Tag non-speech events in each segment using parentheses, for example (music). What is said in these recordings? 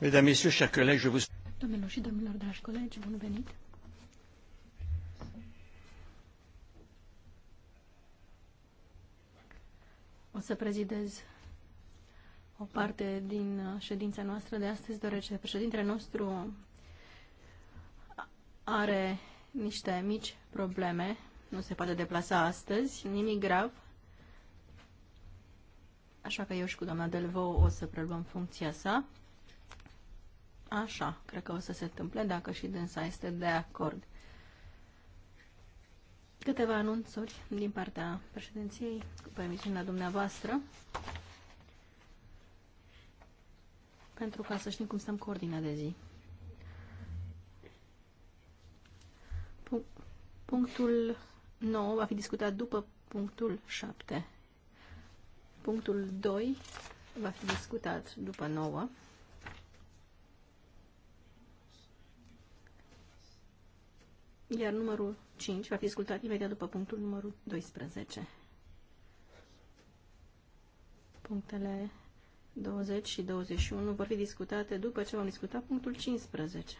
Mesdames, Messieurs, chers collègues, je vous... Domnilor și domnilor, dragi colegi, bun venit! O să prezidez o parte din ședința noastră de astăzi, deoarece președintele nostru are niște mici probleme, nu se poate deplasa astăzi, nimic grav, așa că eu și cu doamna Delvo o să preluăm funcția sa. Așa, cred că o să se întâmple dacă și dânsa este de acord. Câteva anunțuri din partea președinției, cu permisiunea dumneavoastră, pentru ca să știm cum stăm cu ordinea de zi. Punctul 9 va fi discutat după punctul 7. Punctul 2 va fi discutat după 9. Iar numărul 5 va fi ascultat imediat după punctul numărul 12. Punctele 20 și 21 vor fi discutate după ce vom discuta punctul 15.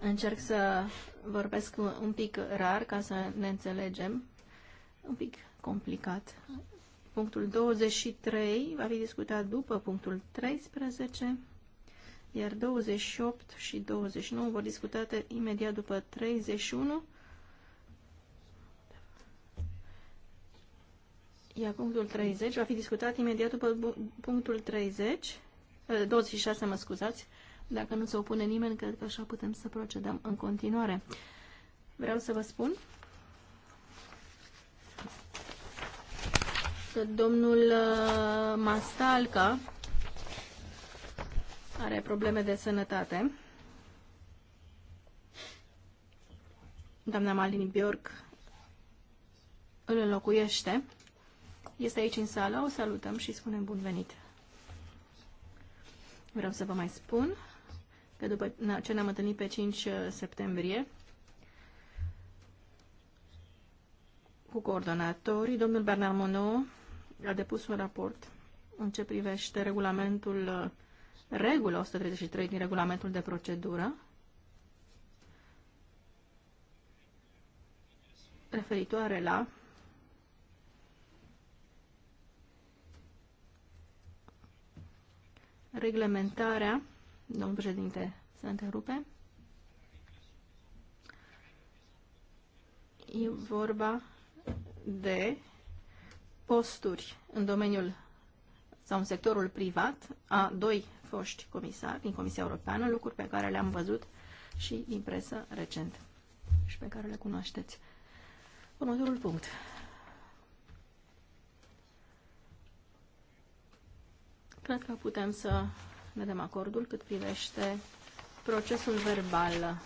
Încerc să vorbesc un pic rar ca să ne înțelegem. Un pic complicat. Punctul 23 va fi discutat după punctul 13 iar 28 și 29 vor discutate imediat după 31. Iar punctul 30 va fi discutat imediat după punctul 30, 26, eh, mă scuzați, dacă nu se opune nimeni, cred că așa putem să procedăm în continuare. Vreau să vă spun că domnul eh, Mastalca are probleme de sănătate. Doamna Malini Bjork îl înlocuiește. Este aici în sală, o salutăm și spunem bun venit. Vreau să vă mai spun că după ce ne-am întâlnit pe 5 uh, septembrie cu coordonatorii, domnul Bernard Monod a depus un raport în ce privește regulamentul uh, regulă 133 din regulamentul de procedură referitoare la reglementarea, domnul președinte, se întrerupe, e vorba de posturi în domeniul sau în sectorul privat a doi foști comisari din Comisia Europeană, lucruri pe care le-am văzut și din presă recent și pe care le cunoașteți. Următorul punct. Cred că putem să ne dăm acordul cât privește procesul verbal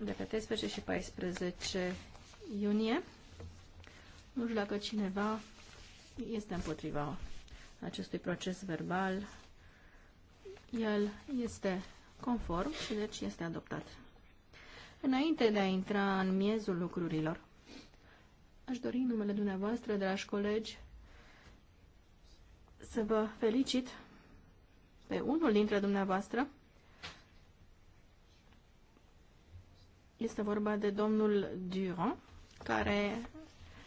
de pe 13 și 14 iunie. Nu știu dacă cineva este împotriva acestui proces verbal el este conform și deci este adoptat. Înainte de a intra în miezul lucrurilor, aș dori în numele dumneavoastră, dragi colegi, să vă felicit pe unul dintre dumneavoastră. Este vorba de domnul Durand, care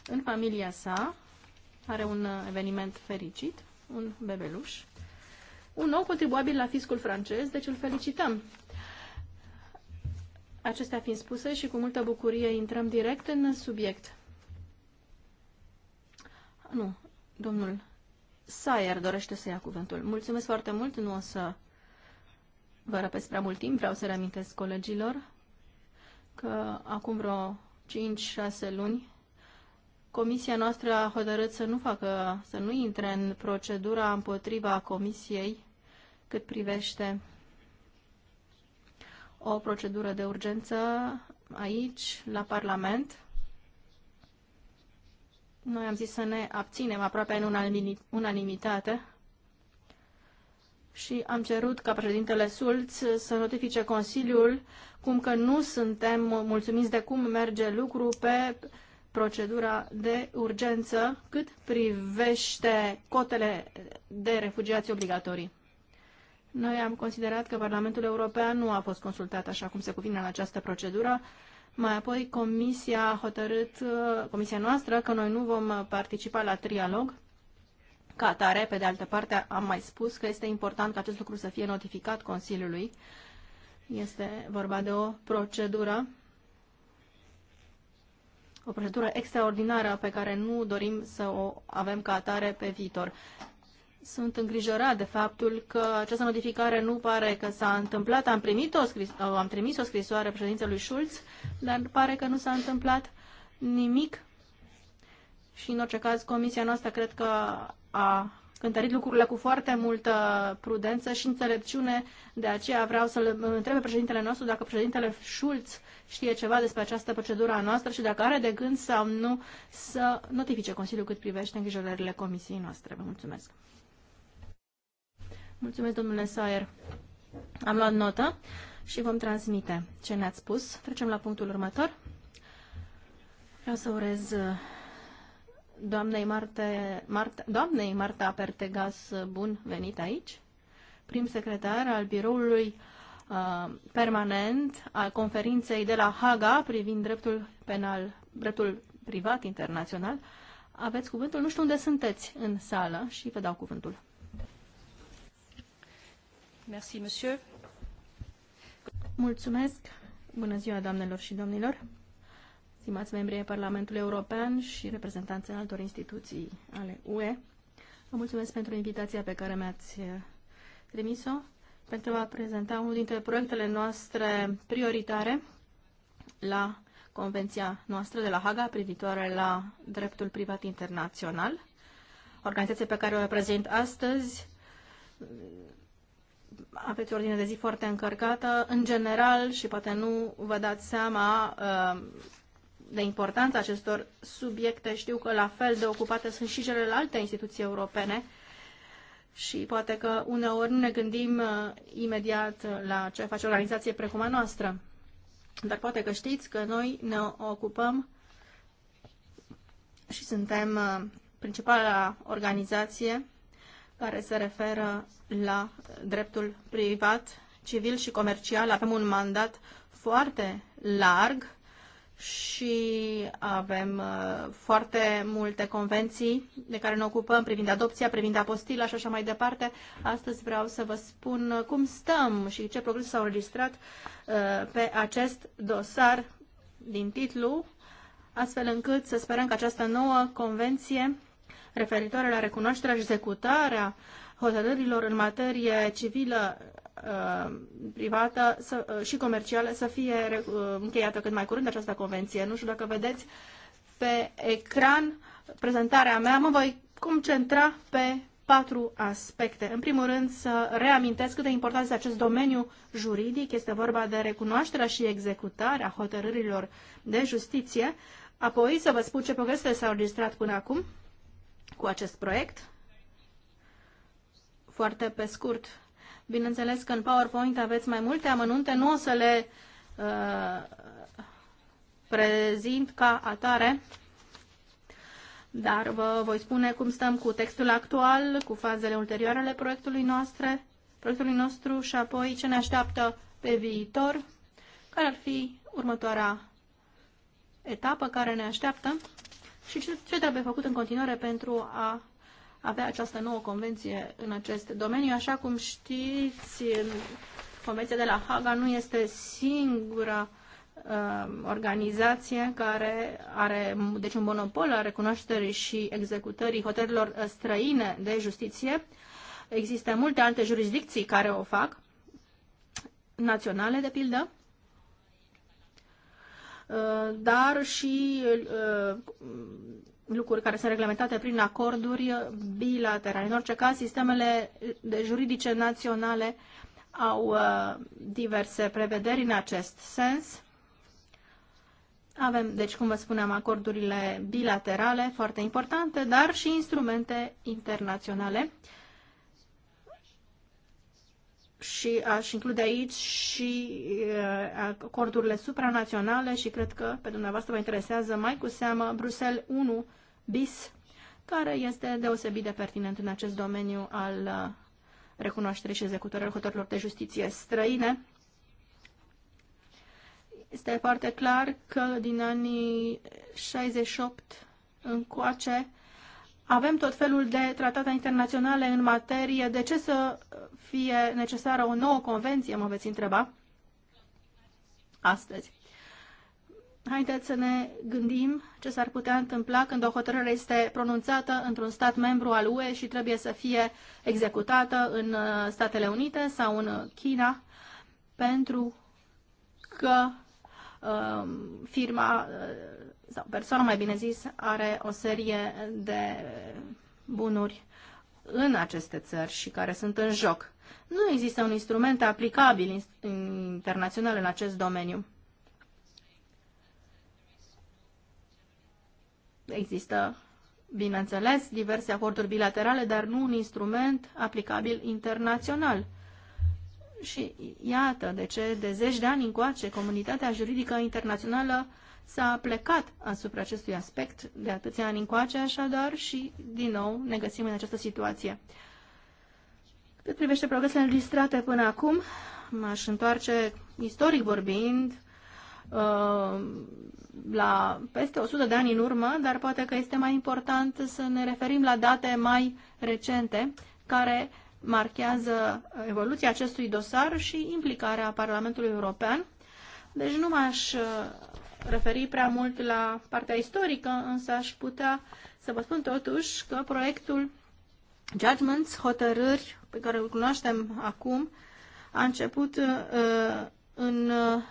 în familia sa are un eveniment fericit, un bebeluș un nou contribuabil la fiscul francez, deci îl felicităm. Acestea fiind spuse și cu multă bucurie intrăm direct în subiect. Nu, domnul Sayer dorește să ia cuvântul. Mulțumesc foarte mult, nu o să vă răpesc prea mult timp, vreau să reamintesc colegilor că acum vreo 5-6 luni Comisia noastră a hotărât să nu facă, să nu intre în procedura împotriva Comisiei cât privește o procedură de urgență aici, la Parlament. Noi am zis să ne abținem aproape în unanimitate și am cerut ca președintele Sulț să notifice Consiliul cum că nu suntem mulțumiți de cum merge lucru pe procedura de urgență cât privește cotele de refugiați obligatorii. Noi am considerat că Parlamentul European nu a fost consultat așa cum se cuvine în această procedură. Mai apoi, Comisia a hotărât, Comisia noastră, că noi nu vom participa la trialog. Ca atare, pe de altă parte, am mai spus că este important ca acest lucru să fie notificat Consiliului. Este vorba de o procedură o procedură extraordinară pe care nu dorim să o avem ca atare pe viitor. Sunt îngrijorat de faptul că această notificare nu pare că s-a întâmplat. Am, primit o scris, am trimis o scrisoare președintelui Schulz, dar pare că nu s-a întâmplat nimic. Și, în orice caz, comisia noastră cred că a cântărit lucrurile cu foarte multă prudență și înțelepciune. De aceea vreau să-l întrebe președintele nostru dacă președintele Schulz știe ceva despre această procedură a noastră și dacă are de gând sau nu să notifice Consiliul cât privește îngrijorările comisiei noastre. Vă mulțumesc. Mulțumesc, domnule Saier. Am luat notă și vom transmite ce ne-ați spus. Trecem la punctul următor. Vreau să urez uh, doamnei, Marte, Marta, doamnei Marta Pertegas uh, bun venit aici, prim secretar al biroului Uh, permanent al conferinței de la Haga privind dreptul penal, dreptul privat internațional. Aveți cuvântul, nu știu unde sunteți în sală și vă dau cuvântul. Merci, monsieur. Mulțumesc. Bună ziua, doamnelor și domnilor. Stimați membri ai Parlamentului European și reprezentanții altor instituții ale UE, vă mulțumesc pentru invitația pe care mi-ați trimis-o pentru a prezenta unul dintre proiectele noastre prioritare la Convenția noastră de la Haga privitoare la dreptul privat internațional. Organizația pe care o reprezint astăzi aveți o ordine de zi foarte încărcată, în general, și poate nu vă dați seama uh, de importanța acestor subiecte. Știu că la fel de ocupate sunt și celelalte instituții europene și poate că uneori nu ne gândim uh, imediat uh, la ce face o organizație precum a noastră. Dar poate că știți că noi ne ocupăm și suntem uh, principala organizație care se referă la dreptul privat, civil și comercial. Avem un mandat foarte larg și avem uh, foarte multe convenții de care ne ocupăm privind adopția, privind apostila și așa mai departe. Astăzi vreau să vă spun uh, cum stăm și ce progrese s-au înregistrat uh, pe acest dosar din titlu, astfel încât să sperăm că această nouă convenție referitoare la recunoașterea și executarea hotărârilor în materie civilă Uh, privată să, uh, și comercială să fie uh, încheiată cât mai curând această convenție. Nu știu dacă vedeți pe ecran prezentarea mea, mă voi concentra pe patru aspecte. În primul rând, să reamintesc cât de important este acest domeniu juridic. Este vorba de recunoașterea și executarea hotărârilor de justiție. Apoi să vă spun ce progrese s-au registrat până acum cu acest proiect. Foarte pe scurt, Bineînțeles că în PowerPoint aveți mai multe amănunte, nu o să le uh, prezint ca atare, dar vă voi spune cum stăm cu textul actual, cu fazele ulterioare ale proiectului, noastre, proiectului nostru și apoi ce ne așteaptă pe viitor, care ar fi următoarea etapă care ne așteaptă și ce, ce trebuie făcut în continuare pentru a avea această nouă convenție în acest domeniu. Așa cum știți, Convenția de la Haga nu este singura uh, organizație care are deci un monopol a recunoașterii și executării hotărilor străine de justiție. Există multe alte jurisdicții care o fac, naționale de pildă, uh, dar și uh, lucruri care sunt reglementate prin acorduri bilaterale. În orice caz, sistemele juridice naționale au uh, diverse prevederi în acest sens. Avem, deci, cum vă spuneam, acordurile bilaterale foarte importante, dar și instrumente internaționale. Și aș include aici și uh, acordurile supranaționale și cred că pe dumneavoastră vă interesează mai cu seamă Bruxelles 1 BIS, care este deosebit de pertinent în acest domeniu al uh, recunoașterii și executării hotărilor de justiție străine. Este foarte clar că din anii 68 încoace avem tot felul de tratate internaționale în materie. De ce să fie necesară o nouă convenție, mă veți întreba, astăzi? haideți să ne gândim ce s-ar putea întâmpla când o hotărâre este pronunțată într-un stat membru al UE și trebuie să fie executată în uh, Statele Unite sau în China, pentru că um, firma uh, sau persoana, mai bine zis, are o serie de bunuri în aceste țări și care sunt în joc. Nu există un instrument aplicabil internațional în acest domeniu. Există, bineînțeles, diverse acorduri bilaterale, dar nu un instrument aplicabil internațional. Și iată de ce de zeci de ani încoace comunitatea juridică internațională s-a plecat asupra acestui aspect de atâția ani încoace, așadar, și din nou ne găsim în această situație. Cât privește progresele înregistrate până acum, m-aș întoarce istoric vorbind Uh, la peste 100 de ani în urmă, dar poate că este mai important să ne referim la date mai recente care marchează evoluția acestui dosar și implicarea Parlamentului European. Deci nu m-aș uh, referi prea mult la partea istorică, însă aș putea să vă spun totuși că proiectul Judgments, hotărâri pe care îl cunoaștem acum, a început uh, în uh,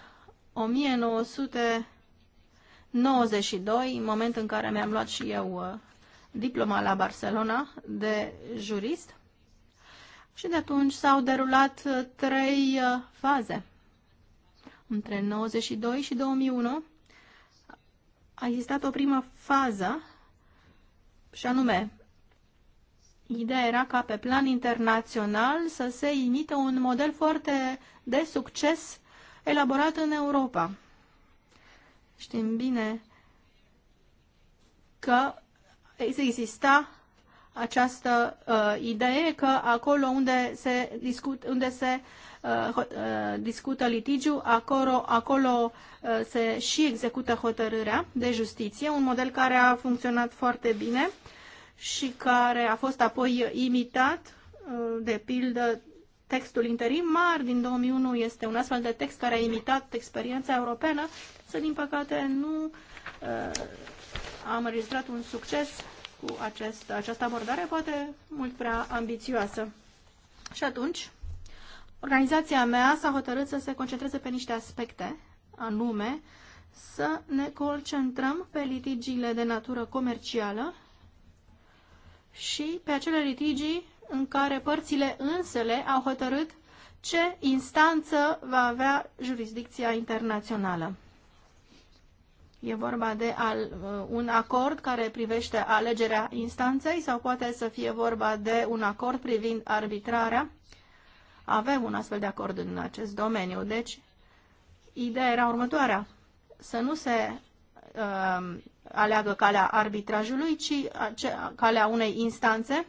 1992, în moment în care mi-am luat și eu uh, diploma la Barcelona de jurist. Și de atunci s-au derulat uh, trei uh, faze. Între 92 și 2001 a existat o primă fază și anume Ideea era ca pe plan internațional să se imite un model foarte de succes elaborat în Europa. Știm bine că exista această uh, idee că acolo unde se, discut, unde se uh, uh, discută litigiu, acolo, acolo uh, se și execută hotărârea de justiție, un model care a funcționat foarte bine și care a fost apoi imitat, uh, de pildă, Textul mar din 2001 este un astfel de text care a imitat experiența europeană, să din păcate nu uh, am înregistrat un succes cu acest, această abordare, poate mult prea ambițioasă. Și atunci, organizația mea s-a hotărât să se concentreze pe niște aspecte, anume, să ne concentrăm pe litigiile de natură comercială și pe acele litigii în care părțile însele au hotărât ce instanță va avea jurisdicția internațională. E vorba de al, uh, un acord care privește alegerea instanței sau poate să fie vorba de un acord privind arbitrarea. Avem un astfel de acord în acest domeniu. Deci, ideea era următoarea. Să nu se uh, aleagă calea arbitrajului, ci uh, calea unei instanțe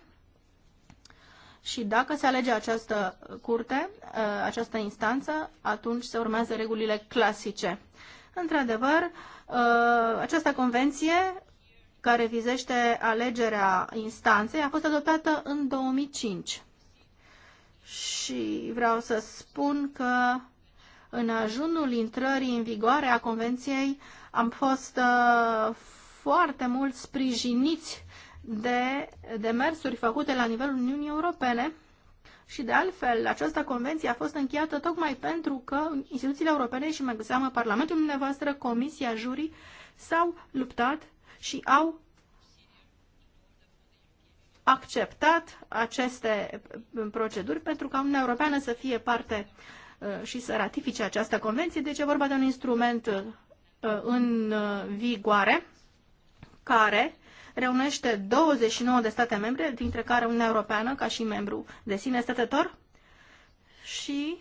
și dacă se alege această curte, ă, această instanță, atunci se urmează regulile clasice. Într-adevăr, ă, această convenție care vizește alegerea instanței a fost adoptată în 2005. Și vreau să spun că în ajunul intrării în vigoare a convenției am fost ă, foarte mult sprijiniți de demersuri făcute la nivelul Uniunii Europene și de altfel, această convenție a fost încheiată tocmai pentru că instituțiile europene și mai cu seamă Parlamentul dumneavoastră, Comisia, Jurii s-au luptat și au acceptat aceste proceduri pentru ca Uniunea Europeană să fie parte uh, și să ratifice această convenție. Deci e vorba de un instrument uh, în uh, vigoare care reunește 29 de state membre, dintre care Uniunea Europeană ca și membru de sine stătător și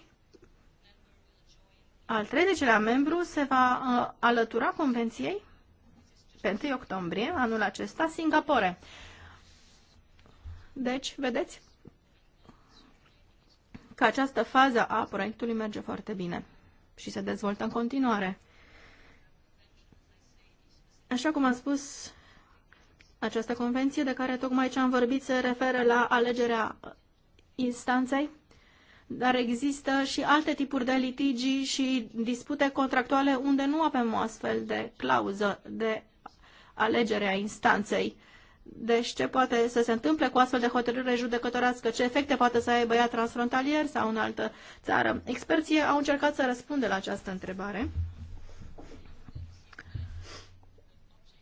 al 30-lea membru se va uh, alătura convenției pe 1 octombrie anul acesta Singapore. Deci, vedeți că această fază a proiectului merge foarte bine și se dezvoltă în continuare. Așa cum am spus această convenție de care tocmai ce am vorbit se referă la alegerea instanței, dar există și alte tipuri de litigi și dispute contractuale unde nu avem o astfel de clauză de alegere a instanței. Deci ce poate să se întâmple cu astfel de hotărâre judecătorească, ce efecte poate să aibă ea transfrontalier sau în altă țară. Experții au încercat să răspundă la această întrebare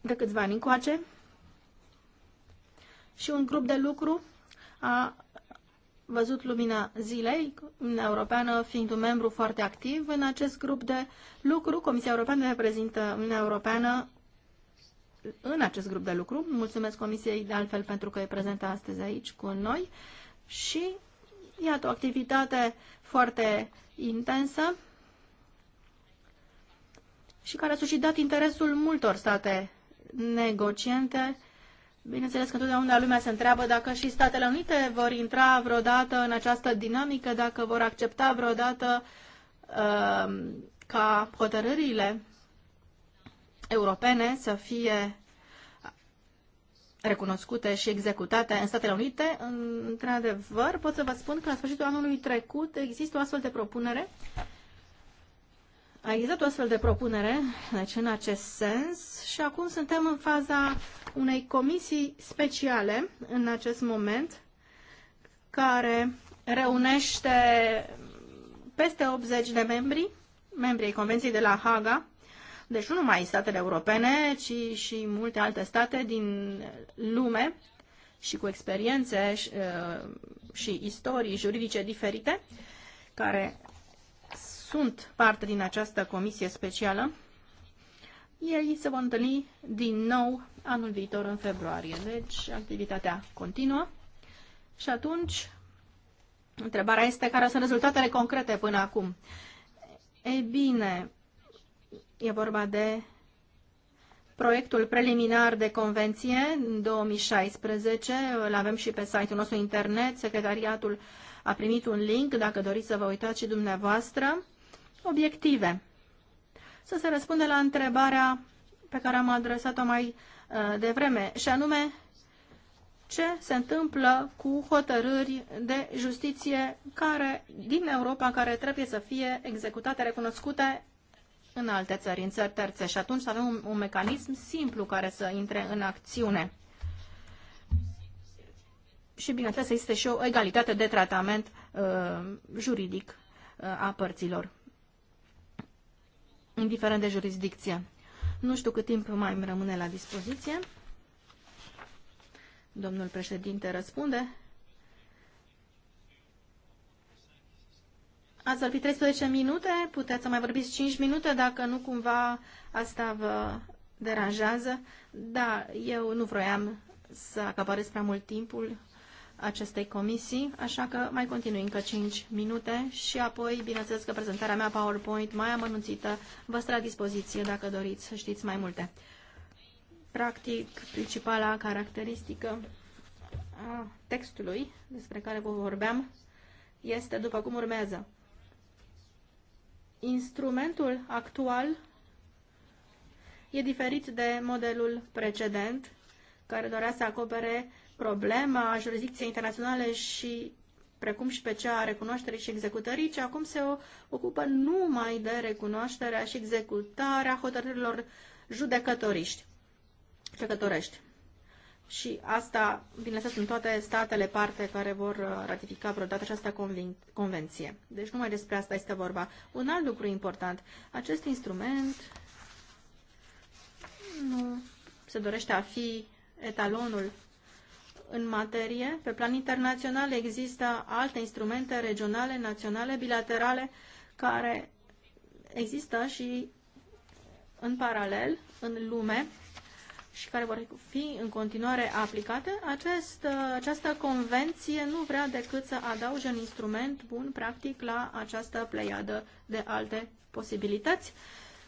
de câțiva ani încoace și un grup de lucru a văzut lumina zilei, Uniunea Europeană fiind un membru foarte activ în acest grup de lucru. Comisia Europeană reprezintă Uniunea Europeană în acest grup de lucru. Mulțumesc Comisiei de altfel pentru că e prezentă astăzi aici cu noi și iată o activitate foarte intensă și care a suscitat interesul multor state negociante Bineînțeles că întotdeauna lumea se întreabă dacă și Statele Unite vor intra vreodată în această dinamică, dacă vor accepta vreodată uh, ca hotărârile europene să fie recunoscute și executate în Statele Unite. Într-adevăr, pot să vă spun că la sfârșitul anului trecut există o astfel de propunere uh, a existat o astfel de propunere, deci în acest sens, și acum suntem în faza unei comisii speciale în acest moment, care reunește peste 80 de membri, membrii Convenției de la Haga, deci nu numai statele europene, ci și multe alte state din lume și cu experiențe și, uh, și istorii juridice diferite, care sunt parte din această comisie specială. Ei se vor întâlni din nou anul viitor în februarie, deci activitatea continuă. Și atunci, întrebarea este care sunt rezultatele concrete până acum. Ei bine, e vorba de proiectul preliminar de convenție în 2016. Îl avem și pe site-ul nostru internet. Secretariatul a primit un link, dacă doriți să vă uitați și dumneavoastră obiective. Să se răspunde la întrebarea pe care am adresat-o mai uh, devreme, și anume ce se întâmplă cu hotărâri de justiție care, din Europa care trebuie să fie executate, recunoscute în alte țări, în țări terțe. Și atunci să avem un, un mecanism simplu care să intre în acțiune. Și bineînțeles, este și o egalitate de tratament uh, juridic uh, a părților indiferent de jurisdicție. Nu știu cât timp mai îmi rămâne la dispoziție. Domnul președinte răspunde. Ați vorbit 13 minute, puteți să mai vorbiți 5 minute dacă nu cumva asta vă deranjează. Da, eu nu vroiam să acaparez prea mult timpul, acestei comisii, așa că mai continui încă 5 minute și apoi, bineînțeles că prezentarea mea PowerPoint mai amănunțită vă stă la dispoziție dacă doriți să știți mai multe. Practic, principala caracteristică a textului despre care vă vorbeam este după cum urmează. Instrumentul actual e diferit de modelul precedent care dorea să acopere problema jurisdicției internaționale și precum și pe cea a recunoașterii și executării, ci acum se ocupă numai de recunoașterea și executarea hotărârilor judecătoriști, judecătorești. Și asta, bineînțeles, sunt toate statele parte care vor uh, ratifica vreodată această convenție. Deci numai despre asta este vorba. Un alt lucru important, acest instrument nu se dorește a fi etalonul în materie. Pe plan internațional există alte instrumente regionale, naționale, bilaterale, care există și în paralel în lume și care vor fi în continuare aplicate, acest, această convenție nu vrea decât să adauge un instrument bun, practic, la această pleiadă de alte posibilități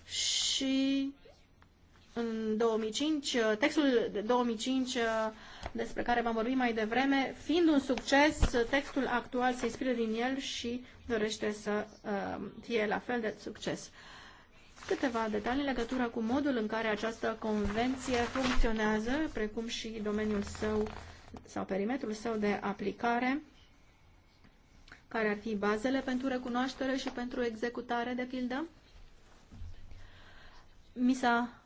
și în 2005, textul de 2005 despre care v-am vorbit mai devreme, fiind un succes, textul actual se inspiră din el și dorește să uh, fie la fel de succes. Câteva detalii legătură cu modul în care această convenție funcționează, precum și domeniul său sau perimetrul său de aplicare, care ar fi bazele pentru recunoaștere și pentru executare, de pildă. Mi s-a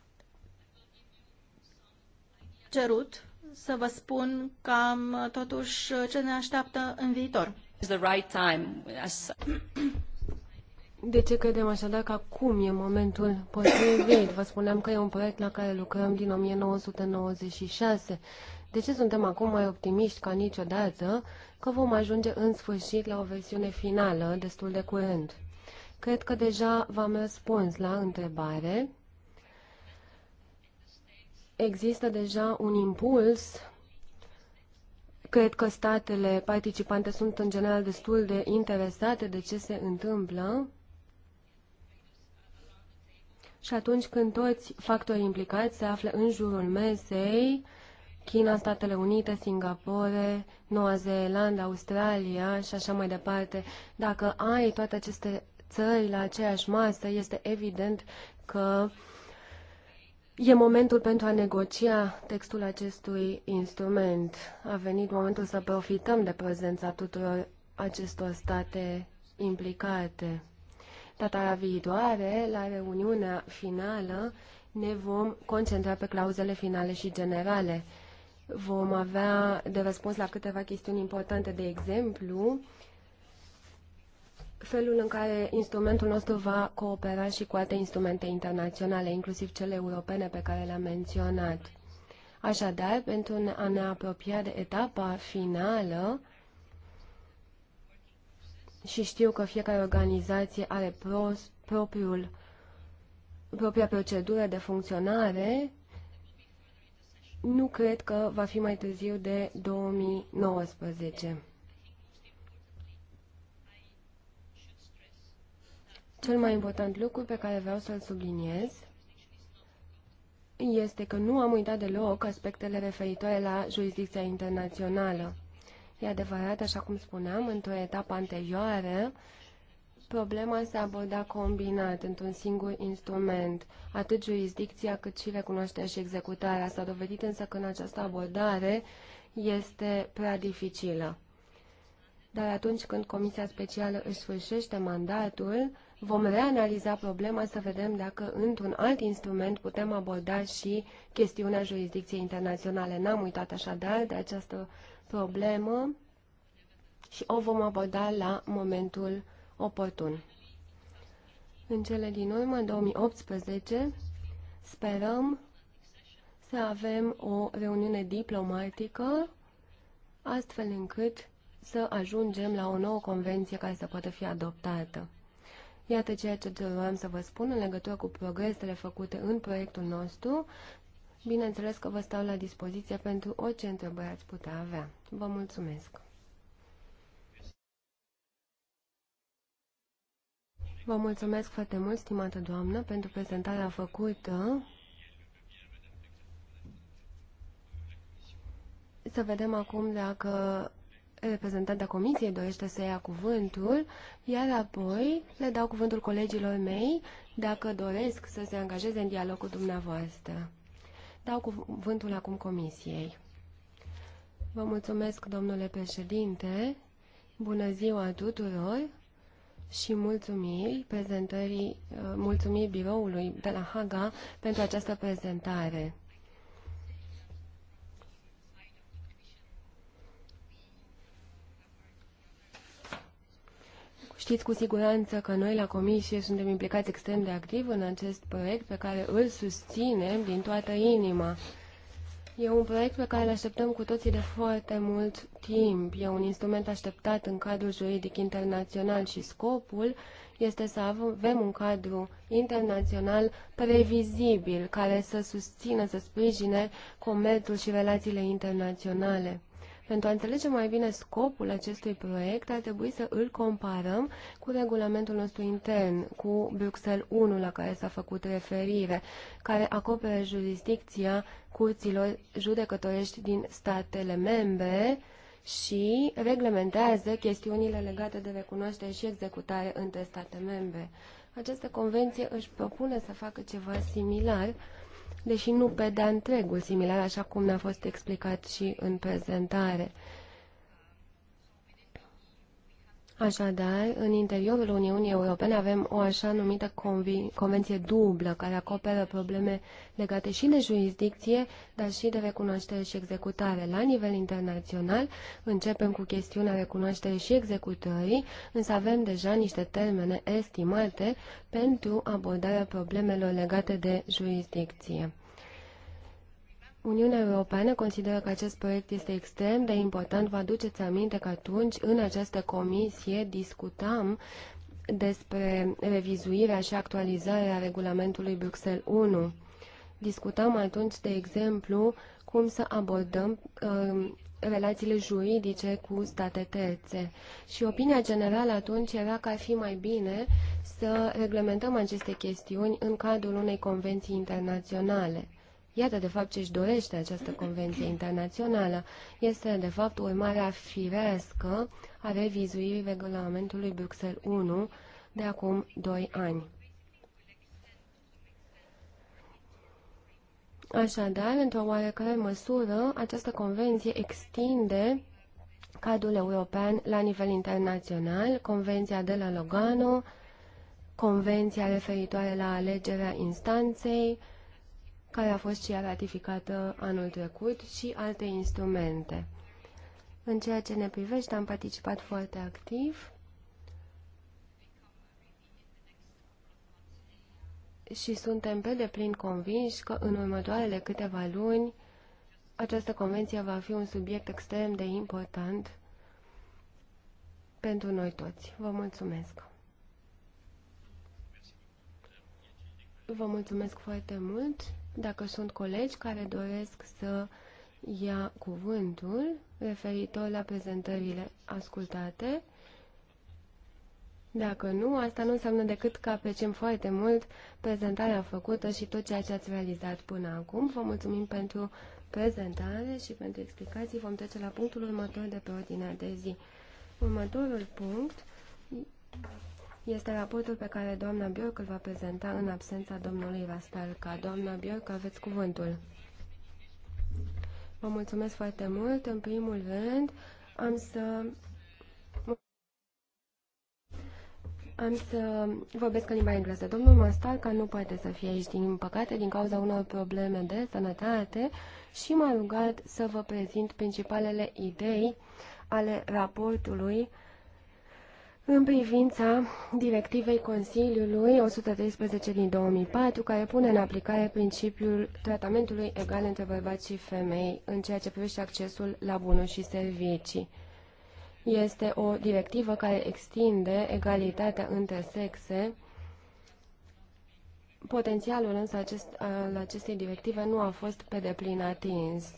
cerut să vă spun cam totuși ce ne așteaptă în viitor. De ce credem așadar că acum e momentul potrivit? Vă spuneam că e un proiect la care lucrăm din 1996. De ce suntem acum mai optimiști ca niciodată că vom ajunge în sfârșit la o versiune finală destul de curând? Cred că deja v-am răspuns la întrebare există deja un impuls. Cred că statele participante sunt în general destul de interesate de ce se întâmplă. Și atunci când toți factorii implicați se află în jurul mesei, China, Statele Unite, Singapore, Noua Zeelandă, Australia și așa mai departe, dacă ai toate aceste țări la aceeași masă, este evident că uh, E momentul pentru a negocia textul acestui instrument. A venit momentul să profităm de prezența tuturor acestor state implicate. Data viitoare, la reuniunea finală, ne vom concentra pe clauzele finale și generale. Vom avea de răspuns la câteva chestiuni importante, de exemplu, felul în care instrumentul nostru va coopera și cu alte instrumente internaționale, inclusiv cele europene pe care le-am menționat. Așadar, pentru a ne apropia de etapa finală, și știu că fiecare organizație are pros, propriul, propria procedură de funcționare, nu cred că va fi mai târziu de 2019. Cel mai important lucru pe care vreau să-l subliniez este că nu am uitat deloc aspectele referitoare la jurisdicția internațională. E adevărat, așa cum spuneam, într-o etapă anterioară, problema se aborda combinat într-un singur instrument. Atât jurisdicția cât și recunoașterea și executarea. S-a dovedit însă că în această abordare este prea dificilă. Dar atunci când Comisia Specială își sfârșește mandatul, vom reanaliza problema să vedem dacă într-un alt instrument putem aborda și chestiunea jurisdicției internaționale. N-am uitat așadar de această problemă și o vom aborda la momentul oportun. În cele din urmă, în 2018, sperăm să avem o reuniune diplomatică astfel încât să ajungem la o nouă convenție care să poată fi adoptată. Iată ceea ce vreau să vă spun în legătură cu progresele făcute în proiectul nostru. Bineînțeles că vă stau la dispoziție pentru orice întrebări ați putea avea. Vă mulțumesc! Vă mulțumesc foarte mult, stimată doamnă, pentru prezentarea făcută. Să vedem acum dacă reprezentanta comisiei dorește să ia cuvântul, iar apoi le dau cuvântul colegilor mei dacă doresc să se angajeze în dialog cu dumneavoastră. Dau cuvântul acum comisiei. Vă mulțumesc, domnule președinte, bună ziua tuturor și mulțumiri prezentării, mulțumiri biroului de la Haga pentru această prezentare. Știți cu siguranță că noi la Comisie suntem implicați extrem de activ în acest proiect pe care îl susținem din toată inima. E un proiect pe care îl așteptăm cu toții de foarte mult timp. E un instrument așteptat în cadrul juridic internațional și scopul este să avem un cadru internațional previzibil care să susțină, să sprijine comerțul și relațiile internaționale. Pentru a înțelege mai bine scopul acestui proiect, ar trebui să îl comparăm cu regulamentul nostru intern, cu Bruxelles 1, la care s-a făcut referire, care acoperă jurisdicția curților judecătorești din statele membre, și reglementează chestiunile legate de recunoaștere și executare între state membre. Această convenție își propune să facă ceva similar deși nu pe de-a întregul similar, așa cum ne-a fost explicat și în prezentare. Așadar, în interiorul Uniunii Europene avem o așa numită convenție dublă, care acoperă probleme legate și de jurisdicție, dar și de recunoaștere și executare. La nivel internațional, începem cu chestiunea recunoașterii și executării, însă avem deja niște termene estimate pentru abordarea problemelor legate de jurisdicție. Uniunea Europeană consideră că acest proiect este extrem de important. Vă aduceți aminte că atunci, în această comisie, discutam despre revizuirea și actualizarea regulamentului Bruxelles 1. Discutam atunci, de exemplu, cum să abordăm uh, relațiile juridice cu state terțe. Și opinia generală atunci era că ar fi mai bine să reglementăm aceste chestiuni în cadrul unei convenții internaționale. Iată, de fapt, ce își dorește această convenție internațională. Este, de fapt, urmarea firească a revizuirii regulamentului Bruxelles 1 de acum 2 ani. Așadar, într-o oarecare măsură, această convenție extinde cadrul european la nivel internațional, Convenția de la Logano, Convenția referitoare la alegerea instanței, care a fost și ea ratificată anul trecut, și alte instrumente. În ceea ce ne privește, am participat foarte activ și suntem pe deplin convinși că în următoarele câteva luni această convenție va fi un subiect extrem de important pentru noi toți. Vă mulțumesc! Vă mulțumesc foarte mult! Dacă sunt colegi care doresc să ia cuvântul referitor la prezentările ascultate, dacă nu, asta nu înseamnă decât că apreciem foarte mult prezentarea făcută și tot ceea ce ați realizat până acum. Vă mulțumim pentru prezentare și pentru explicații. Vom trece la punctul următor de pe ordinea de zi. Următorul punct este raportul pe care doamna Bjork îl va prezenta în absența domnului Rastalca. Doamna Bjork, aveți cuvântul. Vă mulțumesc foarte mult. În primul rând, am să Am să vorbesc în limba engleză. Domnul Mastalca nu poate să fie aici, din păcate, din cauza unor probleme de sănătate și m-a rugat să vă prezint principalele idei ale raportului în privința directivei Consiliului 113 din 2004, care pune în aplicare principiul tratamentului egal între bărbați și femei în ceea ce privește accesul la bunuri și servicii. Este o directivă care extinde egalitatea între sexe. Potențialul însă acest, al acestei directive nu a fost pe deplin atins.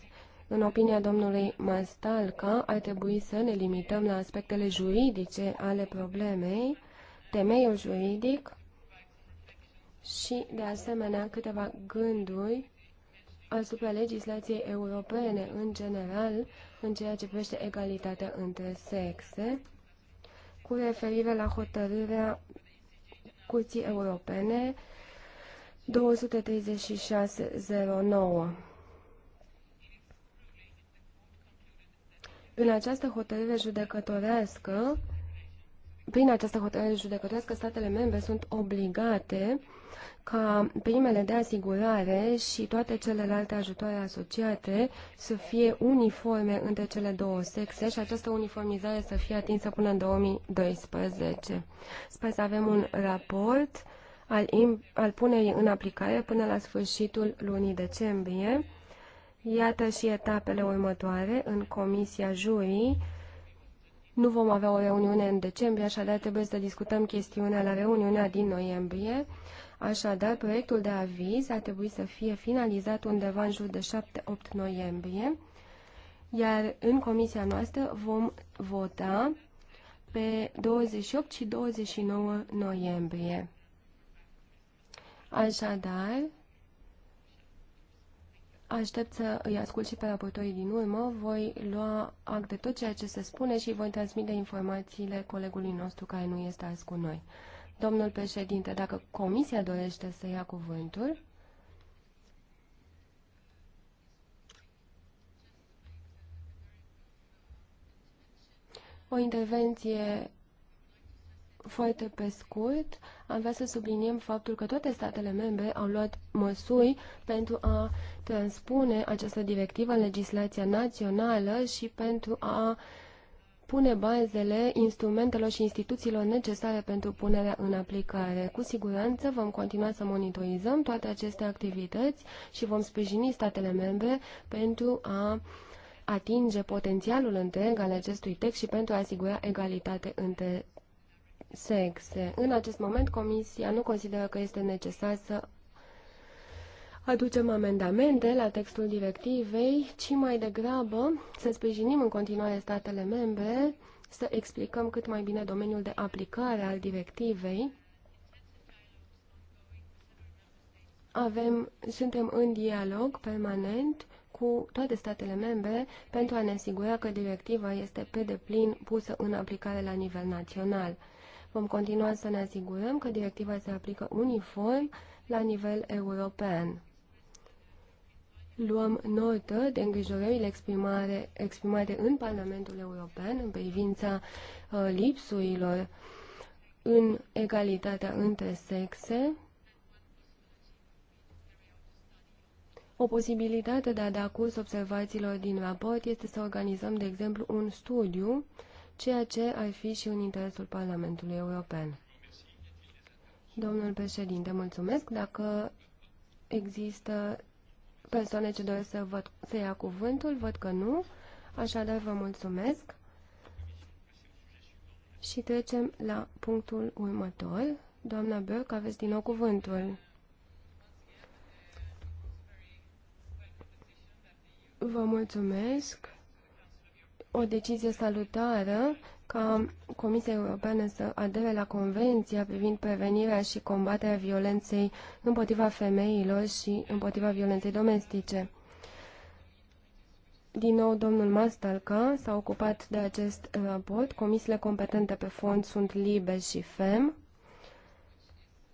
În opinia domnului Mastalca, ar trebui să ne limităm la aspectele juridice ale problemei, temeiul juridic și, de asemenea, câteva gânduri asupra legislației europene în general în ceea ce privește egalitatea între sexe, cu referire la hotărârea Curții Europene 23609. În această hotărâre judecătorească, prin această hotărâre judecătorească, statele membre sunt obligate ca primele de asigurare și toate celelalte ajutoare asociate să fie uniforme între cele două sexe și această uniformizare să fie atinsă până în 2012. Sper să avem un raport al, al punerii în aplicare până la sfârșitul lunii decembrie Iată și etapele următoare în Comisia Jurii. Nu vom avea o reuniune în decembrie, așadar trebuie să discutăm chestiunea la reuniunea din noiembrie. Așadar, proiectul de aviz a trebuit să fie finalizat undeva în jur de 7-8 noiembrie, iar în comisia noastră vom vota pe 28 și 29 noiembrie. Așadar, Aștept să îi ascult și pe raportorii din urmă. Voi lua act de tot ceea ce se spune și voi transmite informațiile colegului nostru care nu este azi cu noi. Domnul președinte, dacă comisia dorește să ia cuvântul, o intervenție foarte pe scurt am vrea să subliniem faptul că toate statele membre au luat măsuri pentru a transpune această directivă în legislația națională și pentru a pune bazele instrumentelor și instituțiilor necesare pentru punerea în aplicare. Cu siguranță vom continua să monitorizăm toate aceste activități și vom sprijini statele membre pentru a atinge potențialul întreg al acestui text și pentru a asigura egalitate între sexe. În acest moment, Comisia nu consideră că este necesar să aducem amendamente la textul directivei, ci mai degrabă să sprijinim în continuare statele membre, să explicăm cât mai bine domeniul de aplicare al directivei. Avem, suntem în dialog permanent cu toate statele membre pentru a ne asigura că directiva este pe deplin pusă în aplicare la nivel național. Vom continua să ne asigurăm că directiva se aplică uniform la nivel european. Luăm notă de îngrijorările exprimare, exprimate în Parlamentul European în privința uh, lipsurilor în egalitatea între sexe, O posibilitate de a da curs observațiilor din raport este să organizăm, de exemplu, un studiu ceea ce ar fi și în interesul Parlamentului European. Domnul președinte, mulțumesc. Dacă există persoane ce doresc să, văd, să ia cuvântul, văd că nu, așadar vă mulțumesc. Și trecem la punctul următor. Doamna Berg, aveți din nou cuvântul. Vă mulțumesc o decizie salutară ca Comisia Europeană să adere la Convenția privind prevenirea și combaterea violenței împotriva femeilor și împotriva violenței domestice. Din nou, domnul Mastalca s-a ocupat de acest raport. Comisiile competente pe fond sunt LIBE și FEM,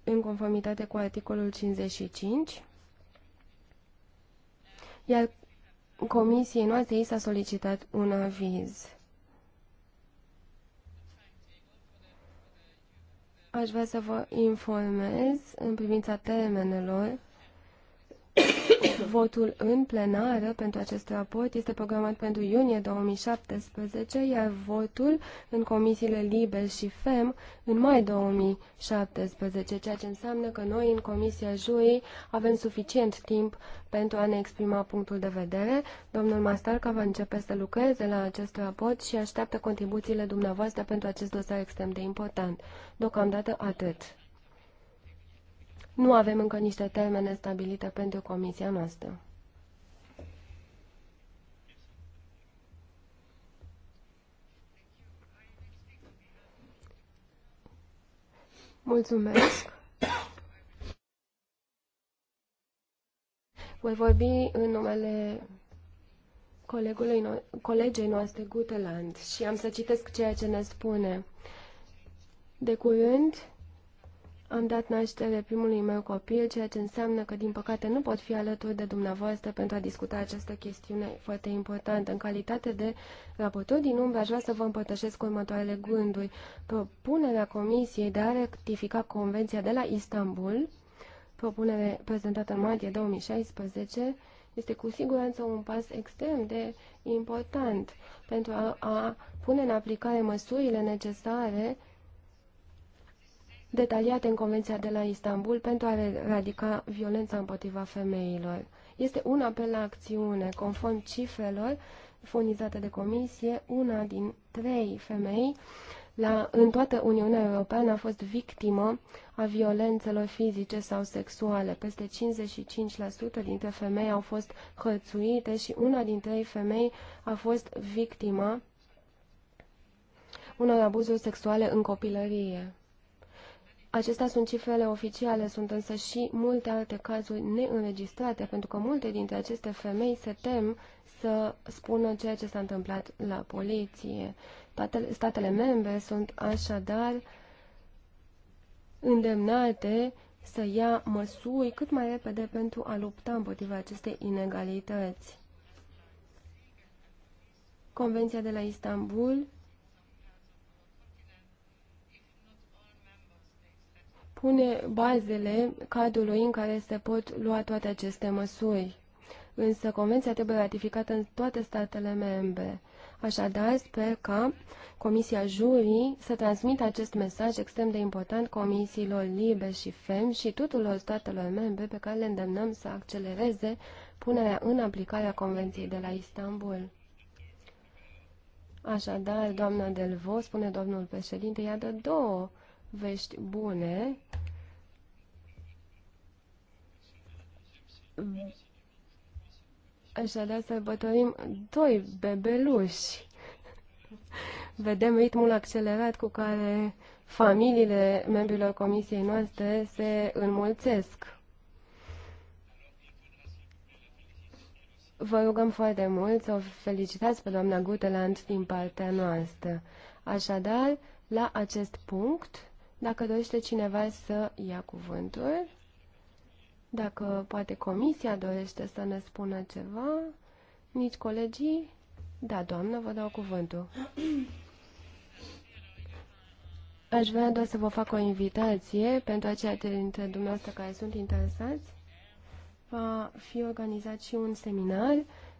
în conformitate cu articolul 55, iar Comisiei noastre i s-a solicitat un aviz. Aș vrea să vă informez în privința termenelor Votul în plenară pentru acest raport este programat pentru iunie 2017, iar votul în comisiile LIBE și FEM în mai 2017, ceea ce înseamnă că noi în Comisia Jurii avem suficient timp pentru a ne exprima punctul de vedere. Domnul Mastarca va începe să lucreze la acest raport și așteaptă contribuțiile dumneavoastră pentru acest dosar extrem de important. Deocamdată atât. Nu avem încă niște termene stabilite pentru comisia noastră. Mulțumesc! Voi vorbi în numele colegului no- colegei noastre, Guteland, și am să citesc ceea ce ne spune. De curând, am dat naștere primului meu copil, ceea ce înseamnă că, din păcate, nu pot fi alături de dumneavoastră pentru a discuta această chestiune foarte importantă. În calitate de raportor din umbră, aș vrea să vă împărtășesc cu următoarele gânduri. Propunerea Comisiei de a rectifica Convenția de la Istanbul, propunere prezentată în martie 2016, este cu siguranță un pas extrem de important pentru a, a pune în aplicare măsurile necesare detaliate în Convenția de la Istanbul pentru a eradica violența împotriva femeilor. Este un apel la acțiune. Conform cifrelor furnizate de comisie, una din trei femei la, în toată Uniunea Europeană a fost victimă a violențelor fizice sau sexuale. Peste 55% dintre femei au fost hărțuite și una din trei femei a fost victima unor abuzuri sexuale în copilărie. Acestea sunt cifrele oficiale, sunt însă și multe alte cazuri neînregistrate, pentru că multe dintre aceste femei se tem să spună ceea ce s-a întâmplat la poliție. Toate statele membre sunt așadar îndemnate să ia măsuri cât mai repede pentru a lupta împotriva acestei inegalități. Convenția de la Istanbul pune bazele cadrului în care se pot lua toate aceste măsuri. Însă convenția trebuie ratificată în toate statele membre. Așadar, sper ca Comisia Jurii să transmită acest mesaj extrem de important comisiilor LIBE și FEM și tuturor statelor membre pe care le îndemnăm să accelereze punerea în aplicare a Convenției de la Istanbul. Așadar, doamna Delvo, spune domnul președinte, iată două vești bune. Așadar, sărbătorim doi bebeluși. Vedem ritmul accelerat cu care familiile membrilor comisiei noastre se înmulțesc. Vă rugăm foarte mult să o felicitați pe doamna Guteland din partea noastră. Așadar, la acest punct, dacă dorește cineva să ia cuvântul, dacă poate comisia dorește să ne spună ceva, nici colegii, da, doamnă, vă dau cuvântul. Aș vrea doar să vă fac o invitație pentru aceia dintre dumneavoastră care sunt interesați. Va fi organizat și un seminar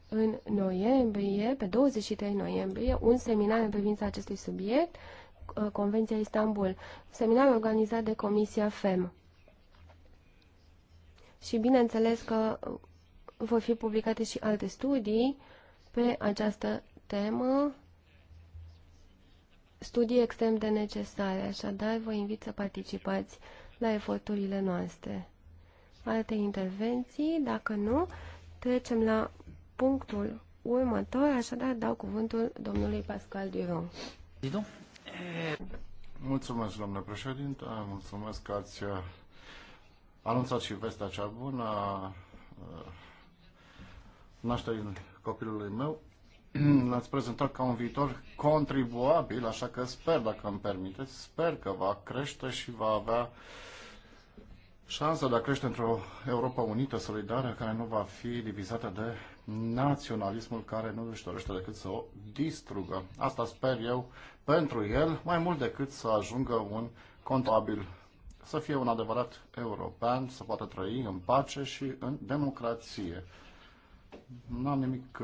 în noiembrie, pe 23 noiembrie, un seminar în privința acestui subiect, Uh, Convenția Istanbul, seminar organizat de Comisia FEM. Și bineînțeles că vor fi publicate și alte studii pe această temă, studii extrem de necesare, așadar vă invit să participați la eforturile noastre. Alte intervenții? Dacă nu, trecem la punctul următor, așadar dau cuvântul domnului Pascal Duron. Mulțumesc, doamnă președinte, mulțumesc că ați uh, anunțat și vestea cea bună uh, nașterii copilului meu. Mm. L-ați prezentat ca un viitor contribuabil, așa că sper, dacă îmi permiteți, sper că va crește și va avea șansa de a crește într-o Europa unită, solidară, care nu va fi divizată de naționalismul care nu își dorește decât să o distrugă. Asta sper eu pentru el, mai mult decât să ajungă un contabil, să fie un adevărat european, să poată trăi în pace și în democrație. Nu am nimic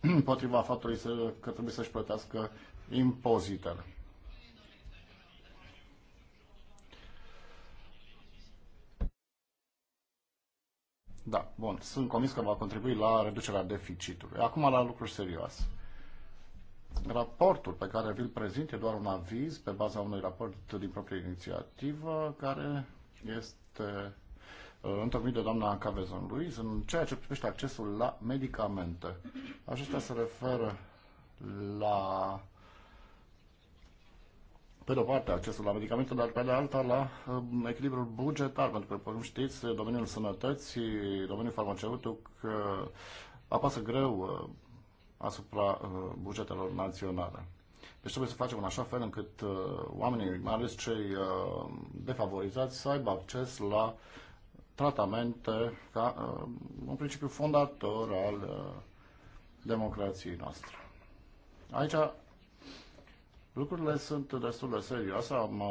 uh, (clears throat) faptului să, că trebuie să-și plătească impozitele. Da, bun, sunt convins că va contribui la reducerea deficitului. Acum la lucruri serioase. Raportul pe care vi-l prezint e doar un aviz pe baza unui raport din proprie inițiativă care este uh, întocmit de doamna Cavezon Luiz în ceea ce privește accesul la medicamente. Acestea se referă la pe de o parte accesul la medicamente, dar pe de alta la um, echilibrul bugetar, pentru că, după cum știți, domeniul sănătății, domeniul farmaceutic uh, apasă greu uh, asupra uh, bugetelor naționale. Deci trebuie să facem în așa fel încât uh, oamenii, mai ales cei uh, defavorizați, să aibă acces la tratamente ca un principiu fondator al democrației noastre. Aici lucrurile sunt destul de serioase. Am,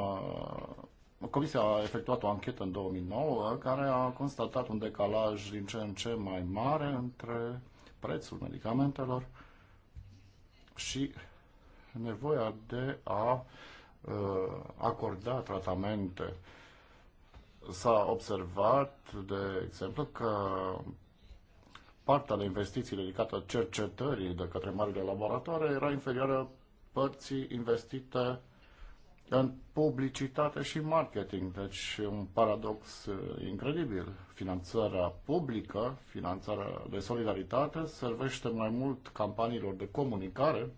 Comisia a efectuat o anchetă în 2009 care a constatat un decalaj din ce în ce mai mare între prețul medicamentelor și nevoia de a uh, acorda tratamente. S-a observat, de exemplu, că partea de investiții dedicată cercetării de către marile laboratoare era inferioară părții investite în publicitate și marketing. Deci un paradox uh, incredibil. Finanțarea publică, finanțarea de solidaritate, servește mai mult campaniilor de comunicare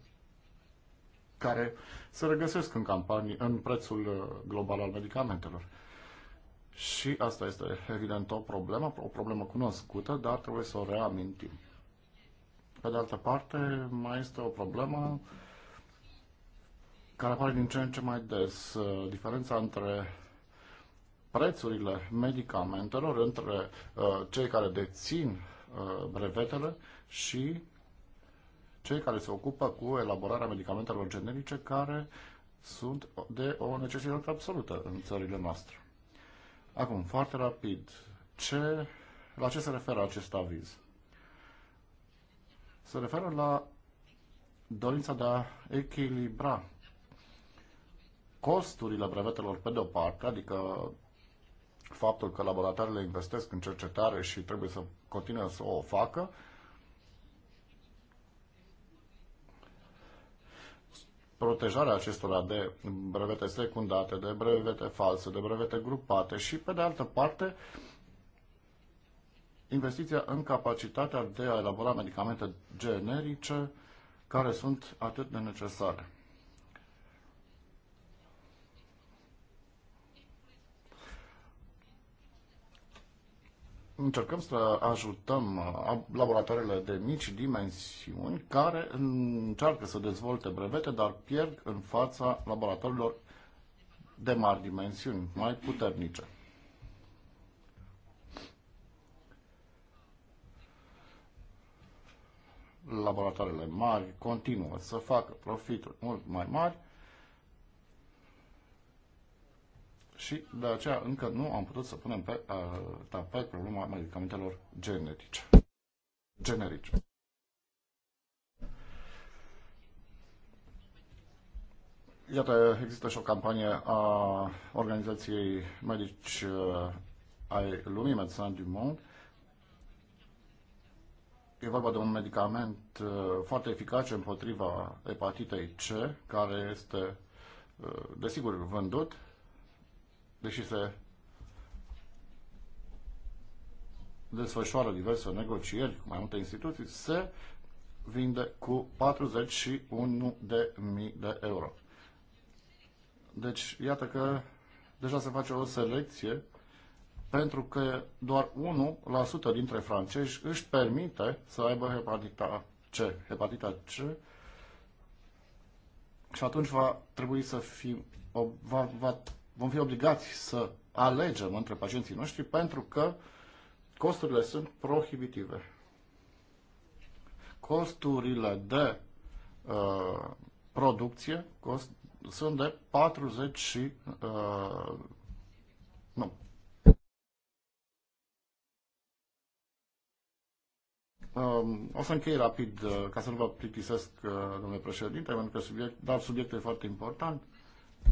care se regăsesc în, campanii, în prețul uh, global al medicamentelor. Și asta este evident o problemă, o problemă cunoscută, dar trebuie să o reamintim. Pe de altă parte, mai este o problemă uh, care apare din ce în ce mai des. Uh, diferența între prețurile medicamentelor, între uh, cei care dețin uh, brevetele și cei care se ocupă cu elaborarea medicamentelor generice care sunt de o necesitate absolută în țările noastre. Acum, foarte rapid, ce, la ce se referă acest aviz? Se referă la dorința de a echilibra costurile brevetelor pe de-o parte, adică faptul că laboratoarele investesc în cercetare și trebuie să continue să o facă, protejarea acestora de brevete secundate, de brevete false, de brevete grupate și, pe de altă parte, investiția în capacitatea de a elabora medicamente generice care sunt atât de necesare. încercăm să ajutăm uh, laboratoarele de mici dimensiuni care încearcă să dezvolte brevete, dar pierd în fața laboratorilor de mari dimensiuni, mai puternice. Laboratoarele mari continuă să facă profituri mult mai mari și de aceea încă nu am putut să punem pe uh, tapet problema medicamentelor generice. generice. Iată, există și o campanie a Organizației Medici ai Lumii, Médecins du Monde. E vorba de un medicament foarte eficace împotriva hepatitei C, care este, desigur, vândut deși se desfășoară diverse negocieri cu mai multe instituții, se vinde cu 41.000 de, de euro. Deci, iată că deja se face o selecție pentru că doar 1% dintre francezi își permite să aibă hepatita C. Hepatita C și atunci va trebui să fim, va, va vom fi obligați să alegem între pacienții noștri pentru că costurile sunt prohibitive. Costurile de uh, producție cost, sunt de 40 și uh, nu. Um, o să închei rapid, uh, ca să nu vă plictisesc, uh, domnule președinte, pentru că subiect, dar subiectul e foarte important.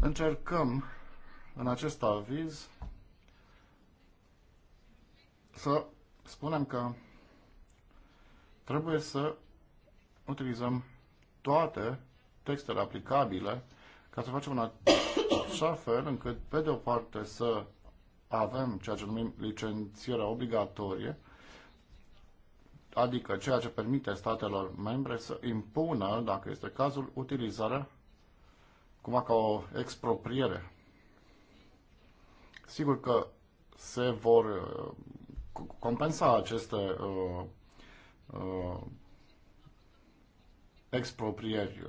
Încercăm în acest aviz să spunem că trebuie să utilizăm toate textele aplicabile ca să facem în așa fel încât, pe de o parte, să avem ceea ce numim licențierea obligatorie, adică ceea ce permite statelor membre să impună, dacă este cazul, utilizarea cumva ca o expropriere Sigur că se vor uh, compensa aceste uh, uh, exproprieri.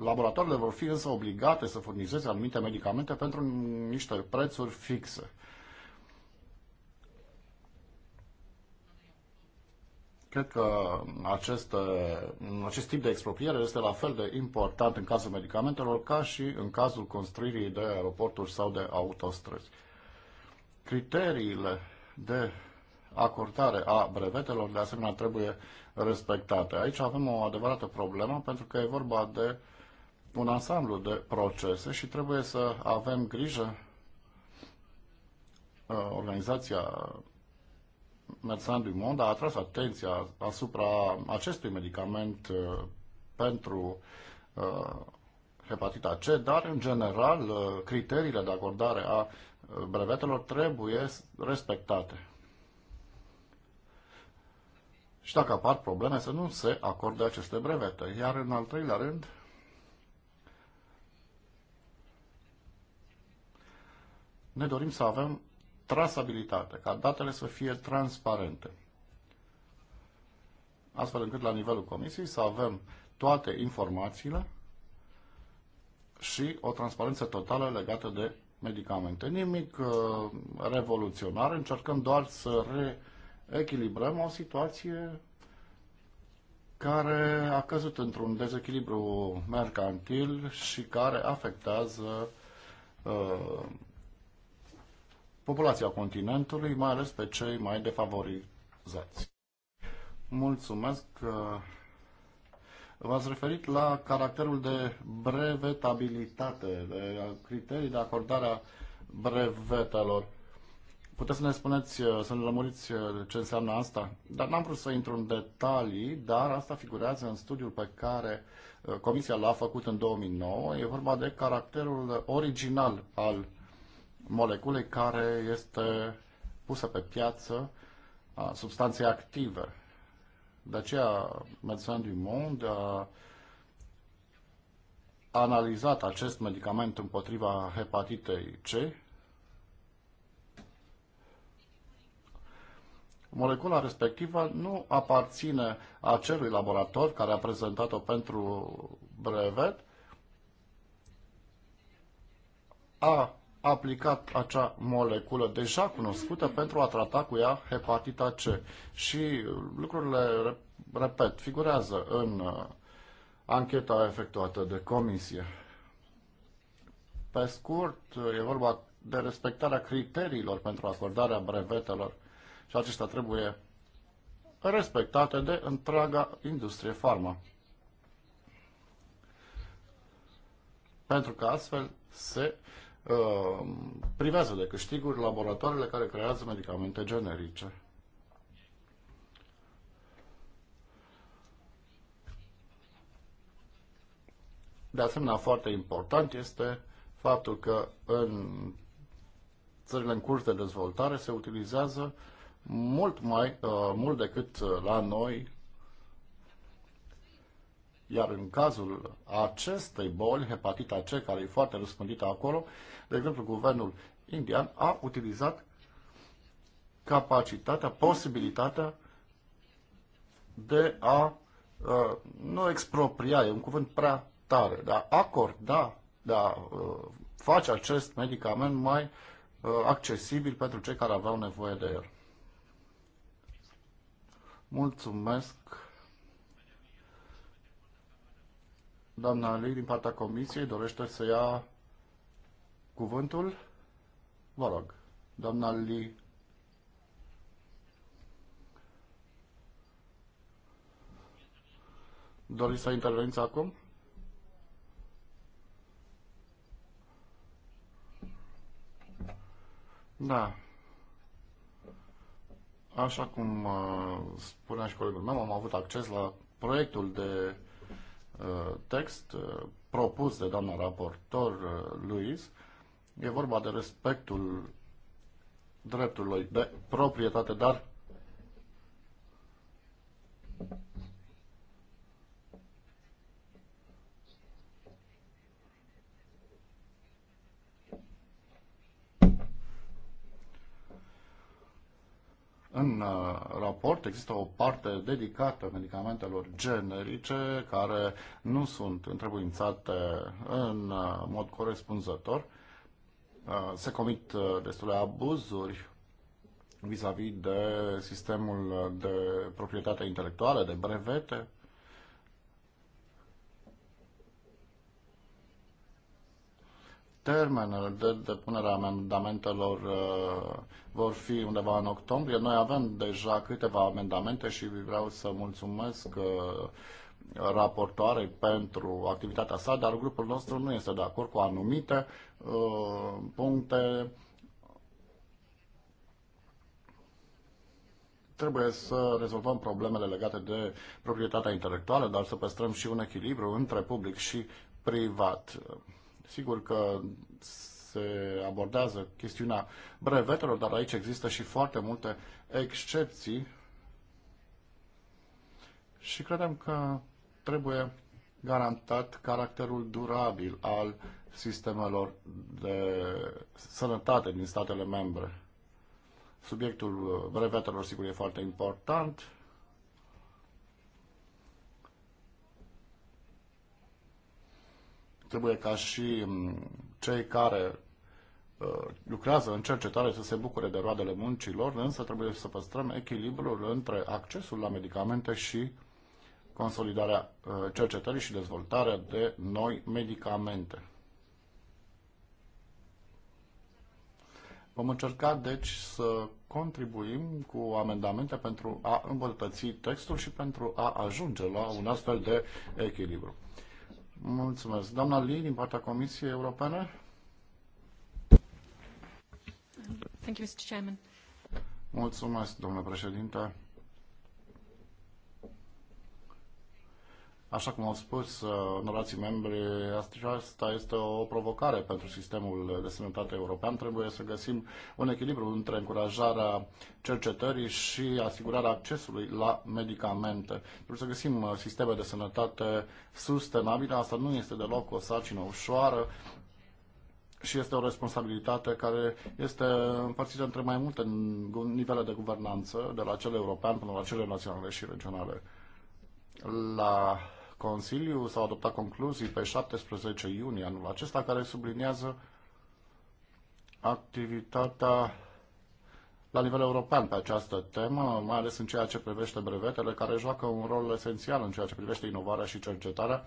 Laboratoarele vor fi însă obligate să furnizeze anumite medicamente pentru niște prețuri fixe. Cred că acest, acest tip de expropriere este la fel de important în cazul medicamentelor ca și în cazul construirii de aeroporturi sau de autostrăzi criteriile de acordare a brevetelor, de asemenea, trebuie respectate. Aici avem o adevărată problemă, pentru că e vorba de un ansamblu de procese și trebuie să avem grijă uh, organizația Mersan du Monde a atras atenția asupra acestui medicament uh, pentru uh, hepatita C, dar în general criteriile de acordare a brevetelor trebuie respectate. Și dacă apar probleme, să nu se acorde aceste brevete. Iar în al treilea rând, ne dorim să avem trasabilitate, ca datele să fie transparente. Astfel încât la nivelul comisiei să avem toate informațiile și o transparență totală legată de medicamente. Nimic uh, revoluționar, încercăm doar să reechilibrăm o situație care a căzut într-un dezechilibru mercantil și care afectează uh, populația continentului, mai ales pe cei mai defavorizați. Mulțumesc! Uh, V-ați referit la caracterul de brevetabilitate, de criterii de acordare a brevetelor. Puteți să ne spuneți, să ne lămuriți ce înseamnă asta? Dar n-am vrut să intru în detalii, dar asta figurează în studiul pe care uh, Comisia l-a făcut în 2009. E vorba de caracterul original al moleculei care este pusă pe piață a substanței active. De aceea, Médecins du Monde a analizat acest medicament împotriva hepatitei C. Molecula respectivă nu aparține acelui laborator care a prezentat-o pentru brevet. A aplicat acea moleculă deja cunoscută pentru a trata cu ea hepatita C. Și uh, lucrurile, repet, figurează în uh, ancheta efectuată de comisie. Pe scurt, uh, e vorba de respectarea criteriilor pentru acordarea brevetelor și acestea trebuie respectate de întreaga industrie farma. Pentru că astfel se Uh, privează de câștiguri laboratoarele care creează medicamente generice. De asemenea, foarte important este faptul că în țările în curs de dezvoltare se utilizează mult mai uh, mult decât uh, la noi iar în cazul acestei boli, hepatita C, care e foarte răspândită acolo, de exemplu, guvernul indian a utilizat capacitatea, posibilitatea de a uh, nu expropria, e un cuvânt prea tare, de a acorda, de a uh, face acest medicament mai uh, accesibil pentru cei care aveau nevoie de el. Mulțumesc! Doamna Ali, din partea Comisiei, dorește să ia cuvântul? Vă rog. Doamna Ali. Doriți să interveniți acum? Da. Așa cum uh, spunea și colegul meu, am avut acces la proiectul de Uh, text uh, propus de doamna raportor uh, Luis. E vorba de respectul dreptului de proprietate, dar În uh, raport există o parte dedicată medicamentelor generice care nu sunt întrebuințate în uh, mod corespunzător. Uh, se comit destule abuzuri vis-a-vis -vis de sistemul de proprietate intelectuală, de brevete, termenele de depunere a amendamentelor uh, vor fi undeva în octombrie. Noi avem deja câteva amendamente și vreau să mulțumesc uh, raportoarei pentru activitatea sa, dar grupul nostru nu este de acord cu anumite uh, puncte. Trebuie să rezolvăm problemele legate de proprietatea intelectuală, dar să păstrăm și un echilibru între public și privat. Sigur că se abordează chestiunea brevetelor, dar aici există și foarte multe excepții și credem că trebuie garantat caracterul durabil al sistemelor de sănătate din statele membre. Subiectul brevetelor, sigur, e foarte important. Trebuie ca și mm, cei care uh, lucrează în cercetare să se bucure de roadele muncilor, însă trebuie să păstrăm echilibrul între accesul la medicamente și consolidarea uh, cercetării și dezvoltarea de noi medicamente. Vom încerca, deci, să contribuim cu amendamente pentru a îmbunătăți textul și pentru a ajunge la un astfel de echilibru. Mulțumesc. Doamna Lee, din partea Comisiei Europene. Thank you, Mr. Chairman. Mulțumesc, domnule președinte. Așa cum au spus uh, onorații membri, asta este o provocare pentru sistemul de sănătate european. Trebuie să găsim un echilibru între încurajarea cercetării și asigurarea accesului la medicamente. Trebuie să găsim uh, sisteme de sănătate sustenabile. Asta nu este deloc o sarcină ușoară și este o responsabilitate care este împărțită între mai multe nivele de guvernanță, de la cele european până la cele naționale și regionale. La Consiliu s-au adoptat concluzii pe 17 iunie anul acesta care subliniază activitatea la nivel european pe această temă, mai ales în ceea ce privește brevetele, care joacă un rol esențial în ceea ce privește inovarea și cercetarea.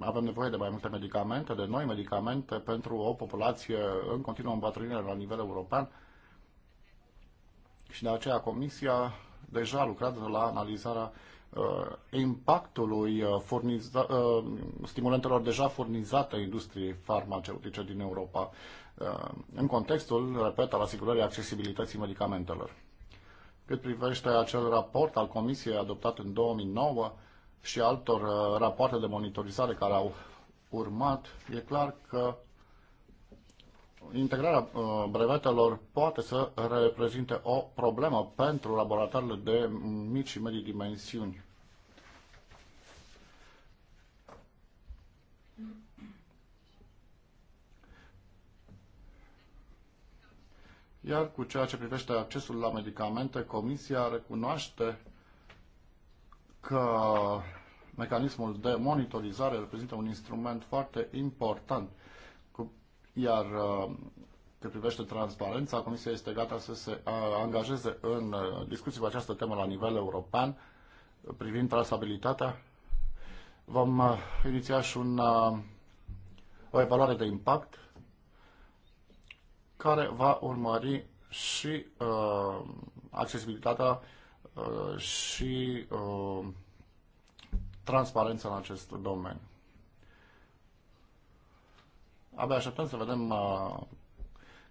Avem nevoie de mai multe medicamente, de noi medicamente pentru o populație în continuă îmbătrânire la nivel european și de aceea Comisia deja a lucrat la analizarea Uh, impactului uh, furniza, uh, stimulentelor deja furnizate industriei farmaceutice din Europa în contextul, repet, al asigurării accesibilității medicamentelor. Cât privește acel raport al Comisiei adoptat în 2009 și altor rapoarte de monitorizare care au urmat, e clar că integrarea brevetelor poate să reprezinte o problemă pentru laboratoarele de mici și medii dimensiuni. Iar cu ceea ce privește accesul la medicamente, Comisia recunoaște că mecanismul de monitorizare reprezintă un instrument foarte important. Iar uh, cât privește transparența, Comisia este gata să se uh, angajeze în uh, discuții pe această temă la nivel european privind trasabilitatea. Vom iniția și un, o evaluare de impact care va urmări și uh, accesibilitatea uh, și uh, transparența în acest domeniu. Abia așteptăm să vedem uh,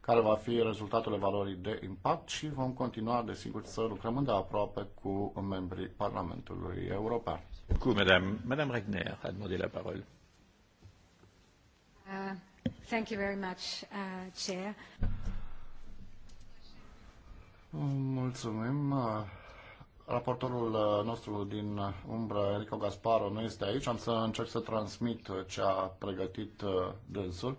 care va fi rezultatul evaluării de impact și vom continua, desigur, să lucrăm de aproape cu membrii Parlamentului European. Cu Madame, Madame Regner a demandat la parole. Uh. Thank you very much, uh, Chair. Mulțumim. Uh, raportorul uh, nostru din umbră, Enrico Gasparo, nu este aici. Am să încerc să transmit uh, ce a pregătit dânsul.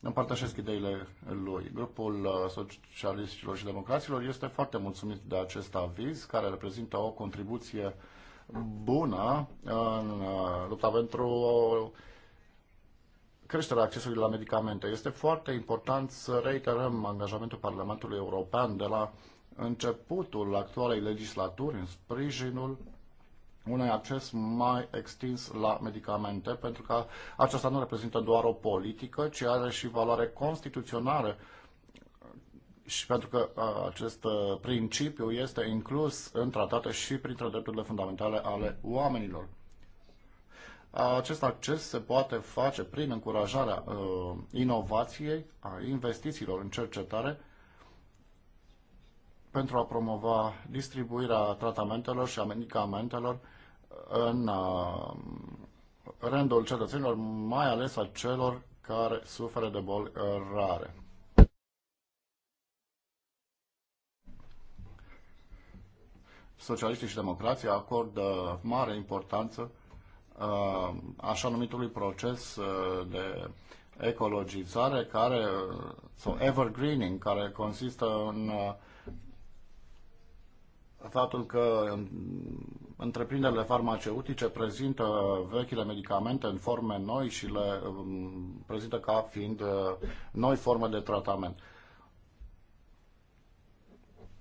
Împărtășesc ideile lui. Grupul Socialiștilor și Democraților este foarte mulțumit de acest aviz, care reprezintă o contribuție bună în lupta pentru creșterea accesului la medicamente. Este foarte important să reiterăm angajamentul Parlamentului European de la începutul actualei legislaturi în sprijinul unui acces mai extins la medicamente, pentru că aceasta nu reprezintă doar o politică, ci are și valoare constituțională și pentru că acest principiu este inclus în tratate și printre drepturile fundamentale ale oamenilor. Acest acces se poate face prin încurajarea uh, inovației, a investițiilor în cercetare, pentru a promova distribuirea tratamentelor și a medicamentelor în uh, rândul cetățenilor, mai ales a celor care suferă de boli ă, rare. Socialiștii și democrația acordă mare importanță Uh, așa numitului proces uh, de ecologizare care, sau evergreening, care consistă în uh, faptul că întreprinderile farmaceutice prezintă vechile medicamente în forme noi și le um, prezintă ca fiind noi forme de tratament.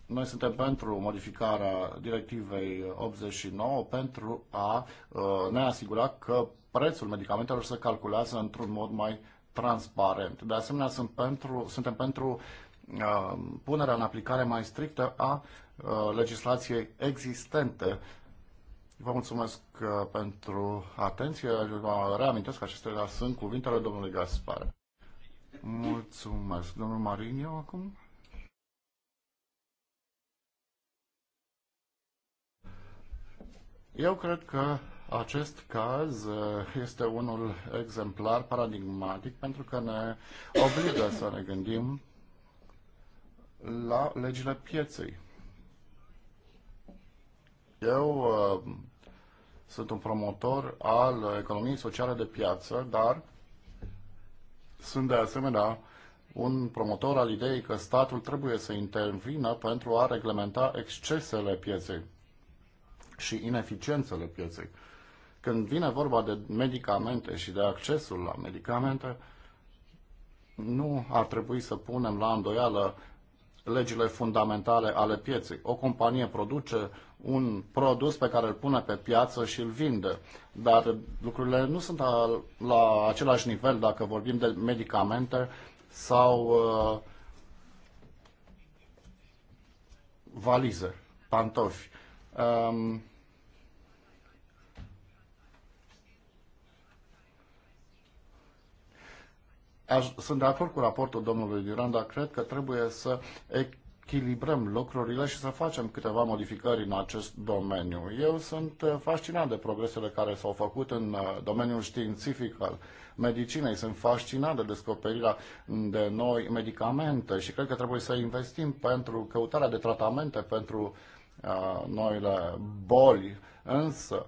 Noi suntem pentru modificarea directivei 89 pentru a uh, ne asigura că prețul medicamentelor se calculează într-un mod mai transparent. De asemenea, sunt pentru, suntem pentru uh, punerea în aplicare mai strictă a uh, legislației existente. Vă mulțumesc pentru atenție. Vă reamintesc că acestea sunt cuvintele domnului Gaspar. Mulțumesc. Domnul Marinio, acum? Eu cred că acest caz eh, este unul exemplar, paradigmatic, pentru că ne obligă să ne gândim la legile pieței. Eu uh, sunt un promotor al economiei sociale de piață, dar sunt de asemenea un promotor al ideii că statul trebuie să intervină pentru a reglementa excesele pieței și ineficiențele pieței. Când vine vorba de medicamente și de accesul la medicamente, nu ar trebui să punem la îndoială legile fundamentale ale pieței. O companie produce un produs pe care îl pune pe piață și îl vinde, dar lucrurile nu sunt la același nivel dacă vorbim de medicamente sau uh, valize, pantofi. Um, aș, sunt de acord cu raportul domnului dar cred că trebuie să echilibrăm lucrurile și să facem câteva modificări în acest domeniu. Eu sunt uh, fascinat de progresele care s-au făcut în uh, domeniul științific al medicinei, sunt fascinat de descoperirea de noi medicamente și cred că trebuie să investim pentru căutarea de tratamente pentru uh, noile boli, însă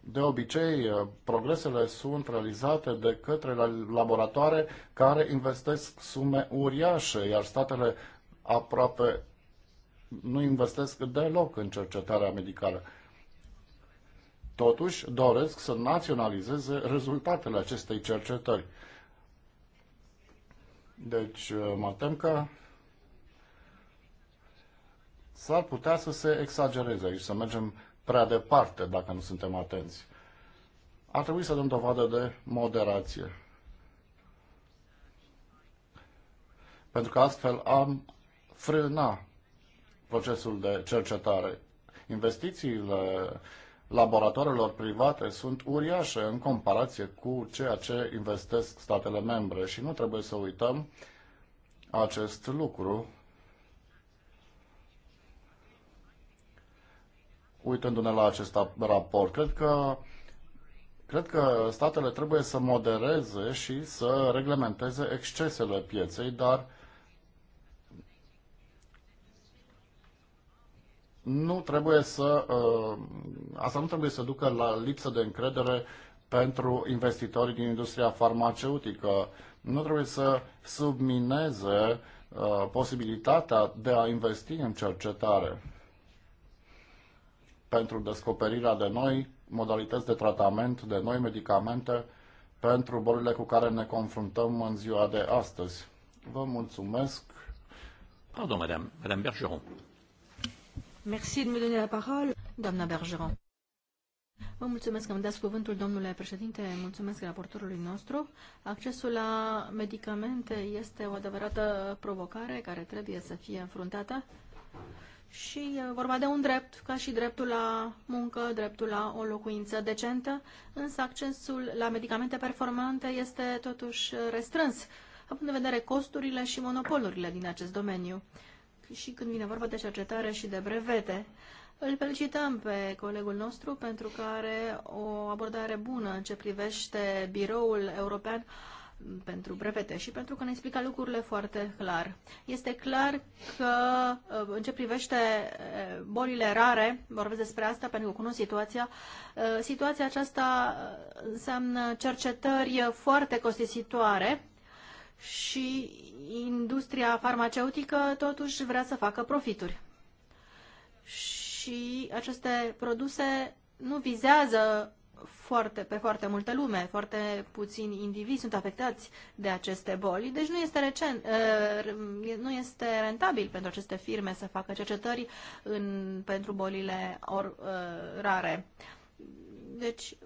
de obicei, progresele sunt realizate de către laboratoare care investesc sume uriașe, iar statele aproape nu investesc deloc în cercetarea medicală. Totuși, doresc să naționalizeze rezultatele acestei cercetări. Deci, mă tem că S-ar putea să se exagereze aici, să mergem prea departe dacă nu suntem atenți. Ar trebui să dăm dovadă de moderație. Pentru că astfel am frâna procesul de cercetare. Investițiile laboratoarelor private sunt uriașe în comparație cu ceea ce investesc statele membre și nu trebuie să uităm acest lucru uitându-ne la acest raport. Cred că, cred că statele trebuie să modereze și să reglementeze excesele pieței, dar nu trebuie să, uh, asta nu trebuie să ducă la lipsă de încredere pentru investitorii din industria farmaceutică. Nu trebuie să submineze uh, posibilitatea de a investi în cercetare pentru descoperirea de noi modalități de tratament, de noi medicamente pentru bolile cu care ne confruntăm în ziua de astăzi. Vă mulțumesc. Pardon, madame, madame Bergeron. Merci de me donner la parole, doamna Bergeron. Vă mulțumesc că îmi dați cuvântul, domnule președinte, mulțumesc raportorului nostru. Accesul la medicamente este o adevărată provocare care trebuie să fie înfruntată și uh, vorba de un drept, ca și dreptul la muncă, dreptul la o locuință decentă, însă accesul la medicamente performante este totuși uh, restrâns, având în vedere costurile și monopolurile din acest domeniu. Și când vine vorba de cercetare și de brevete, îl felicităm pe colegul nostru pentru că are o abordare bună în ce privește biroul european pentru brevete și pentru că ne explica lucrurile foarte clar. Este clar că uh, în ce privește uh, bolile rare, vorbesc despre asta pentru că cunosc situația, uh, situația aceasta înseamnă cercetări foarte costisitoare și industria farmaceutică totuși vrea să facă profituri. Și aceste produse nu vizează foarte, pe foarte multă lume, foarte puțini indivizi sunt afectați de aceste boli, deci nu este, recent, uh, nu este rentabil pentru aceste firme să facă cercetări în, pentru bolile or, uh, rare. Deci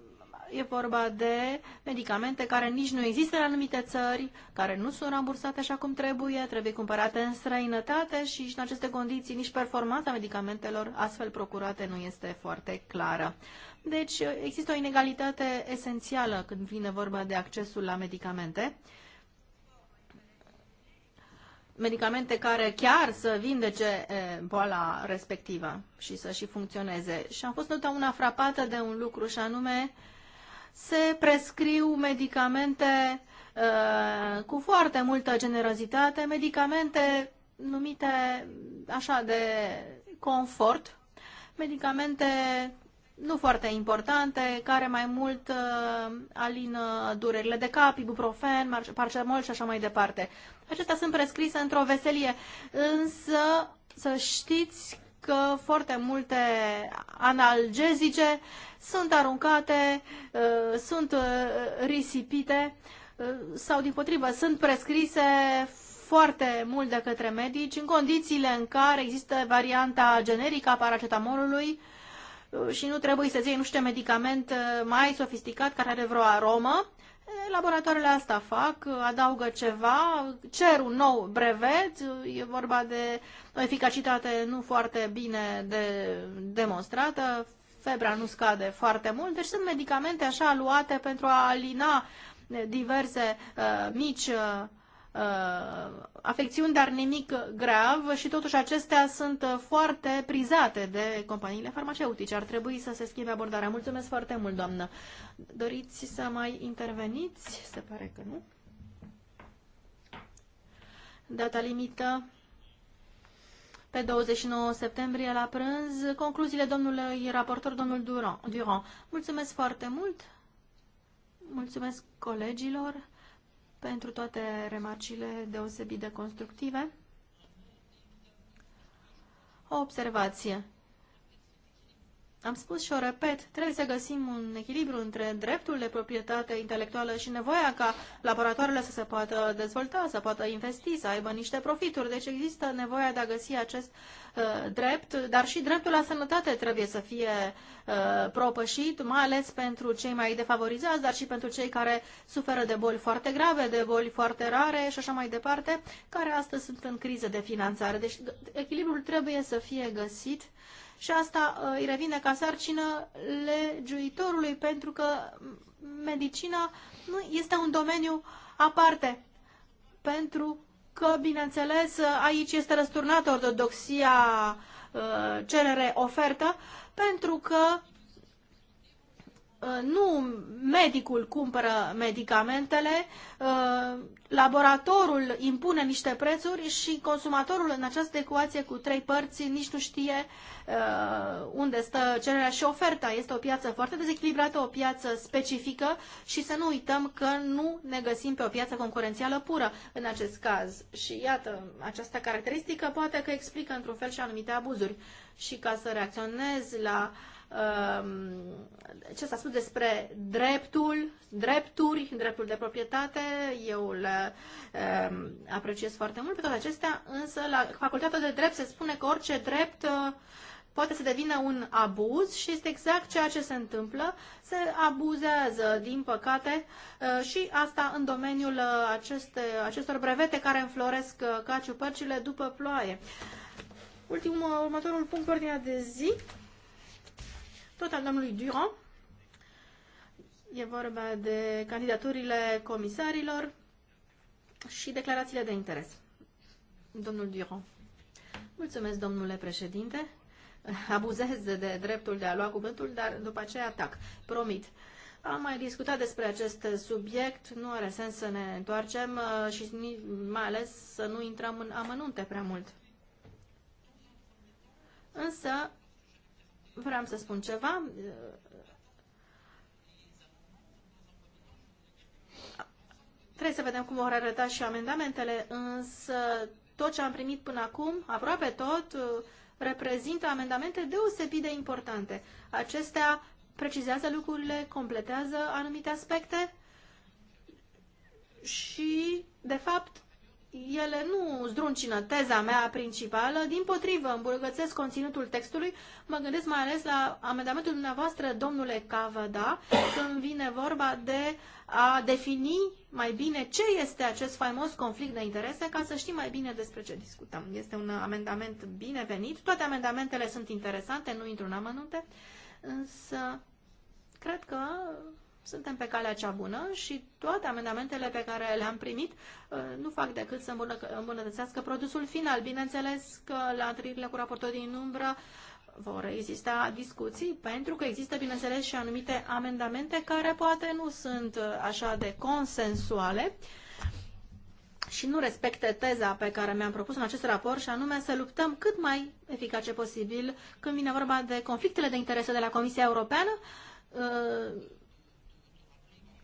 e vorba de medicamente care nici nu există în anumite țări, care nu sunt rambursate așa cum trebuie, trebuie cumpărate în străinătate și în aceste condiții nici performanța medicamentelor astfel procurate nu este foarte clară. Deci există o inegalitate esențială când vine vorba de accesul la medicamente medicamente care chiar să vindece boala respectivă și să și funcționeze. Și am fost întotdeauna frapată de un lucru și anume se prescriu medicamente uh, cu foarte multă generozitate, medicamente numite așa de confort, medicamente nu foarte importante, care mai mult uh, alină durerile de cap, ibuprofen, parcemol și așa mai departe. Acestea sunt prescrise într-o veselie, însă să știți că foarte multe analgezice sunt aruncate, uh, sunt uh, risipite uh, sau, din potrivă, sunt prescrise foarte mult de către medici în condițiile în care există varianta generică a paracetamolului și nu trebuie să-ți iei, nu știu, medicament mai sofisticat care are vreo aromă Laboratoarele asta fac, adaugă ceva, cer un nou brevet, e vorba de o eficacitate nu foarte bine de demonstrată, febra nu scade foarte mult, deci sunt medicamente așa luate pentru a alina diverse uh, mici uh, uh, afecțiuni, dar nimic grav și totuși acestea sunt uh, foarte prizate de companiile farmaceutice. Ar trebui să se schimbe abordarea. Mulțumesc foarte mult, doamnă. Doriți să mai interveniți? Se pare că nu. Data limită pe 29 septembrie la prânz. Concluziile domnului raportor, domnul Durand. Durand. Mulțumesc foarte mult. Mulțumesc colegilor pentru toate remarcile deosebit de constructive. O observație. Am spus și o repet, trebuie să găsim un echilibru între dreptul de proprietate intelectuală și nevoia ca laboratoarele să se poată dezvolta, să poată investi, să aibă niște profituri. Deci există nevoia de a găsi acest uh, drept, dar și dreptul la sănătate trebuie să fie uh, propășit, mai ales pentru cei mai defavorizați, dar și pentru cei care suferă de boli foarte grave, de boli foarte rare și așa mai departe, care astăzi sunt în criză de finanțare. Deci echilibrul trebuie să fie găsit și asta uh, îi revine ca sarcină legiuitorului, pentru că medicina nu este un domeniu aparte, pentru că, bineînțeles, aici este răsturnată ortodoxia uh, cerere-ofertă, pentru că Uh, nu medicul cumpără medicamentele, uh, laboratorul impune niște prețuri și consumatorul în această ecuație cu trei părți nici nu știe uh, unde stă cererea și oferta. Este o piață foarte dezechilibrată, o piață specifică și să nu uităm că nu ne găsim pe o piață concurențială pură în acest caz. Și iată, această caracteristică poate că explică într-un fel și anumite abuzuri. Și ca să reacționez la uh, Um, ce s-a spus despre dreptul, drepturi, dreptul de proprietate, eu îl um, apreciez foarte mult pe toate acestea, însă la facultatea de drept se spune că orice drept uh, poate să devină un abuz și este exact ceea ce se întâmplă, se abuzează, din păcate, uh, și asta în domeniul uh, aceste, acestor brevete care înfloresc ca ciupercile după ploaie. Ultimul, următorul punct pe ordinea de zi tot al domnului Durand. E vorba de candidaturile comisarilor și declarațiile de interes. Domnul Durand. Mulțumesc, domnule președinte. (laughs) Abuzez de dreptul de a lua cuvântul, dar după aceea atac. Promit. Am mai discutat despre acest subiect, nu are sens să ne întoarcem uh, și mai ales să nu intrăm în amănunte prea mult. Însă vreau să spun ceva. Trebuie să vedem cum vor arăta și amendamentele, însă tot ce am primit până acum, aproape tot, reprezintă amendamente deosebit de importante. Acestea precizează lucrurile, completează anumite aspecte și, de fapt, ele nu zdruncină teza mea principală, din potrivă îmbulgățesc conținutul textului, mă gândesc mai ales la amendamentul dumneavoastră, domnule Cavada, când vine vorba de a defini mai bine ce este acest faimos conflict de interese, ca să știm mai bine despre ce discutăm. Este un amendament binevenit, toate amendamentele sunt interesante, nu intru în amănunte, însă cred că suntem pe calea cea bună și toate amendamentele pe care le-am primit uh, nu fac decât să îmbunătățească produsul final. Bineînțeles că la întâlnirile cu raportorii din umbră vor exista discuții, pentru că există, bineînțeles, și anumite amendamente care poate nu sunt uh, așa de consensuale și nu respecte teza pe care mi-am propus în acest raport, și anume să luptăm cât mai eficace posibil când vine vorba de conflictele de interese de la Comisia Europeană uh,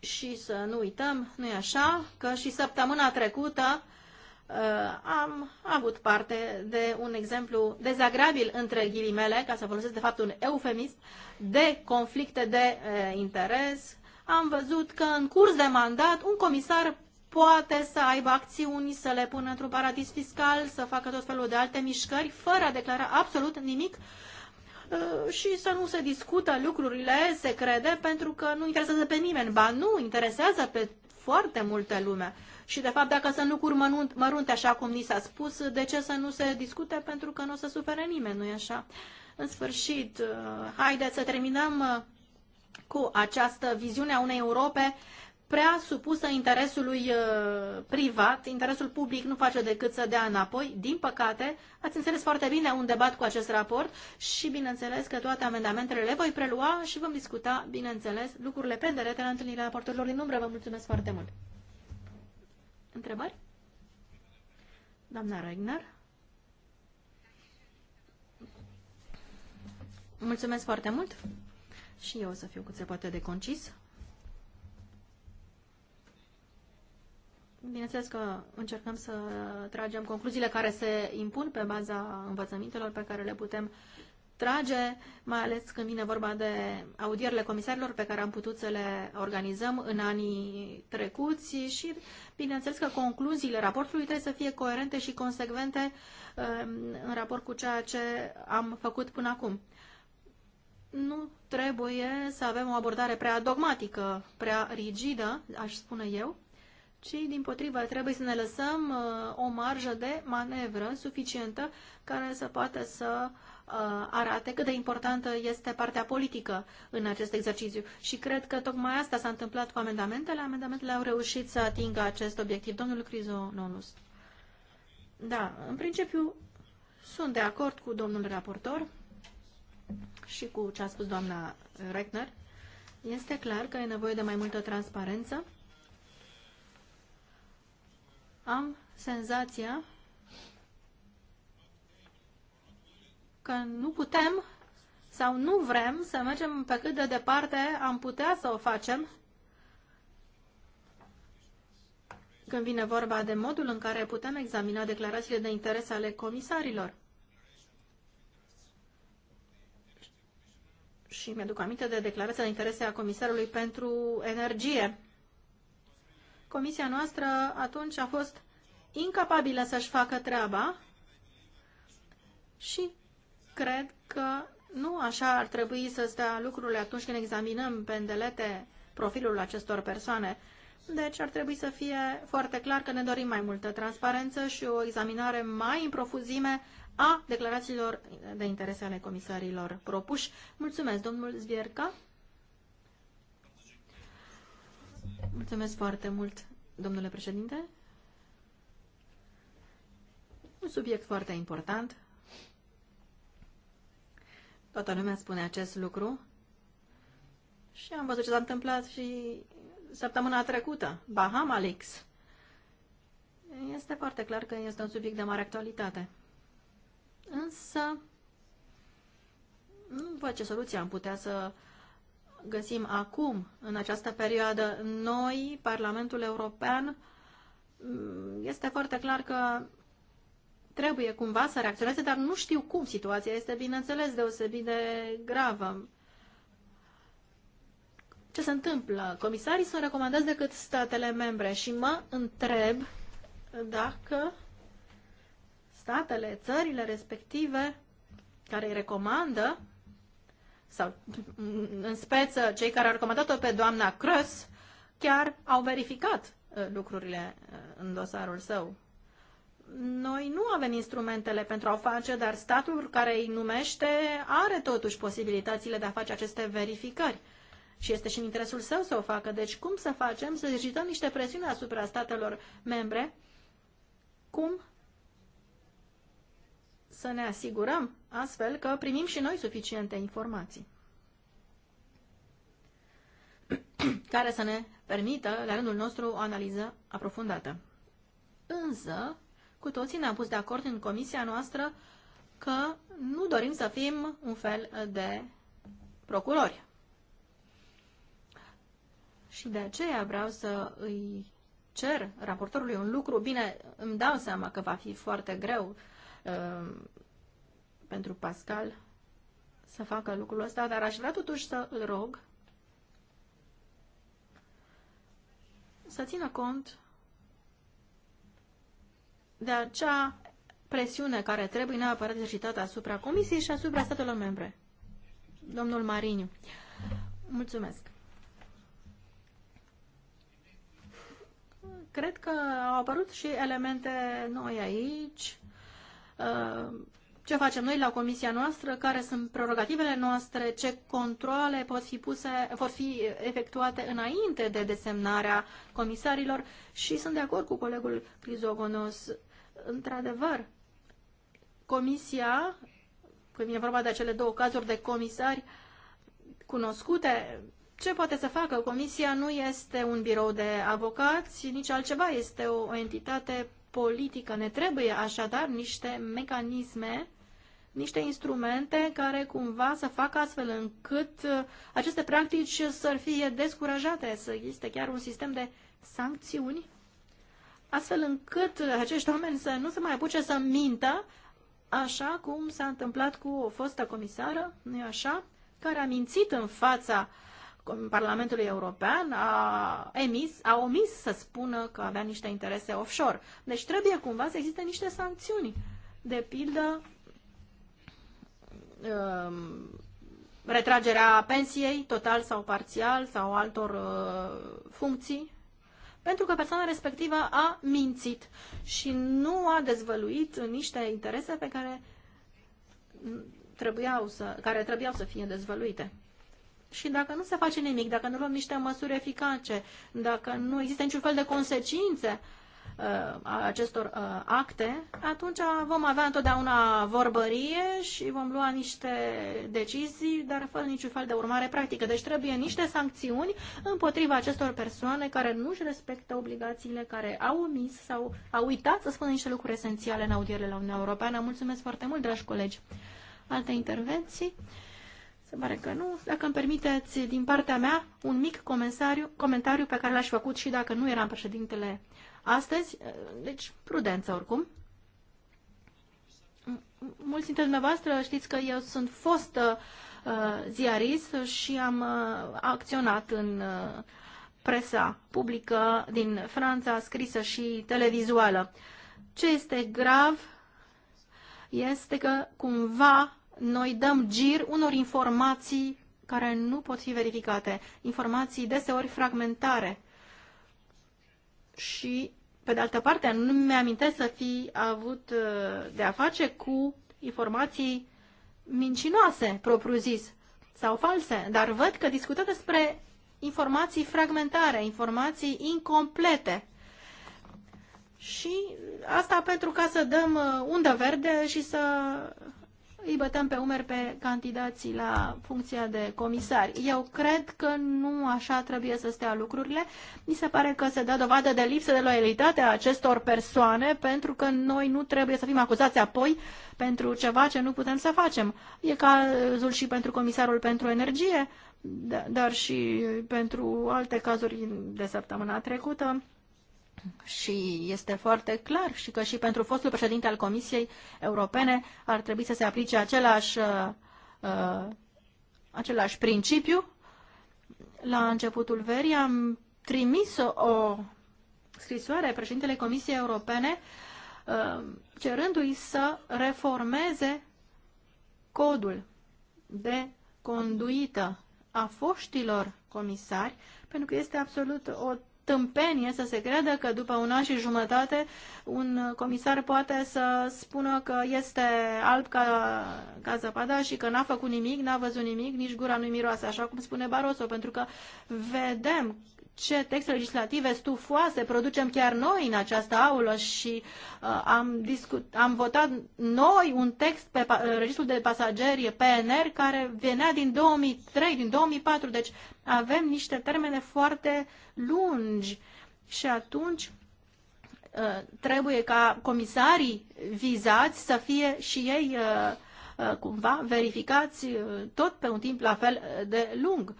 și să nu uităm, nu-i așa, că și săptămâna trecută uh, am avut parte de un exemplu dezagrabil între ghilimele, ca să folosesc de fapt un eufemism, de conflicte de uh, interes. Am văzut că în curs de mandat un comisar poate să aibă acțiuni, să le pună într-un paradis fiscal, să facă tot felul de alte mișcări, fără a declara absolut nimic Eh, și să nu se discută lucrurile, se crede, pentru că nu interesează pe nimeni. Ba nu, interesează pe foarte multe lume. Și, de fapt, dacă să nu cur mărunte, așa cum ni s-a spus, de ce să nu se discute? Pentru că nu o să supere nimeni, nu-i așa? În sfârșit, eh, haideți să terminăm eh, cu această viziune a unei Europe prea supusă interesului uh, privat, interesul public nu face decât să dea înapoi. Din păcate, ați înțeles foarte bine un debat cu acest raport și bineînțeles că toate amendamentele le voi prelua și vom discuta, bineînțeles, lucrurile pe derete la întâlnirea raportorilor din umbră. Vă mulțumesc foarte mult! Întrebări? Doamna Regner? Mulțumesc foarte mult și eu o să fiu cât se poate de concis. Bineînțeles că încercăm să tragem concluziile care se impun pe baza învățămintelor pe care le putem trage, mai ales când vine vorba de audierile comisarilor pe care am putut să le organizăm în anii trecuți și, bineînțeles, că concluziile raportului trebuie să fie coerente și consecvente um, în raport cu ceea ce am făcut până acum. Nu trebuie să avem o abordare prea dogmatică, prea rigidă, aș spune eu, ci din potrivă trebuie să ne lăsăm uh, o marjă de manevră suficientă care să poată să uh, arate cât de importantă este partea politică în acest exercițiu. Și cred că tocmai asta s-a întâmplat cu amendamentele. Amendamentele au reușit să atingă acest obiectiv. Domnul Crizononus. Da, în principiu sunt de acord cu domnul raportor și cu ce a spus doamna Reckner. Este clar că e nevoie de mai multă transparență am senzația că nu putem sau nu vrem să mergem pe cât de departe am putea să o facem când vine vorba de modul în care putem examina declarațiile de interes ale comisarilor. Și mi-aduc aminte de declarația de interese a comisarului pentru energie. Comisia noastră atunci a fost incapabilă să-și facă treaba și cred că nu așa ar trebui să stea lucrurile atunci când examinăm pe îndelete profilul acestor persoane. Deci ar trebui să fie foarte clar că ne dorim mai multă transparență și o examinare mai în profuzime a declarațiilor de interese ale comisarilor propuși. Mulțumesc, domnul Zvierca. Mulțumesc foarte mult, domnule președinte. Un subiect foarte important. Toată lumea spune acest lucru. Și am văzut ce s-a întâmplat și săptămâna trecută. Baham Alex. Este foarte clar că este un subiect de mare actualitate. Însă, nu văd ce soluție am putea să uh, găsim acum, în această perioadă, noi, Parlamentul European, mm, este foarte clar că trebuie cumva să reacționeze, dar nu știu cum. Situația este, bineînțeles, deosebit de gravă. Ce se întâmplă? Comisarii sunt recomandați decât statele membre și mă întreb dacă statele, țările respective care îi recomandă, sau mm, în speță cei care au recomandat-o pe doamna Crăs, chiar au verificat uh, lucrurile uh, în dosarul său. Noi nu avem instrumentele pentru a o face, dar statul care îi numește are totuși posibilitățile de a face aceste verificări. Și este și în interesul său să o facă. Deci cum să facem? Să exercităm niște presiuni asupra statelor membre. Cum să ne asigurăm astfel că primim și noi suficiente informații (clears throat) care să ne permită, la rândul nostru, o analiză aprofundată. Însă, cu toții ne-am pus de acord în comisia noastră că nu dorim să fim un fel de procurori. Și de aceea vreau să îi cer raportorului un lucru. Bine, îmi dau seama că va fi foarte greu uh, pentru Pascal să facă lucrul ăsta, dar aș vrea totuși să îl rog să țină cont de acea presiune care trebuie neapărat exercitată asupra Comisiei și asupra statelor membre. Domnul Mariniu, mulțumesc. Cred că au apărut și elemente noi aici uh, ce facem noi la comisia noastră, care sunt prerogativele noastre, ce controle pot fi puse, vor fi efectuate înainte de desemnarea comisarilor și sunt de acord cu colegul Crizogonos. Într-adevăr, comisia, când vine vorba de acele două cazuri de comisari cunoscute, ce poate să facă? Comisia nu este un birou de avocați, nici altceva, este o, o entitate politică. Ne trebuie așadar niște mecanisme, niște instrumente care cumva să facă astfel încât uh, aceste practici să fie descurajate, să existe chiar un sistem de sancțiuni, astfel încât acești oameni să nu se mai apuce să mintă, așa cum s-a întâmplat cu o fostă comisară, nu așa, care a mințit în fața uh, Parlamentului European a emis, a omis să spună că avea niște interese offshore. Deci trebuie cumva să existe niște sancțiuni. De pildă, um, retragerea pensiei, total sau parțial, sau altor uh, funcții, pentru că persoana respectivă a mințit și nu a dezvăluit niște interese pe care trebuiau să, care trebuiau să fie dezvăluite. Și dacă nu se face nimic, dacă nu luăm niște măsuri eficace, dacă nu există niciun fel de consecințe uh, a acestor uh, acte, atunci vom avea întotdeauna vorbărie și vom lua niște decizii, dar fără niciun fel de urmare practică. Deci trebuie niște sancțiuni împotriva acestor persoane care nu își respectă obligațiile, care au omis sau au uitat să spună niște lucruri esențiale în audierile la Uniunea Europeană. Mulțumesc foarte mult, dragi colegi! Alte intervenții? Se pare că nu. Dacă îmi permiteți, din partea mea, un mic comentariu, comentariu pe care l-aș făcut și dacă nu eram președintele astăzi. Deci, prudență oricum. Mulți dintre dumneavoastră știți că eu sunt fost uh, ziarist și am uh, acționat în uh, presa publică din Franța, scrisă și televizuală. Ce este grav este că cumva noi dăm gir unor informații care nu pot fi verificate, informații deseori fragmentare. Și, pe de altă parte, nu mi-amintesc să fi avut uh, de a face cu informații mincinoase, propriu-zis, sau false, dar văd că discută despre informații fragmentare, informații incomplete. Și asta pentru ca să dăm uh, undă verde și să îi bătăm pe umeri pe candidații la funcția de comisari. Eu cred că nu așa trebuie să stea lucrurile. Mi se pare că se dă dovadă de lipsă de loialitate a acestor persoane pentru că noi nu trebuie să fim acuzați apoi pentru ceva ce nu putem să facem. E cazul și pentru comisarul pentru energie, dar și pentru alte cazuri de săptămâna trecută și este foarte clar și că și pentru fostul președinte al Comisiei Europene ar trebui să se aplice același, uh, uh același principiu. La începutul verii am trimis o scrisoare președintele Comisiei Europene uh, cerându-i să reformeze codul de conduită a foștilor comisari, pentru că este absolut o tâmpenie să se creadă că după un an și jumătate un comisar poate să spună că este alb ca, ca zăpada și că n-a făcut nimic, n-a văzut nimic, nici gura nu miroase, așa cum spune Barroso, pentru că vedem ce texte legislative stufoase producem chiar noi în această aulă și uh, am, discut, am votat noi un text pe uh, registrul de pasageri PNR care venea din 2003, din 2004, deci avem niște termene foarte lungi și atunci uh, trebuie ca comisarii vizați să fie și ei uh, uh cumva verificați uh, tot pe un timp la fel de lung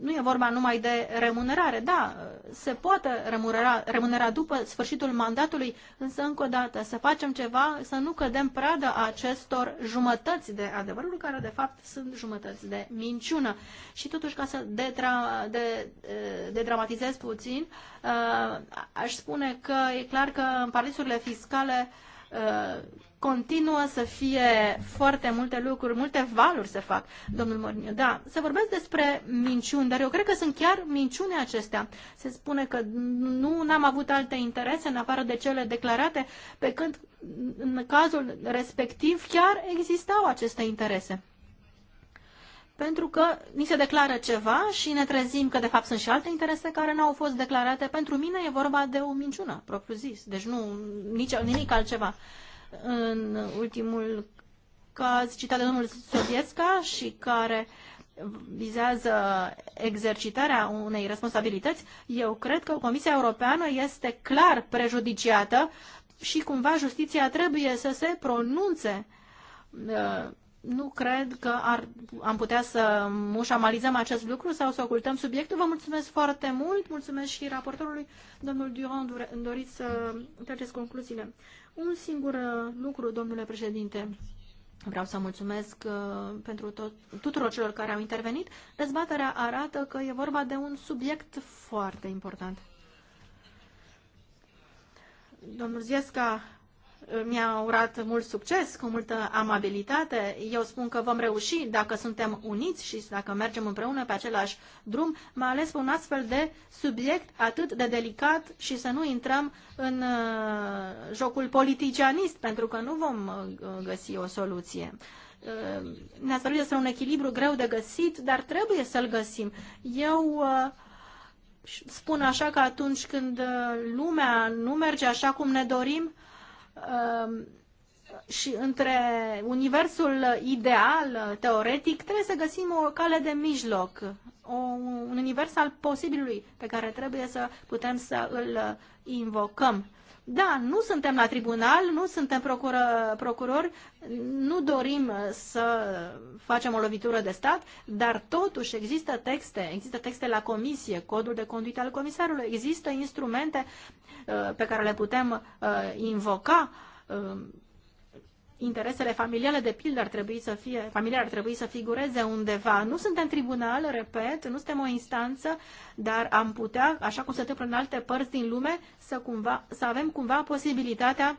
nu e vorba numai de remunerare. Da, se poate remunera, remunera după sfârșitul mandatului, însă încă o dată să facem ceva, să nu cădem pradă acestor jumătăți de adevărul, care de fapt sunt jumătăți de minciună. Și totuși, ca să detra, de, de dramatizez puțin, uh, aș spune că e clar că în paradisurile fiscale uh, continuă să fie foarte multe lucruri, multe valuri se fac, domnul Mărniu. Da, se vorbesc despre minciuni, dar eu cred că sunt chiar minciune acestea. Se spune că nu n-am avut alte interese în afară de cele declarate, pe când în cazul respectiv chiar existau aceste interese. Pentru că ni se declară ceva și ne trezim că de fapt sunt și alte interese care nu au fost declarate. Pentru mine e vorba de o minciună, propriu zis, deci nu nici, nimic altceva în ultimul caz citat de domnul Sobiesca și care vizează exercitarea unei responsabilități, eu cred că Comisia Europeană este clar prejudiciată și cumva justiția trebuie să se pronunțe. Uh, nu cred că ar, am putea să mușamalizăm acest lucru sau să ocultăm subiectul. Vă mulțumesc foarte mult, mulțumesc și raportorului, domnul Durand, doriți să treceți concluziile. Un singur uh, lucru, domnule președinte. Vreau să mulțumesc uh, pentru tot, tuturor celor care au intervenit. Dezbaterea arată că e vorba de un subiect foarte important. Domnul Ziesca mi-a urat mult succes, cu multă amabilitate. Eu spun că vom reuși dacă suntem uniți și dacă mergem împreună pe același drum, mai ales pe un astfel de subiect atât de delicat și să nu intrăm în uh, jocul politicianist, pentru că nu vom uh, găsi o soluție ne a spus despre un echilibru greu de găsit, dar trebuie să-l găsim. Eu uh, spun așa că atunci când lumea nu merge așa cum ne dorim, Um, și între universul ideal, teoretic, trebuie să găsim o cale de mijloc, o, un univers al posibilului pe care trebuie să putem să îl invocăm. Da, nu suntem la tribunal, nu suntem procură, procurori, nu dorim să facem o lovitură de stat, dar totuși există texte, există texte la comisie, codul de conduită al comisarului, există instrumente uh, pe care le putem uh, invoca uh, interesele familiale, de pildă, ar trebui să fie, familiale ar trebui să figureze undeva. Nu suntem tribunal, repet, nu suntem o instanță, dar am putea, așa cum se întâmplă în alte părți din lume, să, cumva, să avem cumva posibilitatea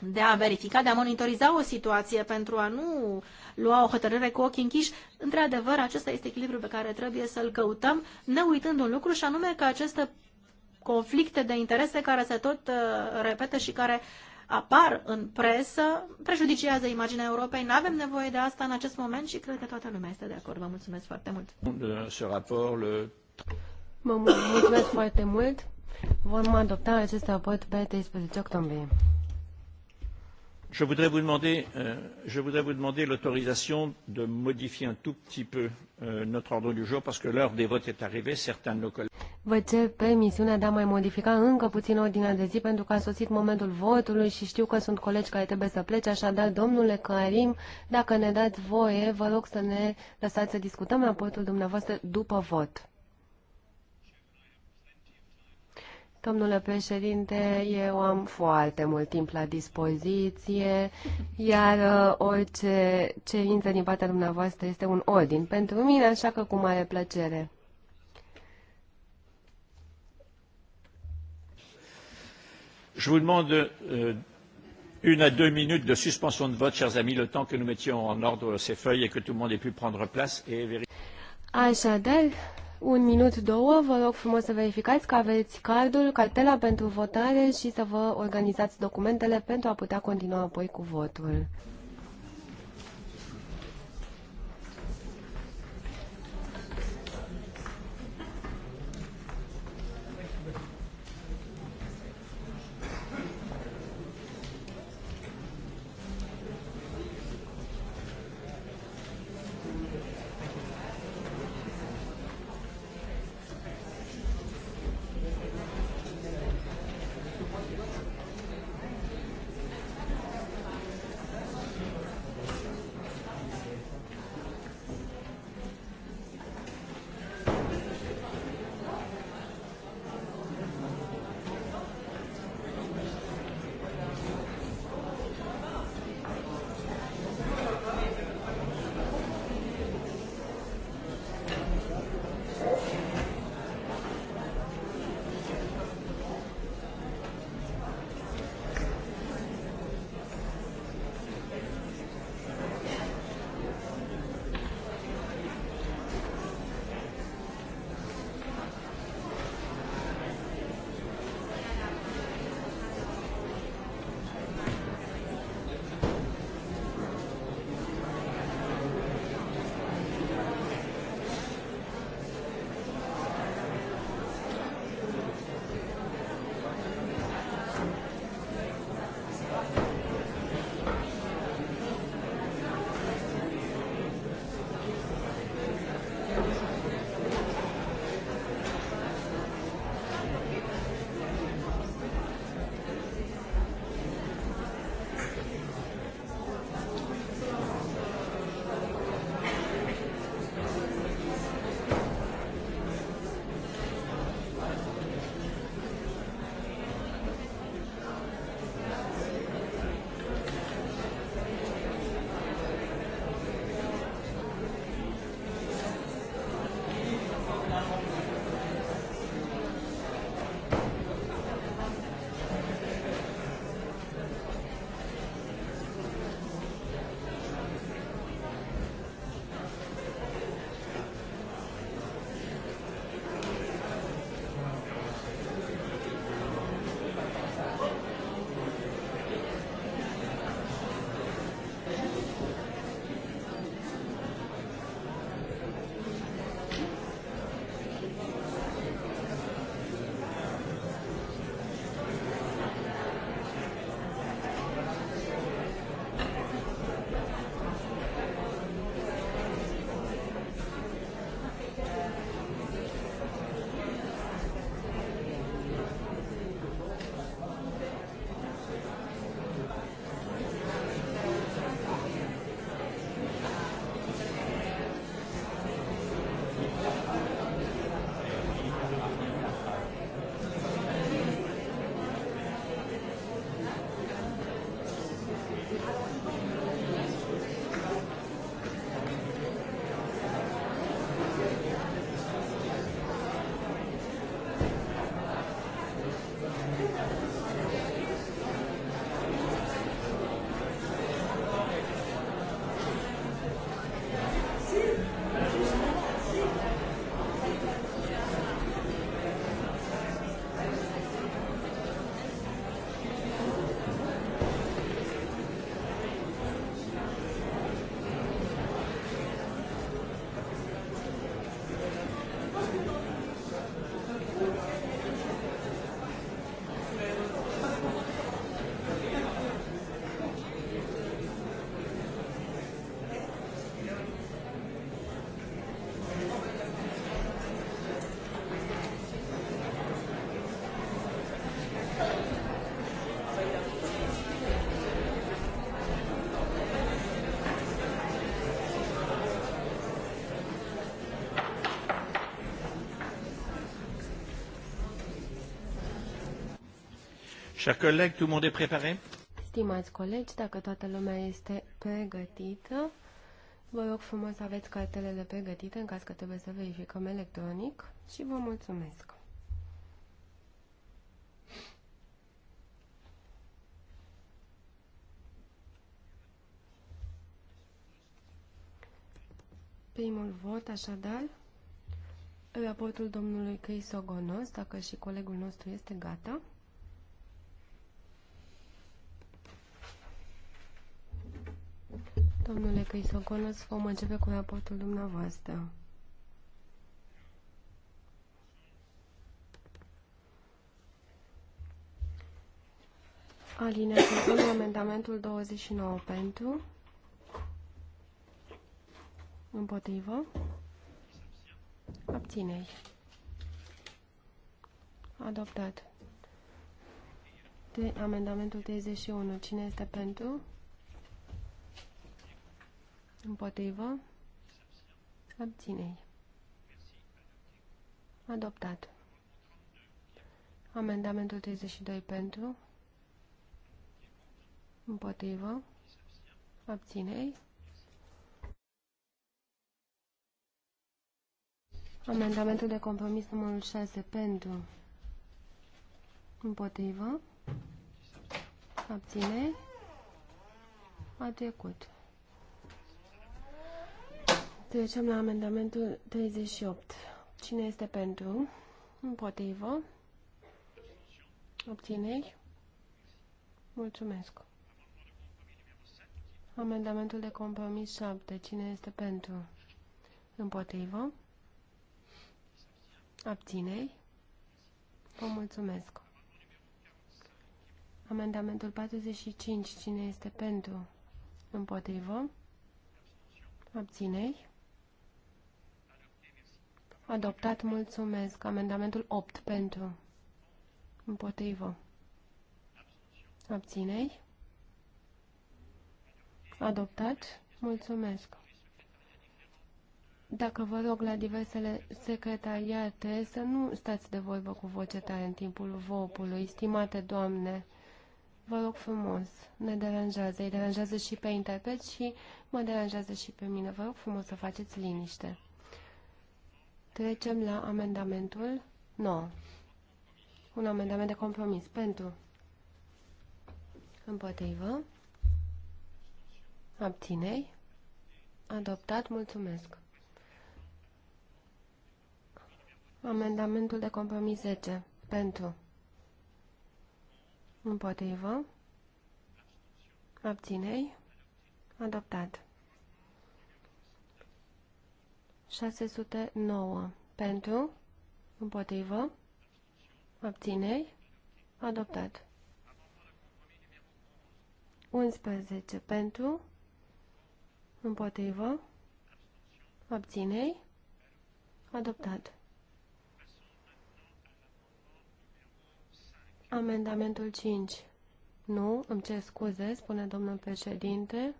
de a verifica, de a monitoriza o situație pentru a nu lua o hotărâre cu ochii închiși. Într-adevăr, acesta este echilibrul pe care trebuie să-l căutăm, ne uitând un lucru și anume că aceste conflicte de interese care se tot uh, repetă și care uh, apar în presă prejudiciază imaginea Europei. Nu avem nevoie de asta în acest moment și cred că toată lumea este de acord. Vă mulțumesc foarte mult. Mă mulțumesc foarte mult. Vom adopta acest raport pe 13 octombrie. Je voudrais vous demander, euh, demander l'autorisation de modifier un tout petit peu Euh, notre ordre du jour parce que l'heure des votes est arrivée. Certains de nos collègues. Vă cer permisiunea de a mai modifica încă puțin ordinea de zi pentru că a sosit momentul votului și știu că sunt colegi care trebuie să plece, așadar, domnule Karim, dacă ne dați voie, vă rog să ne lăsați să discutăm raportul dumneavoastră după vot. Domnule președinte, eu am foarte mult timp la dispoziție, iar uh, orice cerință din partea dumneavoastră este un ordin pentru mine, așa că cu mare plăcere. Je vous demande euh, une à deux minutes de suspension de vote, chers amis, le temps que nous mettions en ordre ces feuilles et que tout le monde ait pu prendre place et vérifier. Așadar, un minut, două, vă rog frumos să verificați că aveți cardul, cartela pentru votare și să vă organizați documentele pentru a putea continua apoi cu votul. Chers collègues, tout le monde est préparé? Stimați colegi, dacă toată lumea este pregătită, vă rog frumos aveți cartelele pregătite în caz că trebuie să verificăm electronic și vă mulțumesc. Primul vot, așadar, raportul domnului Crisogonos, dacă și colegul nostru este gata. Domnule Crisogonos, vom începe cu raportul dumneavoastră. Alinea, propun amendamentul 29 pentru. Împotrivă. Abținei. Adoptat. De amendamentul 31. Cine este pentru? Împotrivă. Abținei. Adoptat. Amendamentul 32 pentru. Împotrivă. Abținei. Amendamentul de compromis numărul 6 pentru. Împotrivă. Abținei. A trecut. Trecem la amendamentul 38. Cine este pentru? Împotrivă? Obțineri? Mulțumesc. Amendamentul de compromis 7. Cine este pentru? Împotrivă? Abținei. Vă mulțumesc. Amendamentul 45. Cine este pentru? Împotrivă? Abținei. Adoptat, mulțumesc. Amendamentul 8 pentru. Împotrivă. Abținei. Adoptat, mulțumesc. Dacă vă rog la diversele secretariate să nu stați de vorbă cu voce tare în timpul vopului, stimate doamne, vă rog frumos, ne deranjează, îi deranjează și pe interpret și mă deranjează și pe mine, vă rog frumos să faceți liniște. Trecem la amendamentul 9. Un amendament de compromis. Pentru. Împotrivă. Abținei. Adoptat. Mulțumesc. Amendamentul de compromis 10. Pentru. Împotrivă. Abținei. Adoptat. 609 pentru, împotrivă, abțineri, adoptat. 11 pentru, împotrivă, Abținei? adoptat. Amendamentul 5. Nu, îmi cer scuze, spune domnul președinte.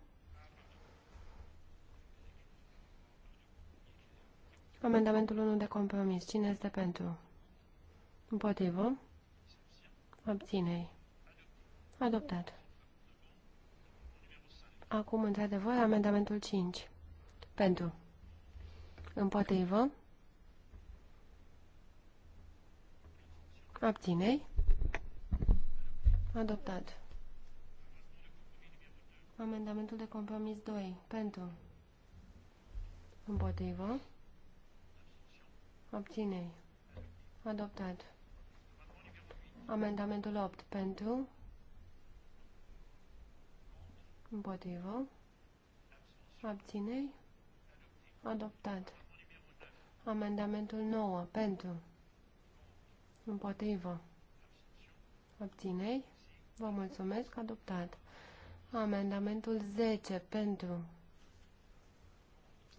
Amendamentul 1 de compromis. Cine este pentru? Împotrivă. Abținei. Adoptat. Acum, într-adevăr, amendamentul 5. Pentru. Împotrivă. Abținei. Adoptat. Amendamentul de compromis 2. Pentru. Împotrivă. Abțineri. Adoptat. Amendamentul 8 pentru. Împotrivă. Abțineri. Adoptat. Amendamentul 9 pentru. Împotrivă. Abțineri. Vă mulțumesc. Adoptat. Amendamentul 10 pentru.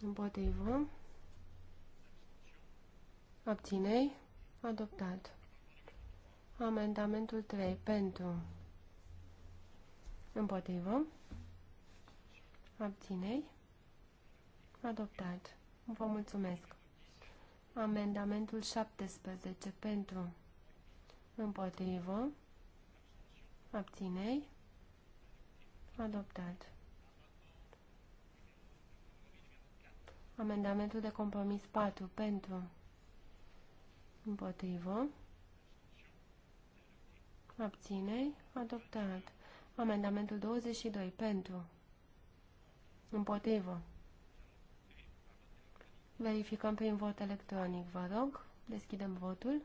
Împotrivă. Abținei. Adoptat. Amendamentul 3. Pentru. Împotrivă. Abținei. Adoptat. Vă mulțumesc. Amendamentul 17. Pentru. Împotrivă. Abținei. Adoptat. Amendamentul de compromis 4. Pentru. Împotrivă. Abțineri. Adoptat. Amendamentul 22. Pentru. Împotrivă. Verificăm prin vot electronic, vă rog. Deschidem votul.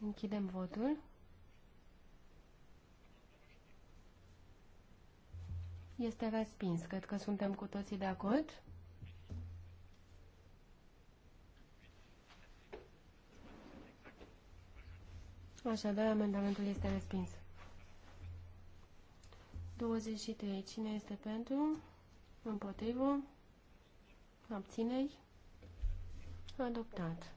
Închidem votul. Este respins. Cred că suntem cu toții de acord. Așadar, amendamentul este respins. 23. Cine este pentru? Împotrivă? Abținei? Adoptat.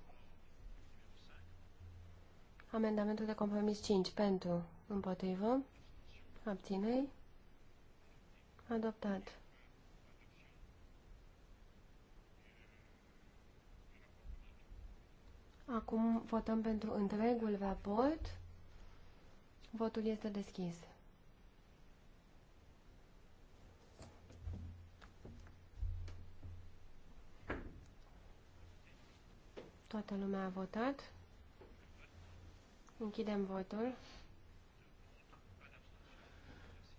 Amendamentul de compromis 5. Pentru? Împotrivă? Abținei? Adoptat. Acum votăm pentru întregul raport. Votul este deschis. Toată lumea a votat. Închidem votul.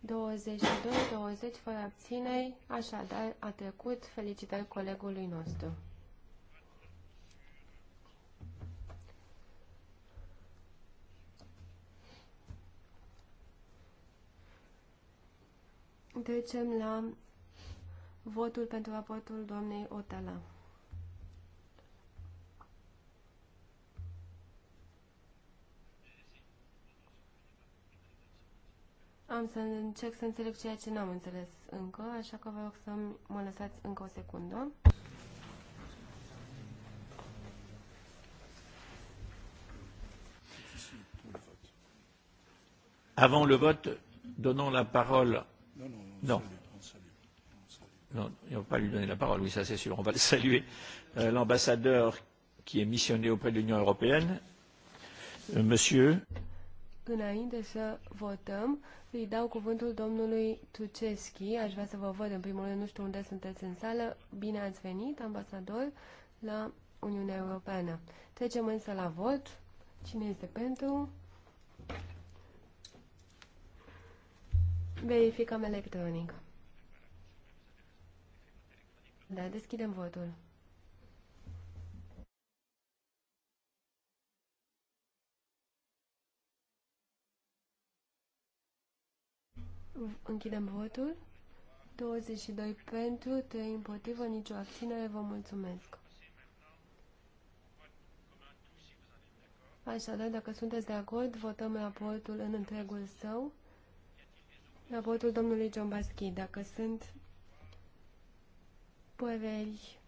22, 20 fără abțineri, așadar a trecut. Felicitări colegului nostru. Trecem la votul pentru raportul doamnei Otala. Am să încerc să înțeleg ceea ce n-am înțeles încă, așa că vă rog să mă lăsați încă o secundă. Avant le vote, donnons la parole. Non, non, non. non. on ne va pas lui donner la parole, oui, ça c'est sûr. On va le saluer. Euh, L'ambassadeur qui est missionné auprès de l'Union européenne, euh, monsieur. Înainte îi dau cuvântul domnului Tuceschi. Aș vrea să vă văd în primul rând, nu știu unde sunteți în sală. Bine ați venit, ambasador, la Uniunea Europeană. Trecem însă la vot. Cine este pentru? Verificăm electronic. Da, deschidem votul. Închidem votul. 22 pentru, 3 împotrivă, nicio abținere. Vă mulțumesc. Așadar, dacă sunteți de acord, votăm raportul în întregul său. Raportul domnului John Baschi, dacă sunt păreri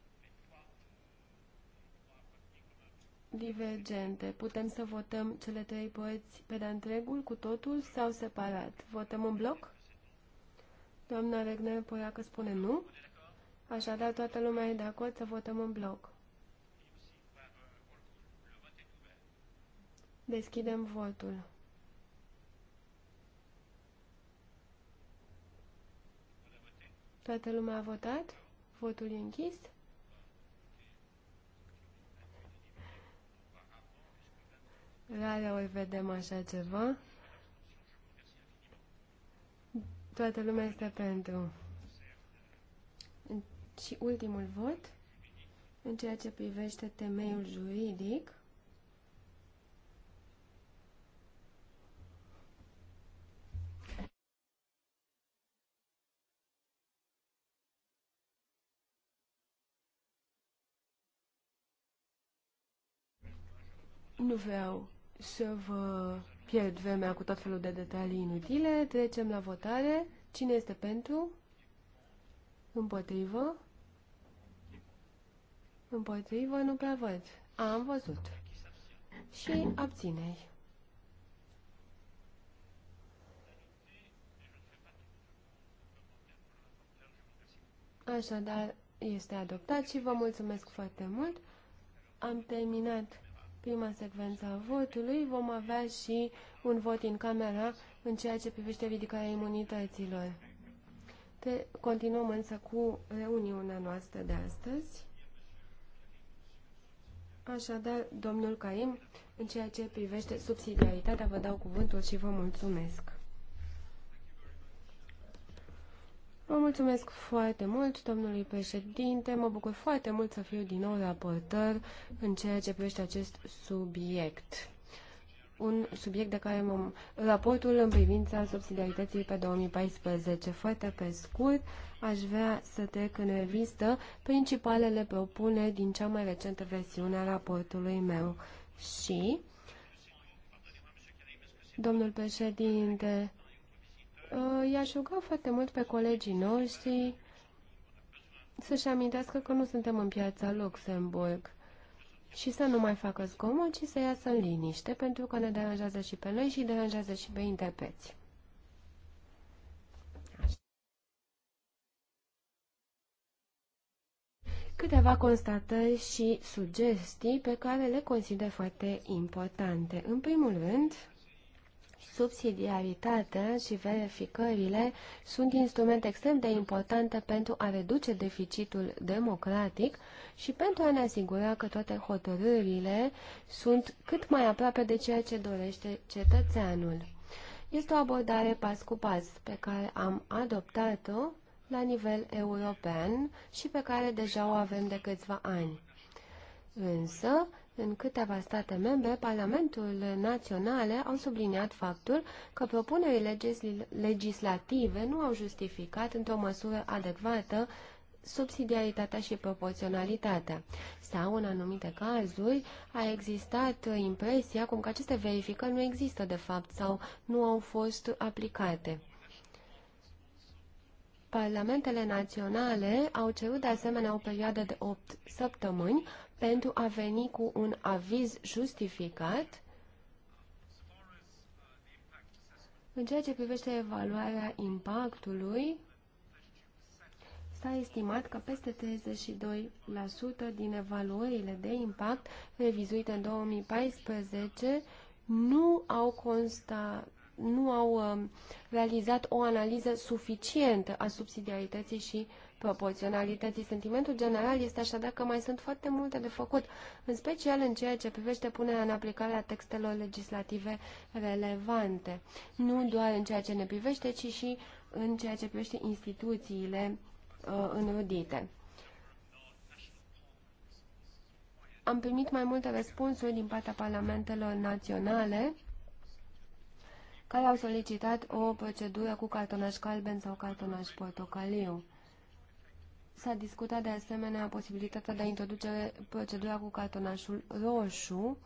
divergente, putem să votăm cele trei părți pe de întregul, cu totul sau separat? Votăm în bloc? Doamna Regner Poiacă spune nu. Așadar, toată lumea e de acord să votăm în bloc. Deschidem votul. Toată lumea a votat? Votul e închis? Rare ori vedem așa ceva. Toată lumea este pentru. Și ultimul vot, în ceea ce privește temeiul juridic, Nu vreau să vă pierd vremea cu tot felul de detalii inutile. Trecem la votare. Cine este pentru? Împotrivă? Împotrivă nu prea văd. Am văzut. Și abținei. Așadar, este adoptat și vă mulțumesc foarte mult. Am terminat prima secvență a votului, vom avea și un vot în camera în ceea ce privește ridicarea imunităților. Te continuăm însă cu reuniunea noastră de astăzi. Așadar, domnul Caim, în ceea ce privește subsidiaritatea, vă dau cuvântul și vă mulțumesc. Vă mulțumesc foarte mult, domnului președinte. Mă bucur foarte mult să fiu din nou raportor în ceea ce privește acest subiect. Un subiect de care am Raportul în privința subsidiarității pe 2014. Foarte pe scurt, aș vrea să trec în revistă principalele propuneri din cea mai recentă versiune a raportului meu. Și, domnul președinte, i-aș ruga foarte mult pe colegii noștri să-și amintească că nu suntem în piața Luxemburg și să nu mai facă zgomot, ci să iasă în liniște, pentru că ne deranjează și pe noi și deranjează și pe interpreți. câteva constatări și sugestii pe care le consider foarte importante. În primul rând, subsidiaritatea și verificările sunt instrumente extrem de importante pentru a reduce deficitul democratic și pentru a ne asigura că toate hotărârile sunt cât mai aproape de ceea ce dorește cetățeanul. Este o abordare pas cu pas pe care am adoptat-o la nivel european și pe care deja o avem de câțiva ani. Însă, în câteva state membre, Parlamentul Naționale au subliniat faptul că propunerile legislative nu au justificat într-o măsură adecvată subsidiaritatea și proporționalitatea. Sau, în anumite cazuri, a existat impresia cum că aceste verificări nu există de fapt sau nu au fost aplicate. Parlamentele naționale au cerut de asemenea o perioadă de 8 săptămâni pentru a veni cu un aviz justificat în ceea ce privește evaluarea impactului S-a estimat că peste 32% din evaluările de impact revizuite în 2014 nu au consta, nu au um, realizat o analiză suficientă a subsidiarității și proporționalității. Sentimentul general este așadar că mai sunt foarte multe de făcut, în special în ceea ce privește punerea în aplicare a textelor legislative relevante. Nu doar în ceea ce ne privește, ci și în ceea ce privește instituțiile uh, înrudite. Am primit mai multe răspunsuri din partea parlamentelor naționale care au solicitat o procedură cu cartonaș calben sau cartonaș portocaliu. S-a discutat de asemenea posibilitatea de a introduce procedura cu cartonașul roșu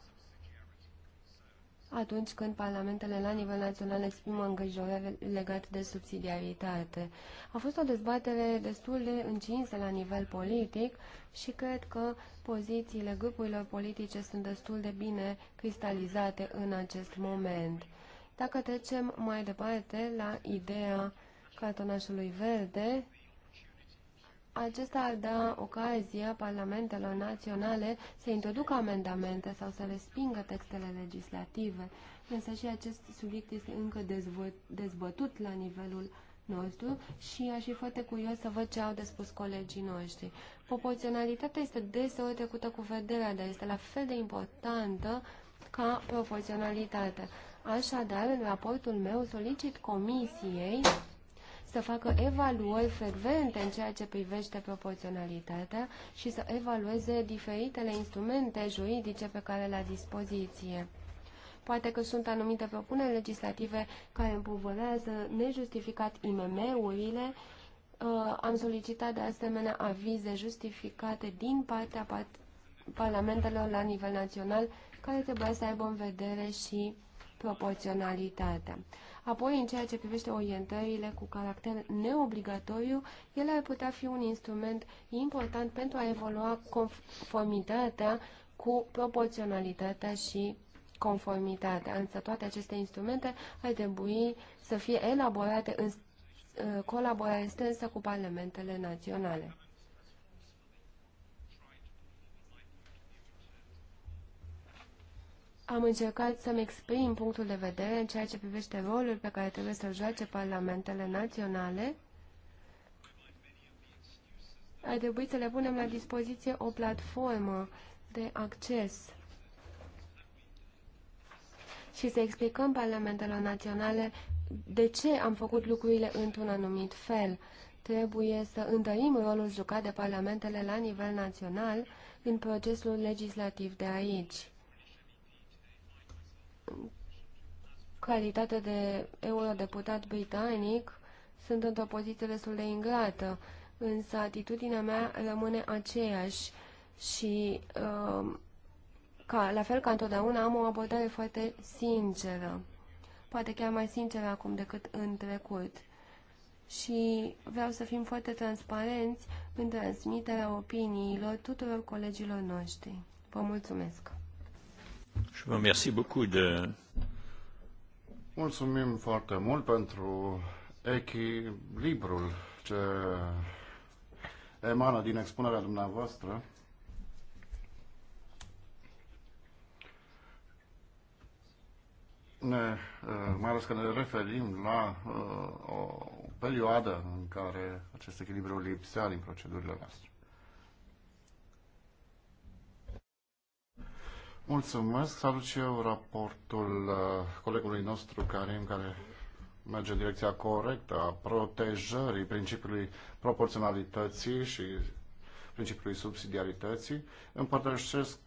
atunci când parlamentele la nivel național exprimă îngrijorări legate de subsidiaritate. A fost o dezbatere destul de încinsă la nivel politic și cred că pozițiile grupurilor politice sunt destul de bine cristalizate în acest moment. Dacă trecem mai departe la ideea cartonașului verde, acesta ar da ocazia parlamentelor naționale să introducă amendamente sau să respingă textele legislative, însă și acest subiect este încă dezbătut la nivelul nostru și aș fi foarte curios să văd ce au de spus colegii noștri. Proporționalitatea este deseori trecută cu vederea, dar este la fel de importantă ca proporționalitatea. Așadar, în raportul meu solicit comisiei să facă evaluări frecvente în ceea ce privește proporționalitatea și să evalueze diferitele instrumente juridice pe care la dispoziție. Poate că sunt anumite propuneri legislative care împovărează nejustificat IMM-urile. Uh, am solicitat de asemenea avize justificate din partea parlamentelor la nivel național care trebuie să aibă în vedere și proporționalitatea. Apoi, în ceea ce privește orientările cu caracter neobligatoriu, ele ar putea fi un instrument important pentru a evolua conformitatea cu proporționalitatea și conformitatea. Însă toate aceste instrumente ar trebui să fie elaborate în uh, colaborare strânsă cu parlamentele naționale. Am încercat să-mi exprim punctul de vedere în ceea ce privește rolul pe care trebuie să-l joace parlamentele naționale. Ar trebui să le punem la dispoziție o platformă de acces și să explicăm parlamentelor naționale de ce am făcut lucrurile într-un anumit fel. Trebuie să întărim rolul jucat de parlamentele la nivel național în procesul legislativ de aici calitate de eurodeputat britanic, sunt într-o poziție destul de ingrată, însă atitudinea mea rămâne aceeași și, um, ca, la fel ca întotdeauna, am o abordare foarte sinceră, poate chiar mai sinceră acum decât în trecut. Și vreau să fim foarte transparenți în transmiterea opiniilor tuturor colegilor noștri. Vă mulțumesc! beaucoup de... Mulțumim foarte mult pentru echilibrul ce emană din expunerea dumneavoastră. Ne, eh, mai ales că ne referim la uh, o perioadă în care acest echilibru lipsea din procedurile noastre. Mulțumesc. Salut și eu raportul uh, colegului nostru Karim, care merge în direcția corectă a protejării principiului proporționalității și principiului subsidiarității. Împărtășesc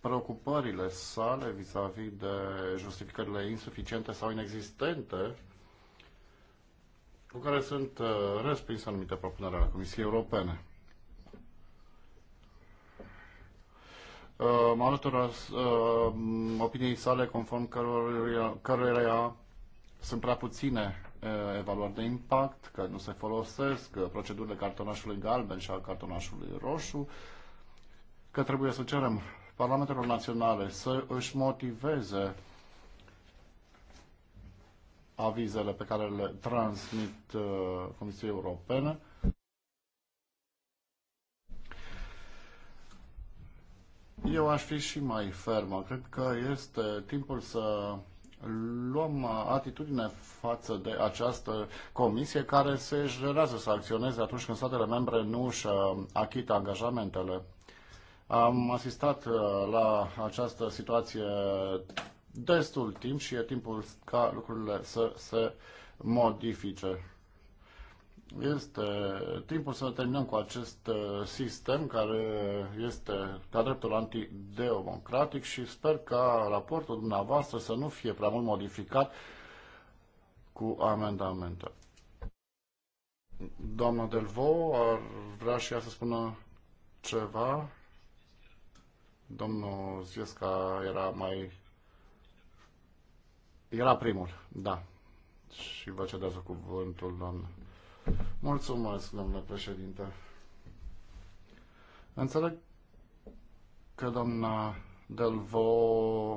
preocupările sale vis-a-vis -vis de justificările insuficiente sau inexistente cu care sunt uh, respinse anumite propuneri ale Comisiei Europene. Uh, mă uh, uh, opiniei sale conform căruia sunt prea puține uh, evaluări de impact, că nu se folosesc procedurile cartonașului galben și al cartonașului roșu, că trebuie să cerem Parlamentelor Naționale să își motiveze avizele pe care le transmit Comisiei Europene Eu aș fi și mai fermă. Cred că este timpul să luăm atitudine față de această comisie care se jerează să acționeze atunci când statele membre nu își uh, achită angajamentele. Am asistat uh, la această situație destul timp și e timpul ca lucrurile să se modifice. Este timpul să terminăm cu acest uh, sistem care este ca dreptul antideomocratic și sper ca raportul dumneavoastră să nu fie prea mult modificat cu amendamente. Doamna Delvo ar vrea și ea să spună ceva. Domnul Ziesca era mai... Era primul, da. Și vă cedează cuvântul, doamnă. Mulțumesc, domnule președinte. Înțeleg că doamna Delvo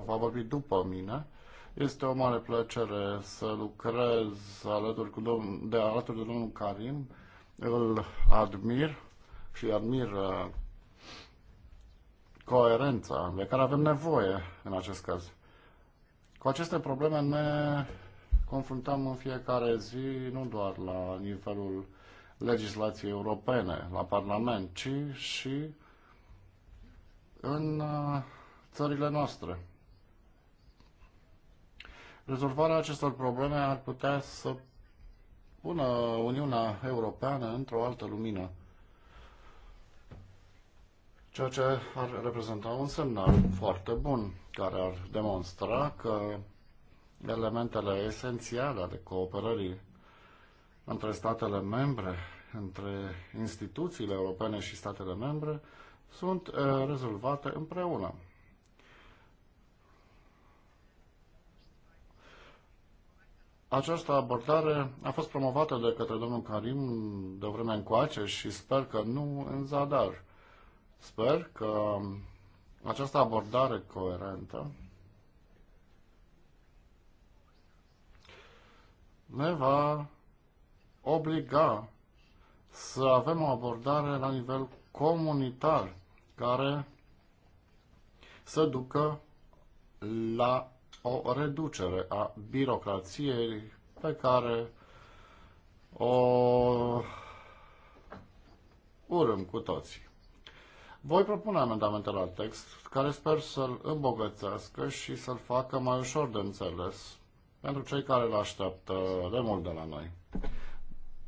va vorbi după mine. Este o mare plăcere să lucrez alături, cu domn, de, alături de domnul Karim. Îl admir și admir coerența de care avem nevoie în acest caz. Cu aceste probleme ne confruntăm în fiecare zi, nu doar la nivelul legislației europene, la Parlament, ci și în uh, țările noastre. Rezolvarea acestor probleme ar putea să pună Uniunea Europeană într-o altă lumină, ceea ce ar reprezenta un semnal foarte bun, care ar demonstra că elementele esențiale ale cooperării între statele membre, între instituțiile europene și statele membre, sunt uh, rezolvate împreună. Această abordare a fost promovată de către domnul Karim de vreme încoace și sper că nu în zadar. Sper că această abordare coerentă ne va obliga să avem o abordare la nivel comunitar care să ducă la o reducere a birocrației pe care o urâm cu toții. Voi propune amendamente la text care sper să-l îmbogățească și să-l facă mai ușor de înțeles pentru cei care îl așteaptă de mult de la noi.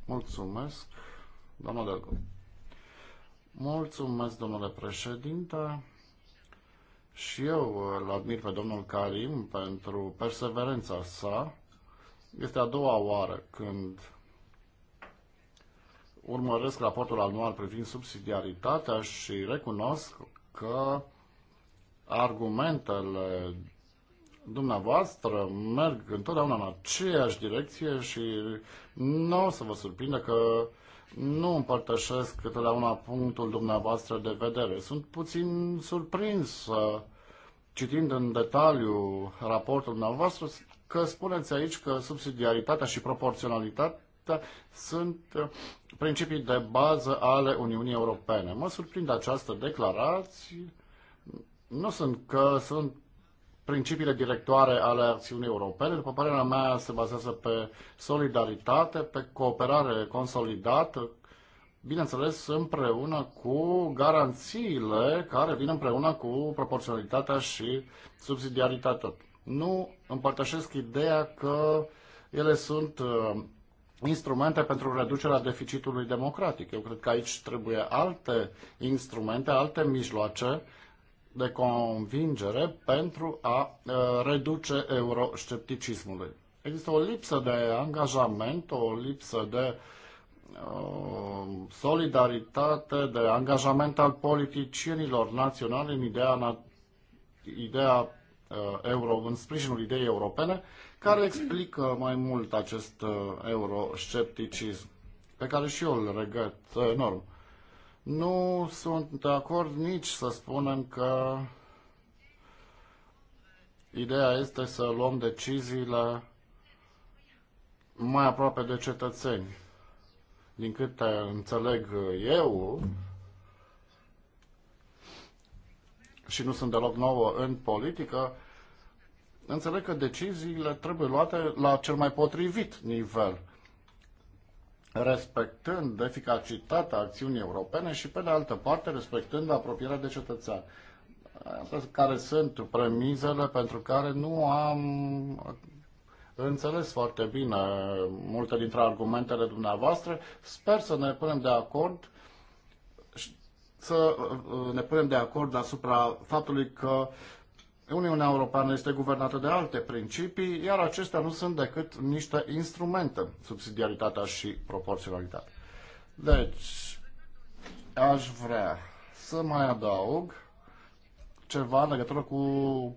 Mulțumesc, doamna Delgo. Mulțumesc, domnule președinte. Și eu îl admir pe domnul Karim pentru perseverența sa. Este a doua oară când urmăresc raportul anual privind subsidiaritatea și recunosc că argumentele dumneavoastră merg întotdeauna în aceeași direcție și nu o să vă surprindă că nu împărtășesc totdeauna punctul dumneavoastră de vedere. Sunt puțin surprins citind în detaliu raportul dumneavoastră că spuneți aici că subsidiaritatea și proporționalitatea sunt uh, principii de bază ale Uniunii Europene. Mă surprind această declarație. Nu sunt că sunt principiile directoare ale acțiunii europene, după părerea mea, se bazează pe solidaritate, pe cooperare consolidată, bineînțeles, împreună cu garanțiile care vin împreună cu proporționalitatea și subsidiaritatea. Nu împărtășesc ideea că ele sunt uh, instrumente pentru reducerea deficitului democratic. Eu cred că aici trebuie alte instrumente, alte mijloace de convingere pentru a reduce euroscepticismului. Există o lipsă de angajament, o lipsă de solidaritate, de angajament al politicienilor naționali în ideea, ideea euro, în sprijinul ideii europene, care explică mai mult acest euroscepticism, pe care și eu îl regret enorm. Nu sunt de acord nici să spunem că ideea este să luăm deciziile mai aproape de cetățeni. Din câte înțeleg eu, și nu sunt deloc nouă în politică, înțeleg că deciziile trebuie luate la cel mai potrivit nivel respectând eficacitatea acțiunii europene și, pe de altă parte, respectând apropierea de cetățean. care sunt premizele pentru care nu am înțeles foarte bine multe dintre argumentele dumneavoastră. Sper să ne punem de acord să uh, ne punem de acord asupra faptului că uh, Uniunea Europeană este guvernată de alte principii, iar acestea nu sunt decât niște instrumente, subsidiaritatea și proporționalitatea. Deci, aș vrea să mai adaug ceva în legătură cu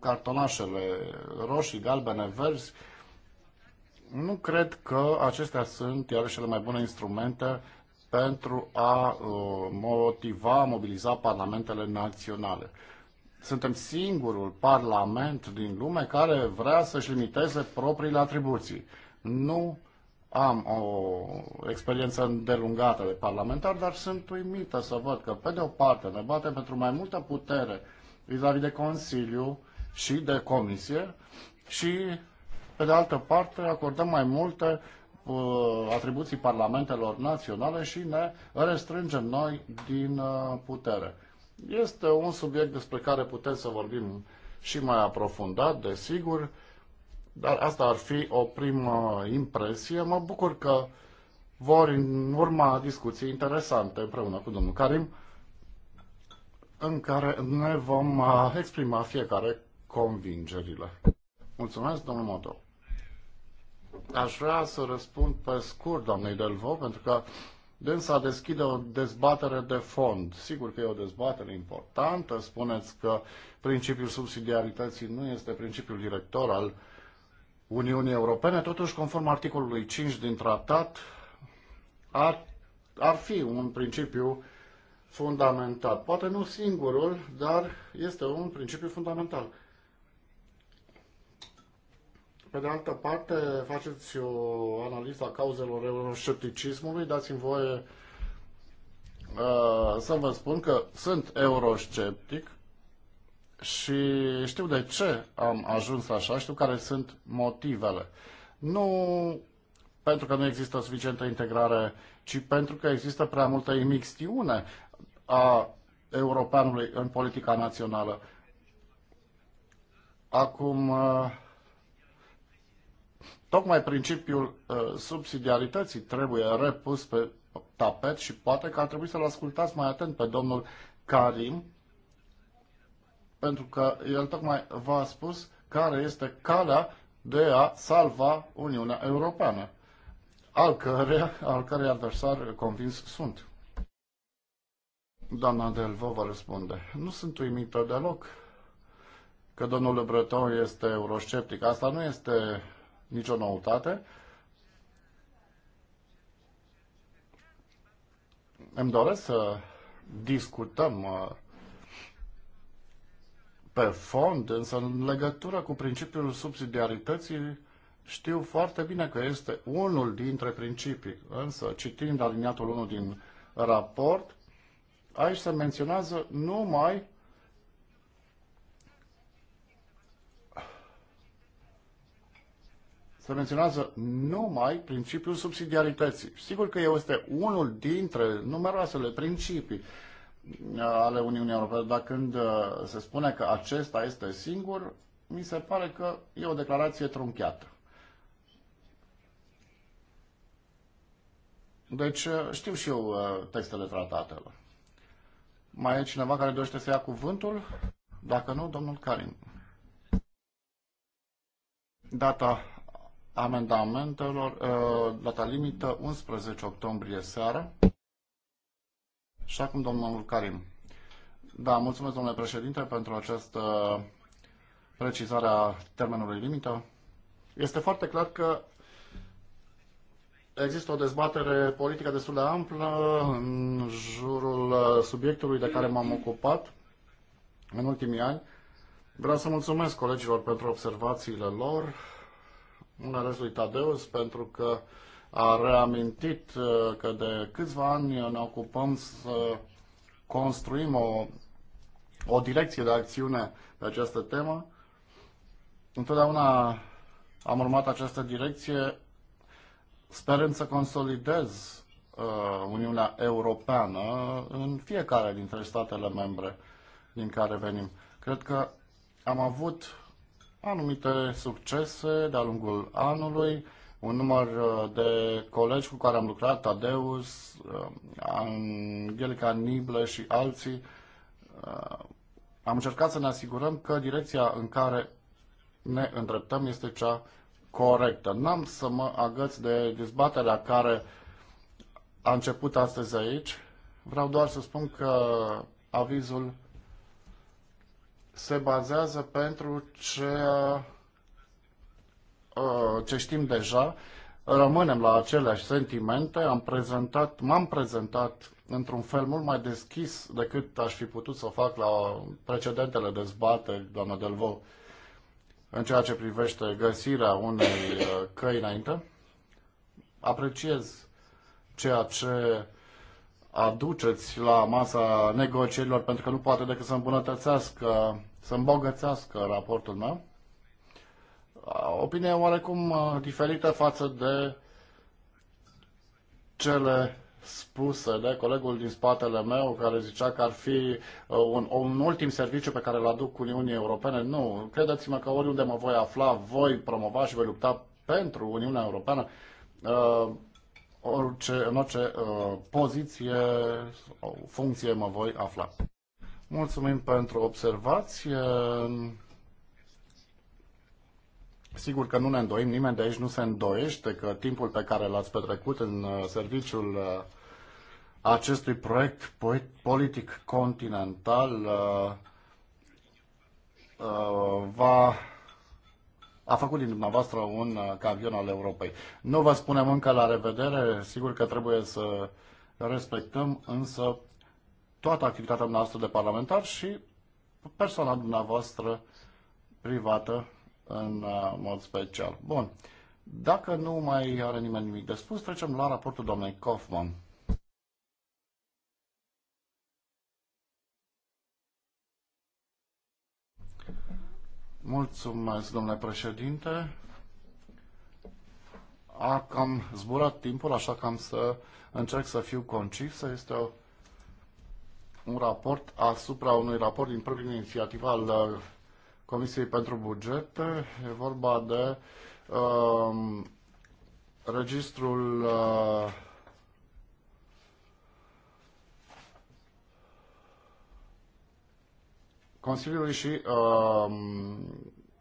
cartonașele roșii, galbene, verzi. Nu cred că acestea sunt iarăși cele mai bune instrumente pentru a uh, motiva, mobiliza parlamentele naționale. Suntem singurul parlament din lume care vrea să-și limiteze propriile atribuții. Nu am o experiență îndelungată de parlamentar, dar sunt uimită să văd că, pe de o parte, ne bate pentru mai multă putere vis-a-vis de Consiliu și de Comisie și, pe de altă parte, acordăm mai multe uh, atribuții parlamentelor naționale și ne restrângem noi din uh, putere. Este un subiect despre care putem să vorbim și mai aprofundat, desigur, dar asta ar fi o primă impresie. Mă bucur că vor în urma discuții interesante împreună cu domnul Karim, în care ne vom uh, exprima fiecare convingerile. Mulțumesc, domnul Modo. Aș vrea să răspund pe scurt, doamnei Delvo, pentru că dânsa deschide o dezbatere de fond. Sigur că e o dezbatere importantă, spuneți că principiul subsidiarității nu este principiul director al Uniunii Europene, totuși, conform articolului 5 din tratat, ar, ar fi un principiu fundamental. Poate nu singurul, dar este un principiu fundamental. Pe de altă parte, faceți o analiză a cauzelor euroscepticismului, dați-mi voie uh, să vă spun că sunt eurosceptic și știu de ce am ajuns așa, știu care sunt motivele. Nu pentru că nu există suficientă integrare, ci pentru că există prea multă imixtiune a europeanului în politica națională. Acum, uh, Tocmai principiul uh, subsidiarității trebuie repus pe tapet și poate că ar trebui să-l ascultați mai atent pe domnul Karim, pentru că el tocmai v-a spus care este calea de a salva Uniunea Europeană, al cărei, al cărei adversar convins sunt. Doamna Delvo vă răspunde. Nu sunt uimită deloc că domnul Breton este eurosceptic. Asta nu este nicio noutate. Îmi doresc să discutăm uh, pe fond, însă în legătură cu principiul subsidiarității, știu foarte bine că este unul dintre principii, însă citind aliniatul 1 din raport, aici se menționează numai se menționează numai principiul subsidiarității. Sigur că este unul dintre numeroasele principii uh, ale Uniunii Europene, dar când uh, se spune că acesta este singur, mi se pare că e o declarație trunchiată. Deci uh, știu și eu textele tratatelor. Mai e cineva care dorește să ia cuvântul? Dacă nu, domnul Karin. Data amendamentelor, uh, data limită 11 octombrie seara. Și acum domnul Karim. Da, mulțumesc domnule președinte pentru această precizare a termenului limită. Este foarte clar că există o dezbatere politică destul de amplă în jurul uh, subiectului de care m-am ocupat în ultimii ani. Vreau să mulțumesc colegilor pentru observațiile lor ales lui Tadeus pentru că a reamintit uh, că de câțiva ani ne ocupăm să construim o, o direcție de acțiune pe această temă. Întotdeauna am urmat această direcție sperând să consolidez uh, Uniunea Europeană în fiecare dintre statele membre din care venim. Cred că am avut anumite succese de-a lungul anului, un număr uh, de colegi cu care am lucrat, Tadeus, uh, Angelica Nible și alții, uh, am încercat să ne asigurăm că direcția în care ne îndreptăm este cea corectă. N-am să mă agăț de dezbaterea care a început astăzi aici. Vreau doar să spun că avizul se bazează pentru ce, uh, ce știm deja. Rămânem la aceleași sentimente. Am prezentat, m-am prezentat într-un fel mult mai deschis decât aș fi putut să fac la precedentele dezbateri, doamna Delvaux, în ceea ce privește găsirea unei uh, căi înainte. Apreciez ceea ce aduceți la masa negocierilor, pentru că nu poate decât să îmbunătățească să îmbogățească raportul meu. Opinia oarecum uh, diferită față de cele spuse de colegul din spatele meu care zicea că ar fi uh, un, un ultim serviciu pe care îl aduc Uniunii Europene. Nu, credeți-mă că oriunde mă voi afla, voi promova și voi lupta pentru Uniunea Europeană uh, orice, în orice poziție sau funcție mă voi afla. Mulțumim pentru observație. Sigur că nu ne îndoim, nimeni de aici nu se îndoiește că timpul pe care l-ați petrecut în uh, serviciul uh, acestui proiect politic continental uh, va a făcut din dumneavoastră un campion al Europei. Nu vă spunem încă la revedere, sigur că trebuie să respectăm, însă toată activitatea noastră de parlamentar și persoana dumneavoastră privată în uh, mod special. Bun. Dacă nu mai are nimeni nimic de spus, trecem la raportul doamnei Kaufman. Mulțumesc, domnule președinte. A cam zburat timpul, așa că am să încerc să fiu concis. Este o un raport asupra unui raport din propria inițiativă al uh, Comisiei pentru Buget. E vorba de uh, registrul uh, Consiliului și uh,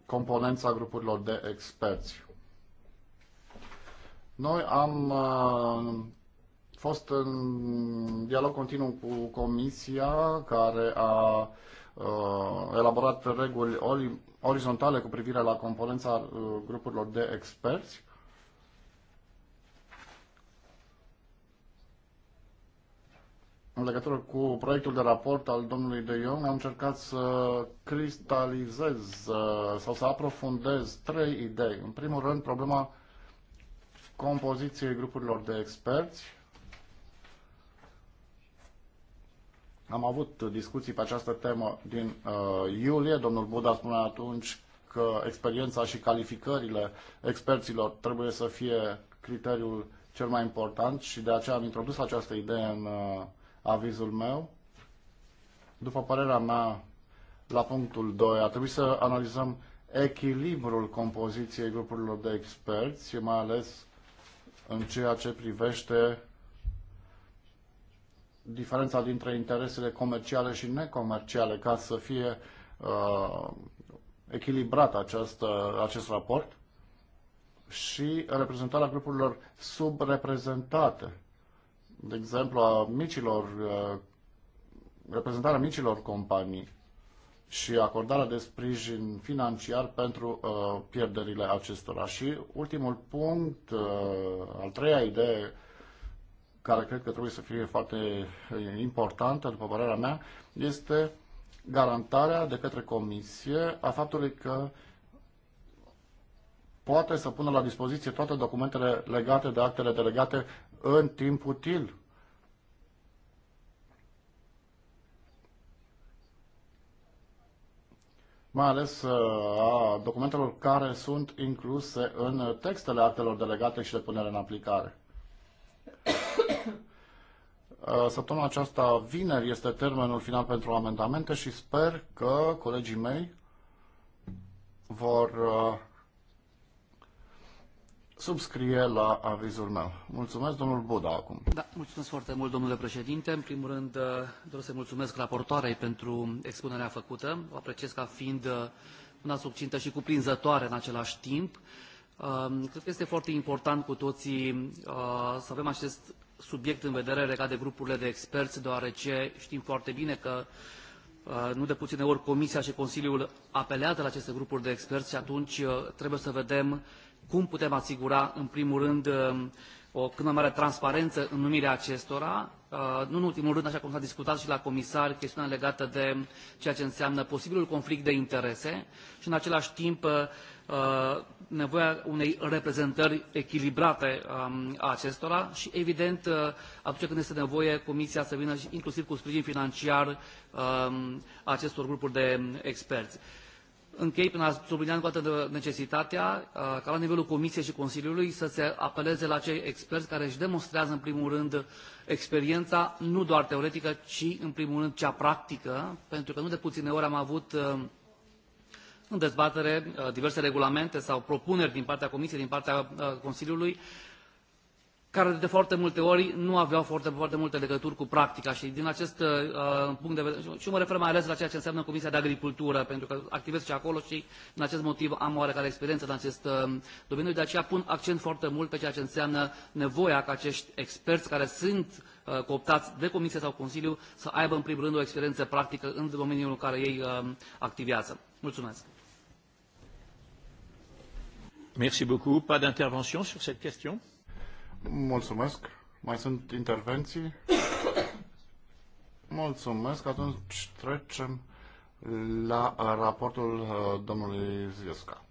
componența grupurilor de experți. Noi am uh, fost în dialog continuu cu Comisia, care a uh, elaborat reguli orizontale cu privire la componența uh, grupurilor de experți. În legătură cu proiectul de raport al domnului De Jong, am încercat să cristalizez uh, sau să aprofundez trei idei. În primul rând, problema compoziției grupurilor de experți, Am avut discuții pe această temă din uh, iulie. Domnul Buda spunea atunci că experiența și calificările experților trebuie să fie criteriul cel mai important și de aceea am introdus această idee în uh, avizul meu. După părerea mea, la punctul 2, ar trebui să analizăm echilibrul compoziției grupurilor de experți, mai ales în ceea ce privește diferența dintre interesele comerciale și necomerciale ca să fie uh, echilibrat acest, uh, acest raport și reprezentarea grupurilor subreprezentate. De exemplu, a micilor, uh, reprezentarea micilor companii și acordarea de sprijin financiar pentru uh, pierderile acestora. Și ultimul punct, uh, al treia idee care cred că trebuie să fie foarte eh, importantă, după părerea mea, este garantarea de către Comisie a faptului că poate să pună la dispoziție toate documentele legate de actele delegate în timp util. mai ales eh, a documentelor care sunt incluse în eh, textele actelor delegate și de punere în aplicare. Uh, săptămâna aceasta, vineri, este termenul final pentru amendamente și sper că colegii mei vor uh, subscrie la avizul meu. Mulțumesc, domnul Buda, acum. Da, mulțumesc foarte mult, domnule președinte. În primul rând, uh, doresc să mulțumesc raportoarei pentru expunerea făcută. O apreciez ca fiind una subțintă și cuprinzătoare în același timp. Cred că este foarte important cu toții să avem acest subiect în vedere legat de grupurile de experți, deoarece știm foarte bine că uh, nu de puține ori Comisia și Consiliul apelează la aceste grupuri de experți și atunci uh, trebuie să vedem cum putem asigura, în primul rând, uh, o cât mai mare transparență în numirea acestora, nu în ultimul rând, așa cum s-a discutat și la comisar, chestiunea legată de ceea ce înseamnă posibilul conflict de interese și, în același timp, Uh, nevoia unei reprezentări echilibrate um, a acestora și, evident, uh, atunci când este nevoie, Comisia să vină inclusiv cu sprijin financiar um, acestor grupuri de experți. Închei prin a sublinia încă o dată necesitatea uh, ca la nivelul Comisiei și Consiliului să se apeleze la cei experți care își demonstrează în primul rând experiența, nu doar teoretică, ci în primul rând cea practică, pentru că nu de puține ori am avut în dezbatere uh, diverse regulamente sau propuneri din partea Comisiei, din partea uh, Consiliului, care de foarte multe ori nu aveau foarte, foarte multe legături cu practica și din acest uh, punct de vedere, și mă refer mai ales la ceea ce înseamnă Comisia de Agricultură, pentru că activez și acolo și din acest motiv am oarecare experiență în acest uh, domeniu, de aceea pun accent foarte mult pe ceea ce înseamnă nevoia ca acești experți care sunt uh, cooptați de Comisie sau Consiliu să aibă în primul rând o experiență practică în domeniul în care ei uh, activează. Mulțumesc! Merci beaucoup. Pas d'intervention sur cette question? Mulțumesc. Mai sunt intervenții? Mulțumesc. Atunci trecem la raportul uh, domnului Ziesca.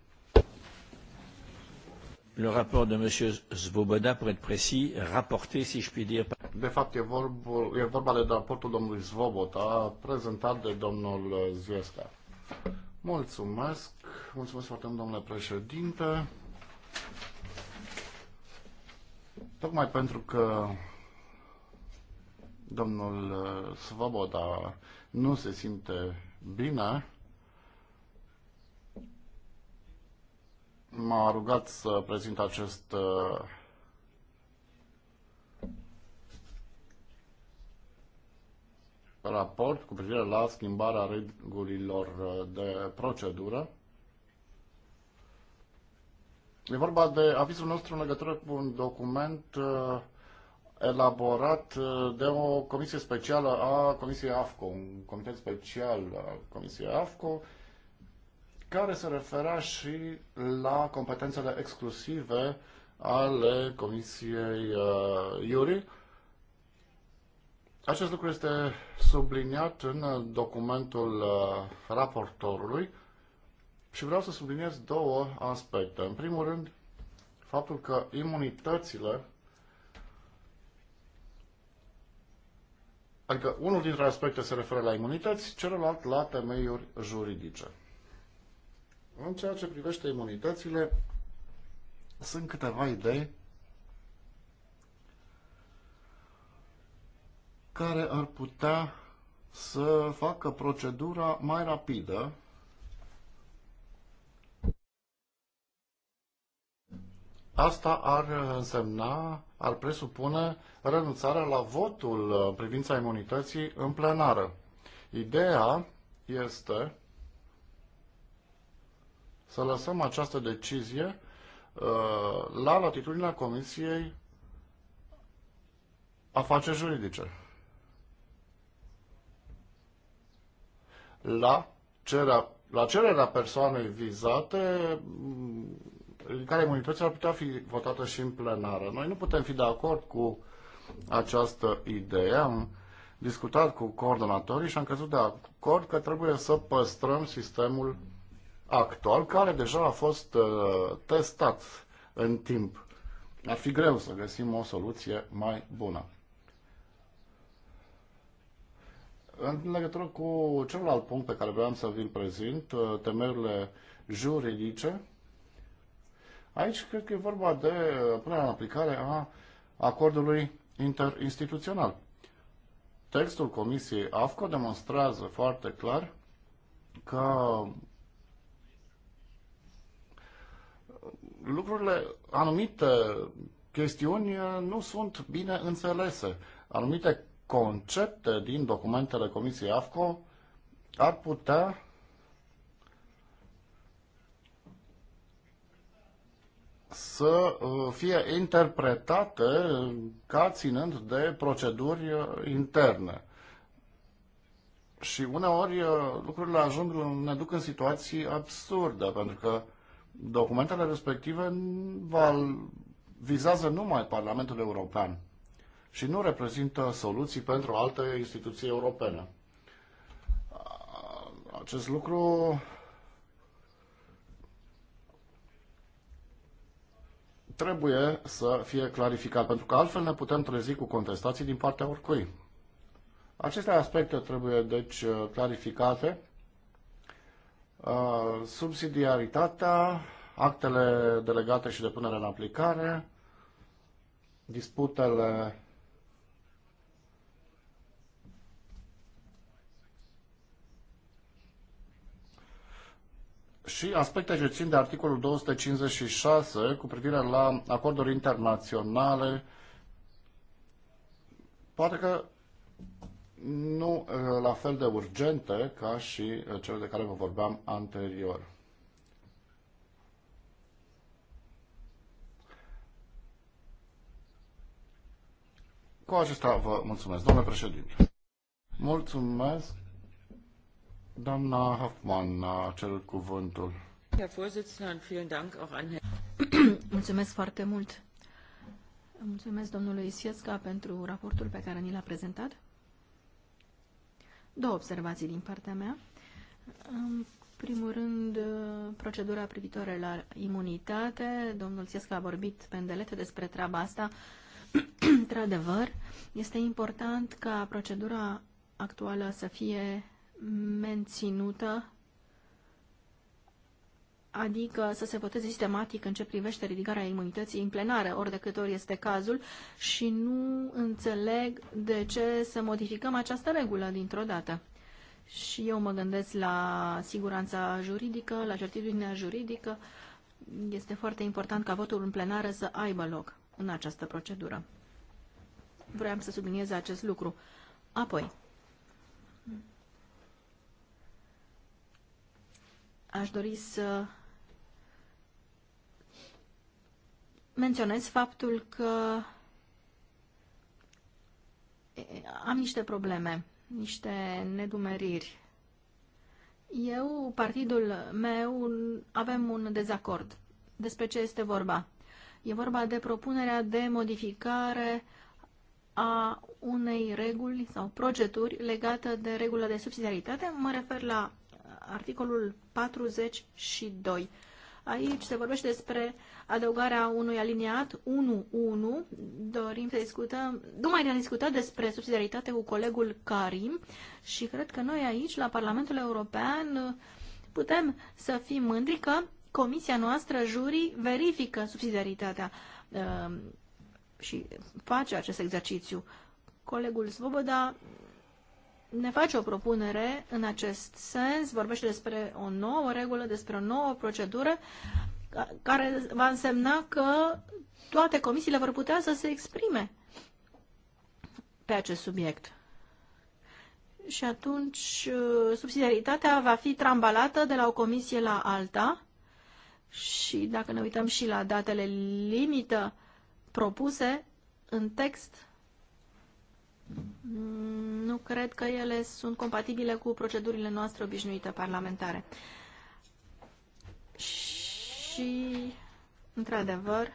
Le rapport de M. Svoboda, pour être précis, rapporté, si je puis dire. De fapt, e, vorbul, e vorba de raportul domnului Svoboda, prezentat de domnul Ziesca. Mulțumesc. Mulțumesc foarte mult, domnule președinte. Tocmai pentru că domnul uh, Svoboda nu se simte bine, m-a rugat să prezint acest uh, raport cu privire la schimbarea regulilor uh, de procedură. E vorba de avizul nostru în legătură cu un document uh, elaborat uh, de o comisie specială a Comisiei AFCO, un comitet special al Comisiei AFCO, care se refera și la competențele exclusive ale Comisiei uh, Iuri acest lucru este subliniat în documentul uh, raportorului și vreau să subliniez două aspecte. În primul rând, faptul că imunitățile, adică unul dintre aspecte se referă la imunități, celălalt la temeiuri juridice. În ceea ce privește imunitățile, sunt câteva idei care ar putea să facă procedura mai rapidă Asta ar însemna, ar presupune renunțarea la votul în privința imunității în plenară. Ideea este să lăsăm această decizie uh, la latitudinea Comisiei Afaceri Juridice. la, cerea, la cererea persoanei vizate în mm, care imunitatea ar putea fi votată și în plenară. Noi nu putem fi de acord cu această idee. Am discutat cu coordonatorii și am căzut de acord că trebuie să păstrăm sistemul actual, care deja a fost uh, testat în timp. Ar fi greu să găsim o soluție mai bună. În legătură cu celălalt punct pe care vreau să vi-l prezint, uh, temerile juridice, aici cred că e vorba de uh, punerea în aplicare a acordului interinstituțional. Textul Comisiei AFCO demonstrează foarte clar că lucrurile, anumite chestiuni uh, nu sunt bine înțelese. Anumite concepte din documentele Comisiei AFCO ar putea să uh, fie interpretate ca ținând de proceduri uh, interne. Și uneori uh, lucrurile ajung, ne duc în situații absurde, pentru că documentele respective vizează numai Parlamentul European și nu reprezintă soluții pentru alte instituții europene. Acest lucru trebuie să fie clarificat, pentru că altfel ne putem trezi cu contestații din partea oricui. Aceste aspecte trebuie, deci, clarificate. Subsidiaritatea, actele delegate și de punere în aplicare, disputele și aspecte ce țin de articolul 256 cu privire la acorduri internaționale. Poate că nu eh, la fel de urgente ca și eh, cele de care vă vorbeam anterior. Cu acesta vă mulțumesc, domnule președinte. Mulțumesc. Doamna Hoffman a cerut cuvântul. (clears throat) Mulțumesc foarte mult. Mulțumesc domnului Siesca pentru raportul pe care ni l-a prezentat. Două observații din partea mea. În primul rând, procedura privitoare la imunitate. Domnul Siesca a vorbit pendelete despre treaba asta. (clears throat) Într-adevăr, este important ca procedura actuală să fie menținută, adică să se voteze sistematic în ce privește ridicarea imunității în plenară, ori de câte ori este cazul, și nu înțeleg de ce să modificăm această regulă dintr-o dată. Și eu mă gândesc la siguranța juridică, la certitudinea juridică. Este foarte important ca votul în plenară să aibă loc în această procedură. Vreau să subliniez acest lucru. Apoi, aș dori să menționez faptul că am niște probleme, niște nedumeriri. Eu, partidul meu, avem un dezacord. Despre ce este vorba? E vorba de propunerea de modificare a unei reguli sau proceduri legată de regulă de subsidiaritate. Mă refer la articolul 42. Aici se vorbește despre adăugarea unui aliniat 1.1. Dorim să discutăm, numai am discutat despre subsidiaritate cu colegul Karim și cred că noi aici, la Parlamentul European, putem să fim mândri că comisia noastră, jurii, verifică subsidiaritatea uh, și face acest exercițiu. Colegul Svoboda ne face o propunere în acest sens, vorbește despre o nouă regulă, despre o nouă procedură, care va însemna că toate comisiile vor putea să se exprime pe acest subiect. Și atunci uh, subsidiaritatea va fi trambalată de la o comisie la alta și dacă ne uităm și la datele limită propuse în text, nu cred că ele sunt compatibile cu procedurile noastre obișnuite parlamentare. Și, într-adevăr,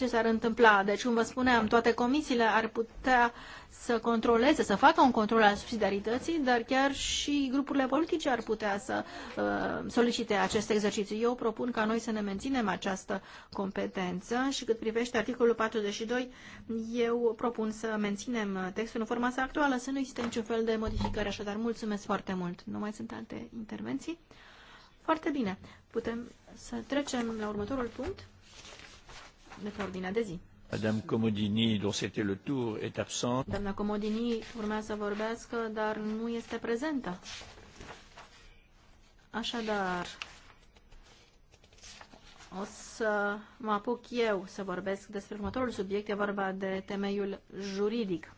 ce s-ar întâmpla. Deci, cum vă spuneam, toate comisiile ar putea să controleze, să facă un control al subsidiarității, dar chiar și grupurile politice ar putea să uh, solicite acest exercițiu. Eu propun ca noi să ne menținem această competență și cât privește articolul 42, eu propun să menținem textul în forma sa actuală, să nu existe niciun fel de modificări, așadar mulțumesc foarte mult. Nu mai sunt alte intervenții? Foarte bine. Putem să trecem la următorul punct de pe ordinea de zi. Madame Comodini, dont c'était le tour, est absente. Doamna Comodini urmează să vorbească, dar nu este prezentă. Așadar, o să mă apuc eu să vorbesc despre următorul subiect, e vorba de temeiul juridic.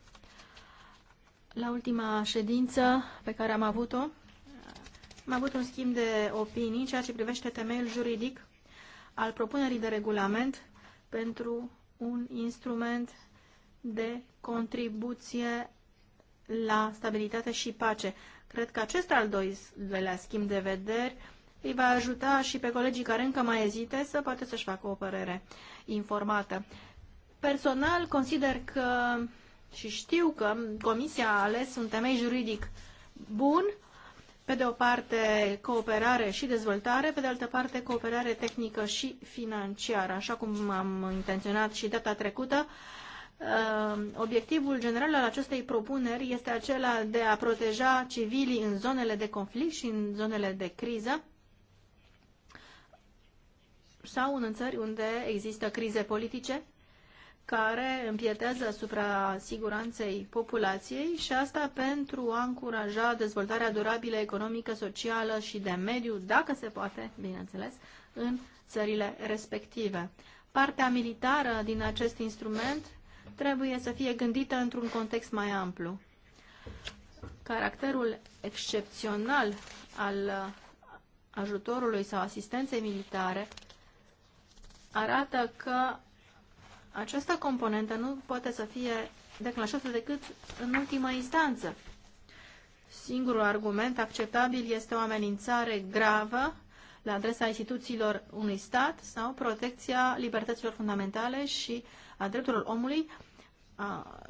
La ultima ședință pe care am avut-o, am avut un schimb de opinii ceea ce privește temeiul juridic al propunerii de regulament pentru un instrument de contribuție la stabilitate și pace. Cred că acest al doilea schimb de vederi îi va ajuta și pe colegii care încă mai ezite să poată să-și facă o părere informată. Personal consider că și știu că Comisia a ales un temei juridic bun, pe de o parte cooperare și dezvoltare, pe de altă parte cooperare tehnică și financiară, așa cum am intenționat și data trecută. Uh, obiectivul general al acestei propuneri este acela de a proteja civilii în zonele de conflict și în zonele de criză sau în țări unde există crize politice care împietează asupra siguranței populației și asta pentru a încuraja dezvoltarea durabilă economică, socială și de mediu, dacă se poate, bineînțeles, în țările respective. Partea militară din acest instrument trebuie să fie gândită într-un context mai amplu. Caracterul excepțional al ajutorului sau asistenței militare arată că această componentă nu poate să fie declanșată decât în ultima instanță. Singurul argument acceptabil este o amenințare gravă la adresa instituțiilor unui stat sau protecția libertăților fundamentale și a drepturilor omului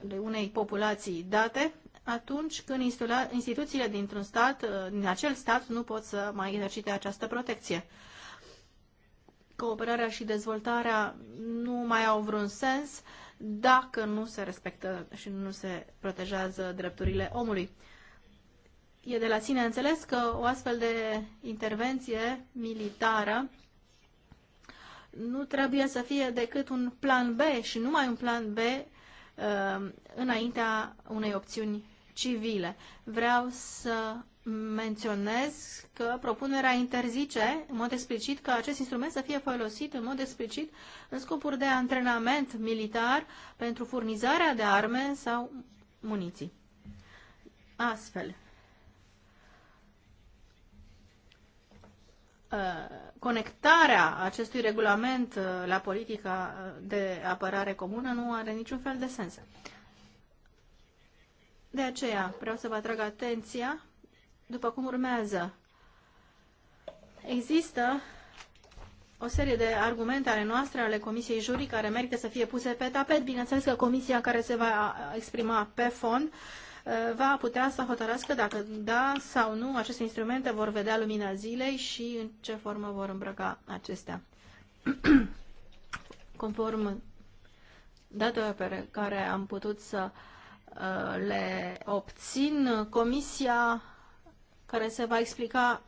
de unei populații date atunci când instituțiile dintr-un stat, uh, din acel stat, nu pot să mai exercite această protecție cooperarea și dezvoltarea nu mai au vreun sens dacă nu se respectă și nu se protejează drepturile omului. E de la sine înțeles că o astfel de intervenție militară nu trebuie să fie decât un plan B și numai un plan B uh, înaintea unei opțiuni civile. Vreau să menționez că propunerea interzice în mod explicit că acest instrument să fie folosit în mod explicit în scopuri de antrenament militar pentru furnizarea de arme sau muniții. Astfel, ă, conectarea acestui regulament ă, la politica de apărare comună nu are niciun fel de sens. De aceea vreau să vă atrag atenția după cum urmează. Există o serie de argumente ale noastre, ale Comisiei Jurii, care merită să fie puse pe tapet. Bineînțeles că comisia care se va exprima pe fond uh, va putea să hotărască dacă da sau nu aceste instrumente vor vedea lumina zilei și în ce formă vor îmbrăca acestea. (clears throat) Conform datelor pe care am putut să uh, le obțin, Comisia care se va explica,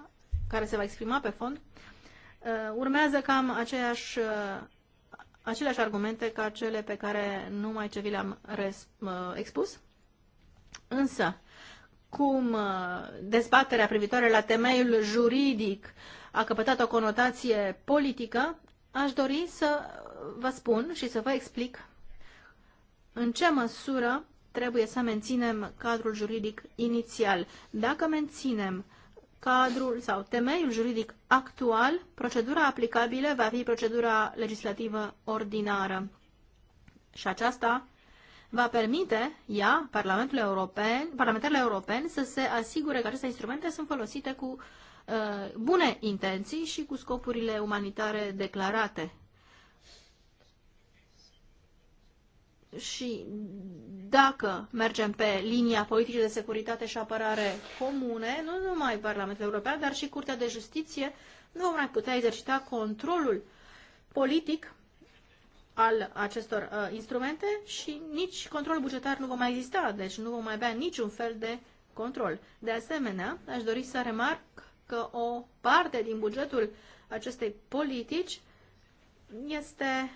care se va exprima pe fond, uh, urmează cam aceeași, uh, aceleași argumente ca cele pe care numai ce vi le-am uh, expus. Însă, cum dezbaterea privitoare la temeiul juridic a căpătat o conotație politică, aș dori să vă spun și să vă explic în ce măsură trebuie să menținem cadrul juridic inițial. Dacă menținem cadrul sau temeiul juridic actual, procedura aplicabilă va fi procedura legislativă ordinară. Și aceasta va permite, ea, Parlamentul European, parlamentarul European, să se asigure că aceste instrumente sunt folosite cu uh, bune intenții și cu scopurile umanitare declarate și dacă mergem pe linia politicii de securitate și apărare comune, nu numai Parlamentul European, dar și Curtea de Justiție, nu vom mai putea exercita controlul politic al acestor uh, instrumente și nici controlul bugetar nu va mai exista, deci nu vom mai avea niciun fel de control. De asemenea, aș dori să remarc că o parte din bugetul acestei politici este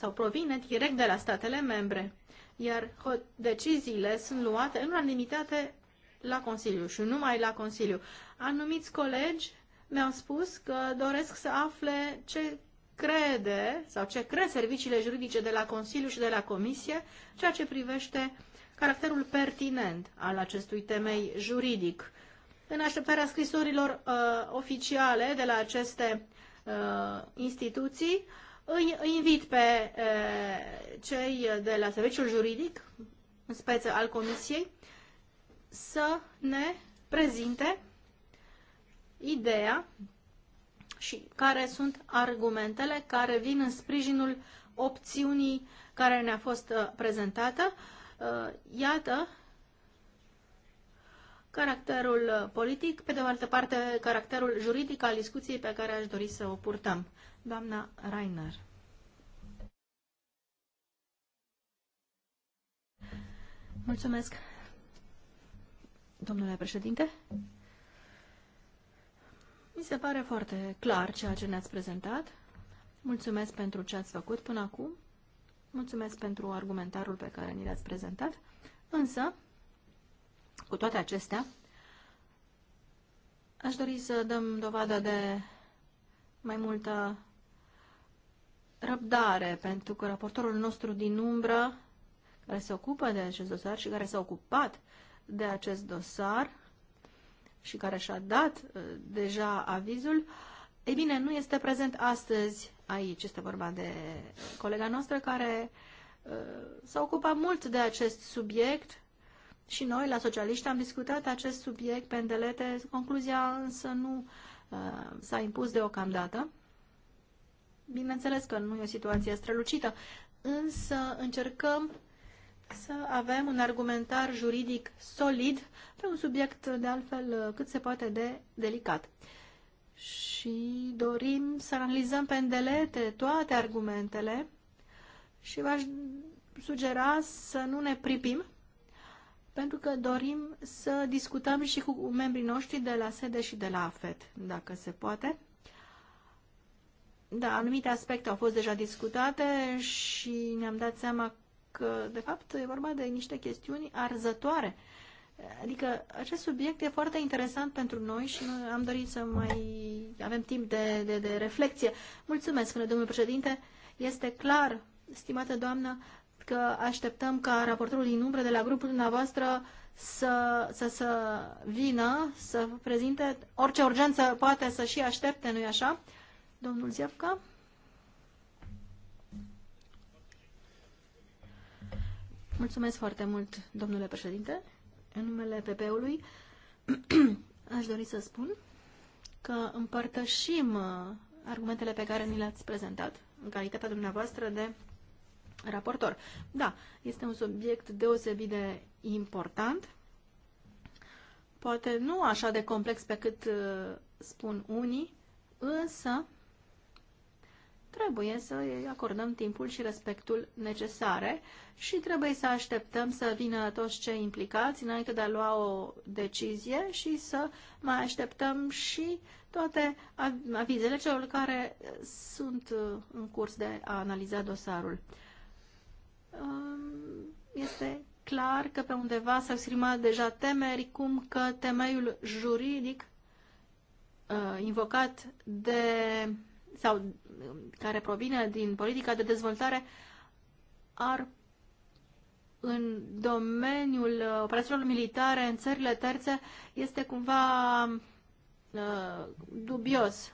sau provine direct de la statele membre, iar deciziile sunt luate în unanimitate la Consiliu și numai la Consiliu. Anumiți colegi mi-au spus că doresc să afle ce crede sau ce cred serviciile juridice de la Consiliu și de la Comisie, ceea ce privește caracterul pertinent al acestui temei juridic. În așteptarea scrisorilor uh, oficiale de la aceste uh, instituții, uh, îi invit pe cei de la serviciul juridic, în speță al Comisiei, să ne prezinte ideea și care sunt argumentele care vin în sprijinul opțiunii care ne-a fost prezentată. Iată caracterul politic, pe de altă parte caracterul juridic al discuției pe care aș dori să o purtăm. Doamna Rainer. Mulțumesc, domnule președinte. Mi se pare foarte clar ceea ce ne-ați prezentat. Mulțumesc pentru ce ați făcut până acum. Mulțumesc pentru argumentarul pe care ni l-ați prezentat. Însă, cu toate acestea, aș dori să dăm dovadă de mai multă răbdare, pentru că raportorul nostru din umbră, care se ocupă de acest dosar și care s-a ocupat de acest dosar și care și-a dat uh, deja avizul, ei bine, nu este prezent astăzi aici. Este vorba de colega noastră care uh, s-a ocupat mult de acest subiect și noi, la socialiști, am discutat acest subiect pe îndelete. Concluzia însă nu uh, s-a impus deocamdată. Bineînțeles că nu e o situație strălucită, însă încercăm să avem un argumentar juridic solid pe un subiect de altfel cât se poate de delicat. Și dorim să analizăm pe îndelete toate argumentele și v-aș sugera să nu ne pripim, pentru că dorim să discutăm și cu membrii noștri de la sede și de la AFET, dacă se poate. Da, anumite aspecte au fost deja discutate și ne-am dat seama că, de fapt, e vorba de niște chestiuni arzătoare. Adică acest subiect e foarte interesant pentru noi și am dorit să mai avem timp de, de, de reflexie. Mulțumesc, domnule președinte. Este clar, stimată doamnă, că așteptăm ca raportorul din umbră de la grupul dumneavoastră să, să, să vină, să prezinte orice urgență poate să și aștepte, nu-i așa? Domnul Ziafca? Mulțumesc foarte mult, domnule președinte. În numele PP-ului (clears throat) aș dori să spun că împărtășim uh, argumentele pe care ni le-ați prezentat în calitatea dumneavoastră de raportor. Da, este un subiect deosebit de important, poate nu așa de complex pe cât uh, spun unii, însă trebuie să acordăm timpul și respectul necesare și trebuie să așteptăm să vină toți cei implicați înainte de a lua o decizie și să mai așteptăm și toate avizele celor care sunt uh, în curs de a analiza dosarul. Um, este clar că pe undeva s-au exprimat deja temeri cum că temeiul juridic uh, invocat de sau um, care provine din politica de dezvoltare ar în domeniul uh, operațiunilor militare în țările terțe este cumva uh, dubios.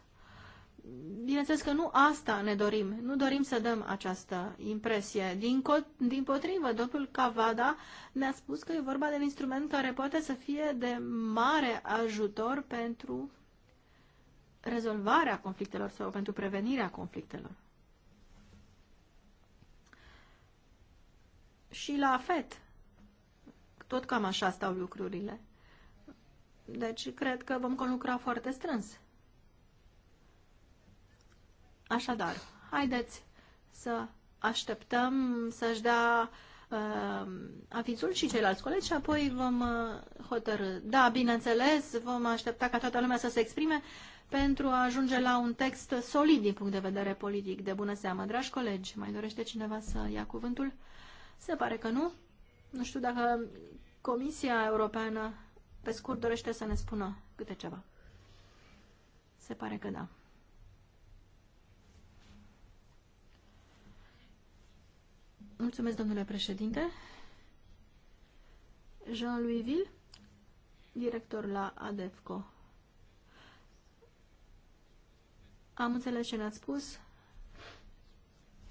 Bineînțeles că nu asta ne dorim, nu dorim să dăm această impresie. Din, co- din potrivă, domnul Cavada ne-a spus că e vorba de un instrument care poate să fie de mare ajutor pentru rezolvarea conflictelor sau pentru prevenirea conflictelor. Și la FET, tot cam așa stau lucrurile. Deci cred că vom conlucra foarte strâns. Așadar, haideți să așteptăm să-și dea uh, avizul și ceilalți colegi și apoi vom uh, hotărâ. Da, bineînțeles, vom aștepta ca toată lumea să se exprime pentru a ajunge la un text solid din punct de vedere politic. De bună seamă, dragi colegi, mai dorește cineva să ia cuvântul? Se pare că nu. Nu știu dacă Comisia Europeană, pe scurt, dorește să ne spună câte ceva. Se pare că da. Mulțumesc, domnule președinte. Jean-Louis Ville, director la ADEFCO. Am înțeles ce ne-ați spus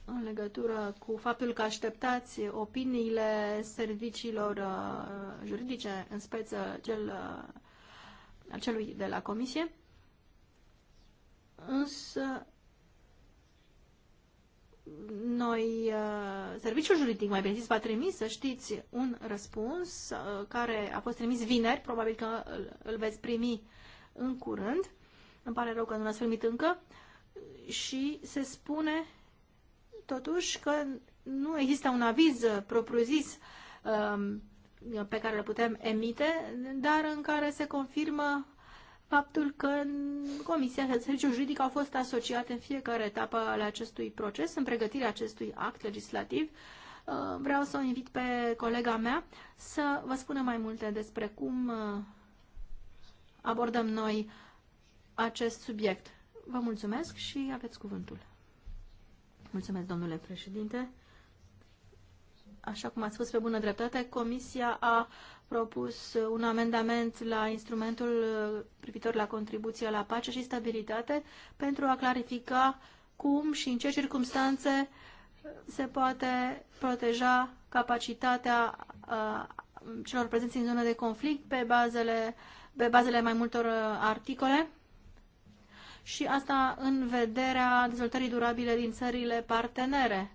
în legătură cu faptul că așteptați opiniile serviciilor uh, juridice, în speță cel, uh, celui de la Comisie. Însă, noi, uh, serviciul juridic, mai bine zis, va trimis, să știți, un răspuns care a fost trimis vineri, probabil că îl veți primi în curând îmi pare rău că nu l-ați primit încă. Și se spune totuși că nu există un aviz propriu-zis um, pe care îl putem emite, dar în care se confirmă faptul că Comisia de Serviciu Juridic au fost asociate în fiecare etapă al acestui proces, în pregătirea acestui act legislativ. Uh, vreau să o invit pe colega mea să vă spună mai multe despre cum uh, abordăm noi acest subiect. Vă mulțumesc și aveți cuvântul. Mulțumesc, domnule președinte. Așa cum ați spus pe bună dreptate, Comisia a propus un amendament la instrumentul uh, privitor la contribuția la pace și stabilitate pentru a clarifica cum și în ce circunstanțe se poate proteja capacitatea uh, celor prezenți în zonă de conflict pe bazele, pe bazele mai multor uh, articole și asta în vederea dezvoltării durabile din țările partenere.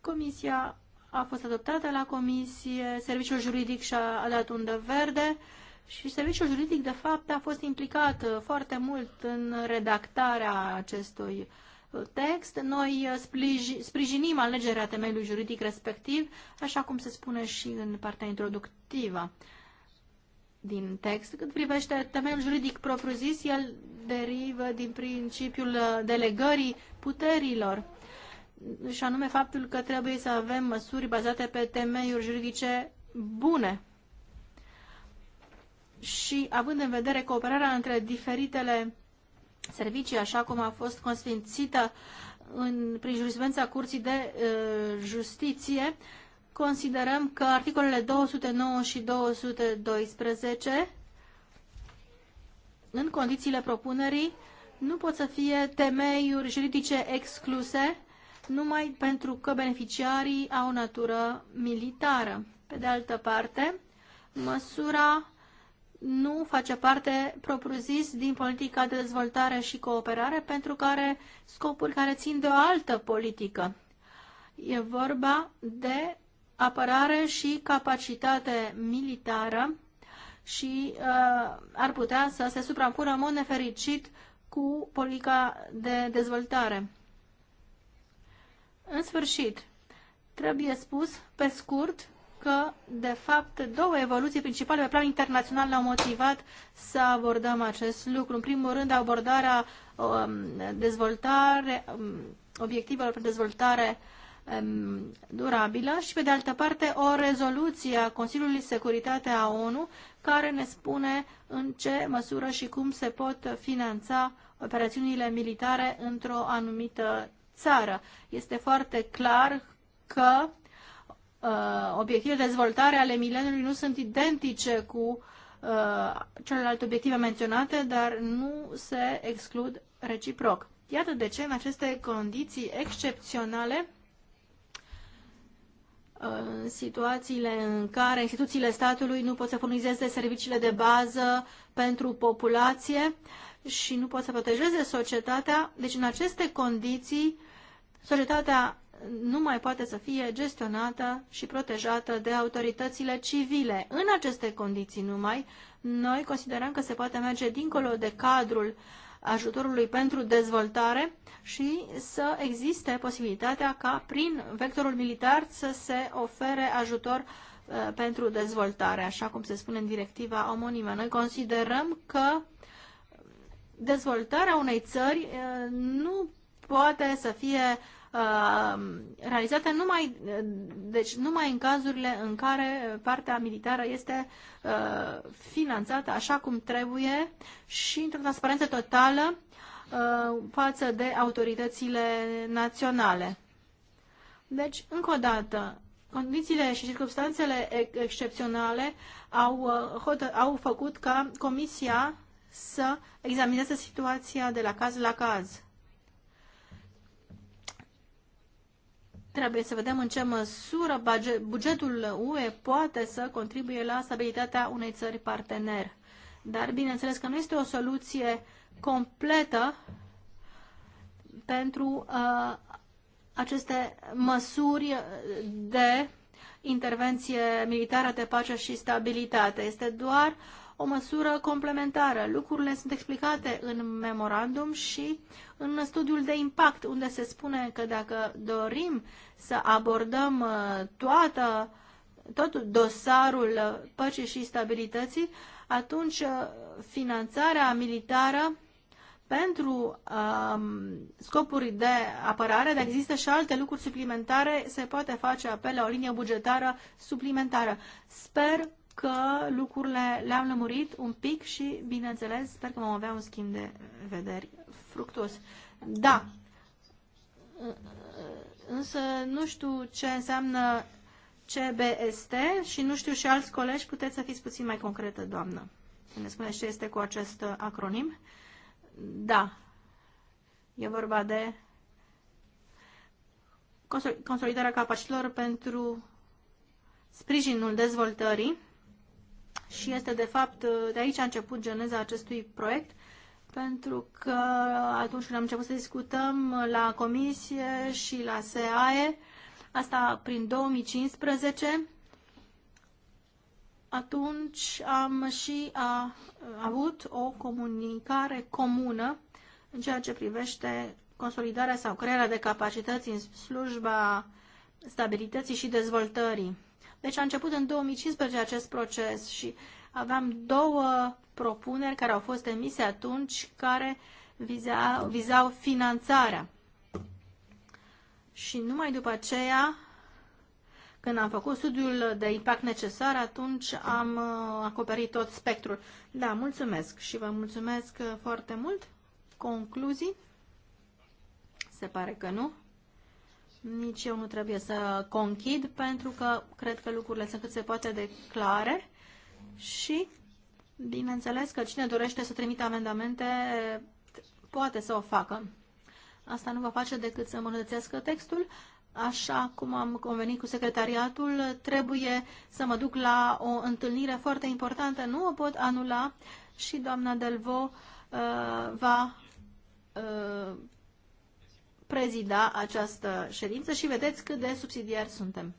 Comisia a fost adoptată la comisie, serviciul juridic și-a dat undă verde și serviciul juridic, de fapt, a fost implicat uh, foarte mult în redactarea acestui uh, text. Noi uh, sprijinim alegerea temeiului juridic respectiv, așa cum se spune și în partea introductivă din text. Cât privește temeiul juridic propriu-zis, el derivă din principiul uh, delegării puterilor și anume faptul că trebuie să avem măsuri bazate pe temeiuri juridice bune. Și având în vedere cooperarea între diferitele servicii, așa cum a fost consfințită în, prin jurisprudența Curții de uh, Justiție, uh, considerăm că articolele 209 și 212 în condițiile propunerii nu pot să fie temeiuri juridice excluse numai pentru că beneficiarii au natură militară. Pe de altă parte, măsura nu face parte propriu-zis din politica de dezvoltare și cooperare pentru care scopuri care țin de o altă politică. E vorba de apărare și capacitate militară și uh, ar putea să se suprapună în mod nefericit cu politica de dezvoltare. În sfârșit, trebuie spus pe scurt că, de fapt, două evoluții principale pe plan internațional ne-au motivat să abordăm acest lucru. În primul rând, abordarea um, dezvoltare, um, obiectivelor pentru dezvoltare uh, durabilă și, pe de altă parte, o rezoluție a Consiliului Securitate a ONU care ne spune în ce măsură și cum se pot finanța operațiunile militare într-o anumită țară. Este foarte clar că uh, obiectivele de dezvoltare ale mileniului nu sunt identice cu uh, celelalte obiective menționate, dar nu se exclud reciproc. Iată de ce, în aceste condiții excepționale, în situațiile în care instituțiile statului nu pot să furnizeze serviciile de bază pentru populație și nu pot să protejeze societatea. Deci, în aceste condiții, societatea nu mai poate să fie gestionată și protejată de autoritățile civile. În aceste condiții numai, noi considerăm că se poate merge dincolo de cadrul uh, ajutorului pentru dezvoltare și să existe posibilitatea ca prin vectorul militar să se ofere ajutor uh, pentru dezvoltare, așa cum se spune în directiva omonimă. Noi considerăm că dezvoltarea unei țări uh, nu poate să fie Uh, realizate numai, deci numai în cazurile în care partea militară este uh, finanțată așa cum trebuie și într-o transparență totală uh, față de autoritățile naționale. Deci, încă o dată, condițiile și circunstanțele excepționale au, au făcut ca Comisia să examineze situația de la caz la caz. Trebuie să vedem în ce măsură bugetul UE poate să contribuie la stabilitatea unei țări partener. Dar bineînțeles că nu este o soluție completă pentru uh, aceste măsuri de intervenție militară de pace și stabilitate. Este doar uh, o măsură complementară. Lucrurile sunt explicate în memorandum și în studiul de impact, unde se spune că dacă dorim să abordăm uh, toată, tot dosarul păcii și stabilității, atunci uh, finanțarea militară pentru um, scopuri de apărare, dar există și alte lucruri suplimentare, se poate face apel la o linie bugetară suplimentară. Sper că lucrurile le-am lămurit un pic și, bineînțeles, sper că vom avea un schimb de vederi fructos. Da, însă nu știu ce înseamnă CBST și nu știu și alți colegi, puteți să fiți puțin mai concretă, doamnă. Ne spuneți ce este cu acest acronim? Da, e vorba de consolidarea capacilor pentru sprijinul dezvoltării și este de fapt de aici a început geneza acestui proiect pentru că atunci când am început să discutăm la comisie și la SEAE, asta prin 2015, atunci am și a, avut o comunicare comună în ceea ce privește consolidarea sau crearea de capacități în slujba stabilității și dezvoltării. Deci a început în 2015 acest proces și aveam două propuneri care au fost emise atunci care viza, vizau finanțarea. Și numai după aceea, când am făcut studiul de impact necesar, atunci am uh, acoperit tot spectrul. Da, mulțumesc și vă mulțumesc foarte mult. Concluzii? Se pare că nu. Nici eu nu trebuie să conchid, pentru că cred că lucrurile sunt cât se poate de clare și, bineînțeles, că cine dorește să trimite amendamente poate să o facă. Asta nu va face decât să îmbunătățească textul. Așa cum am convenit cu secretariatul, trebuie să mă duc la o întâlnire foarte importantă. Nu o pot anula și doamna Delvo uh, va uh, prezida această ședință și vedeți cât de subsidiari suntem.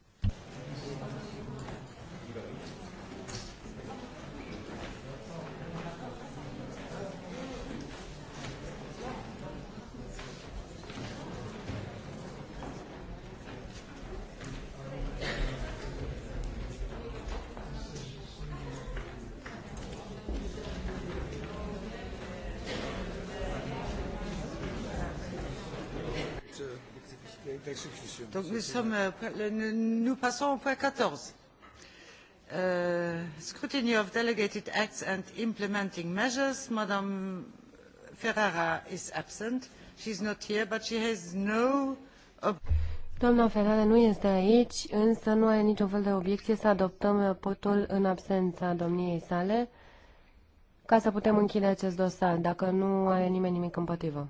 nous, sommes, euh, nous passons au point 14. Euh, scrutiny of delegated acts and implementing measures. Madame Ferrara is absent. She is not here, but she has no... Doamna Ferrara nu este aici, însă nu are niciun fel de obiecție să adoptăm raportul uh, în absența domniei sale ca să putem închide acest dosar, dacă nu are nimeni nimic împotrivă.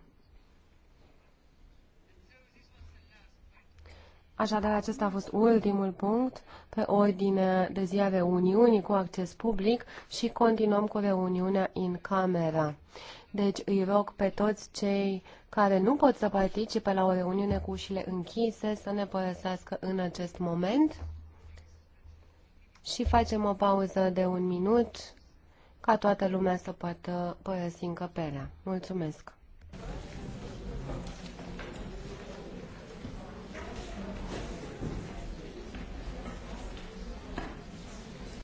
Așadar, acesta a fost ultimul punct pe ordine de zi a reuniunii cu acces public și continuăm cu reuniunea în camera. Deci îi rog pe toți cei care nu pot să participe la o reuniune cu ușile închise să ne părăsească în acest moment și facem o pauză de un minut ca toată lumea să poată părăsi încăperea. Mulțumesc!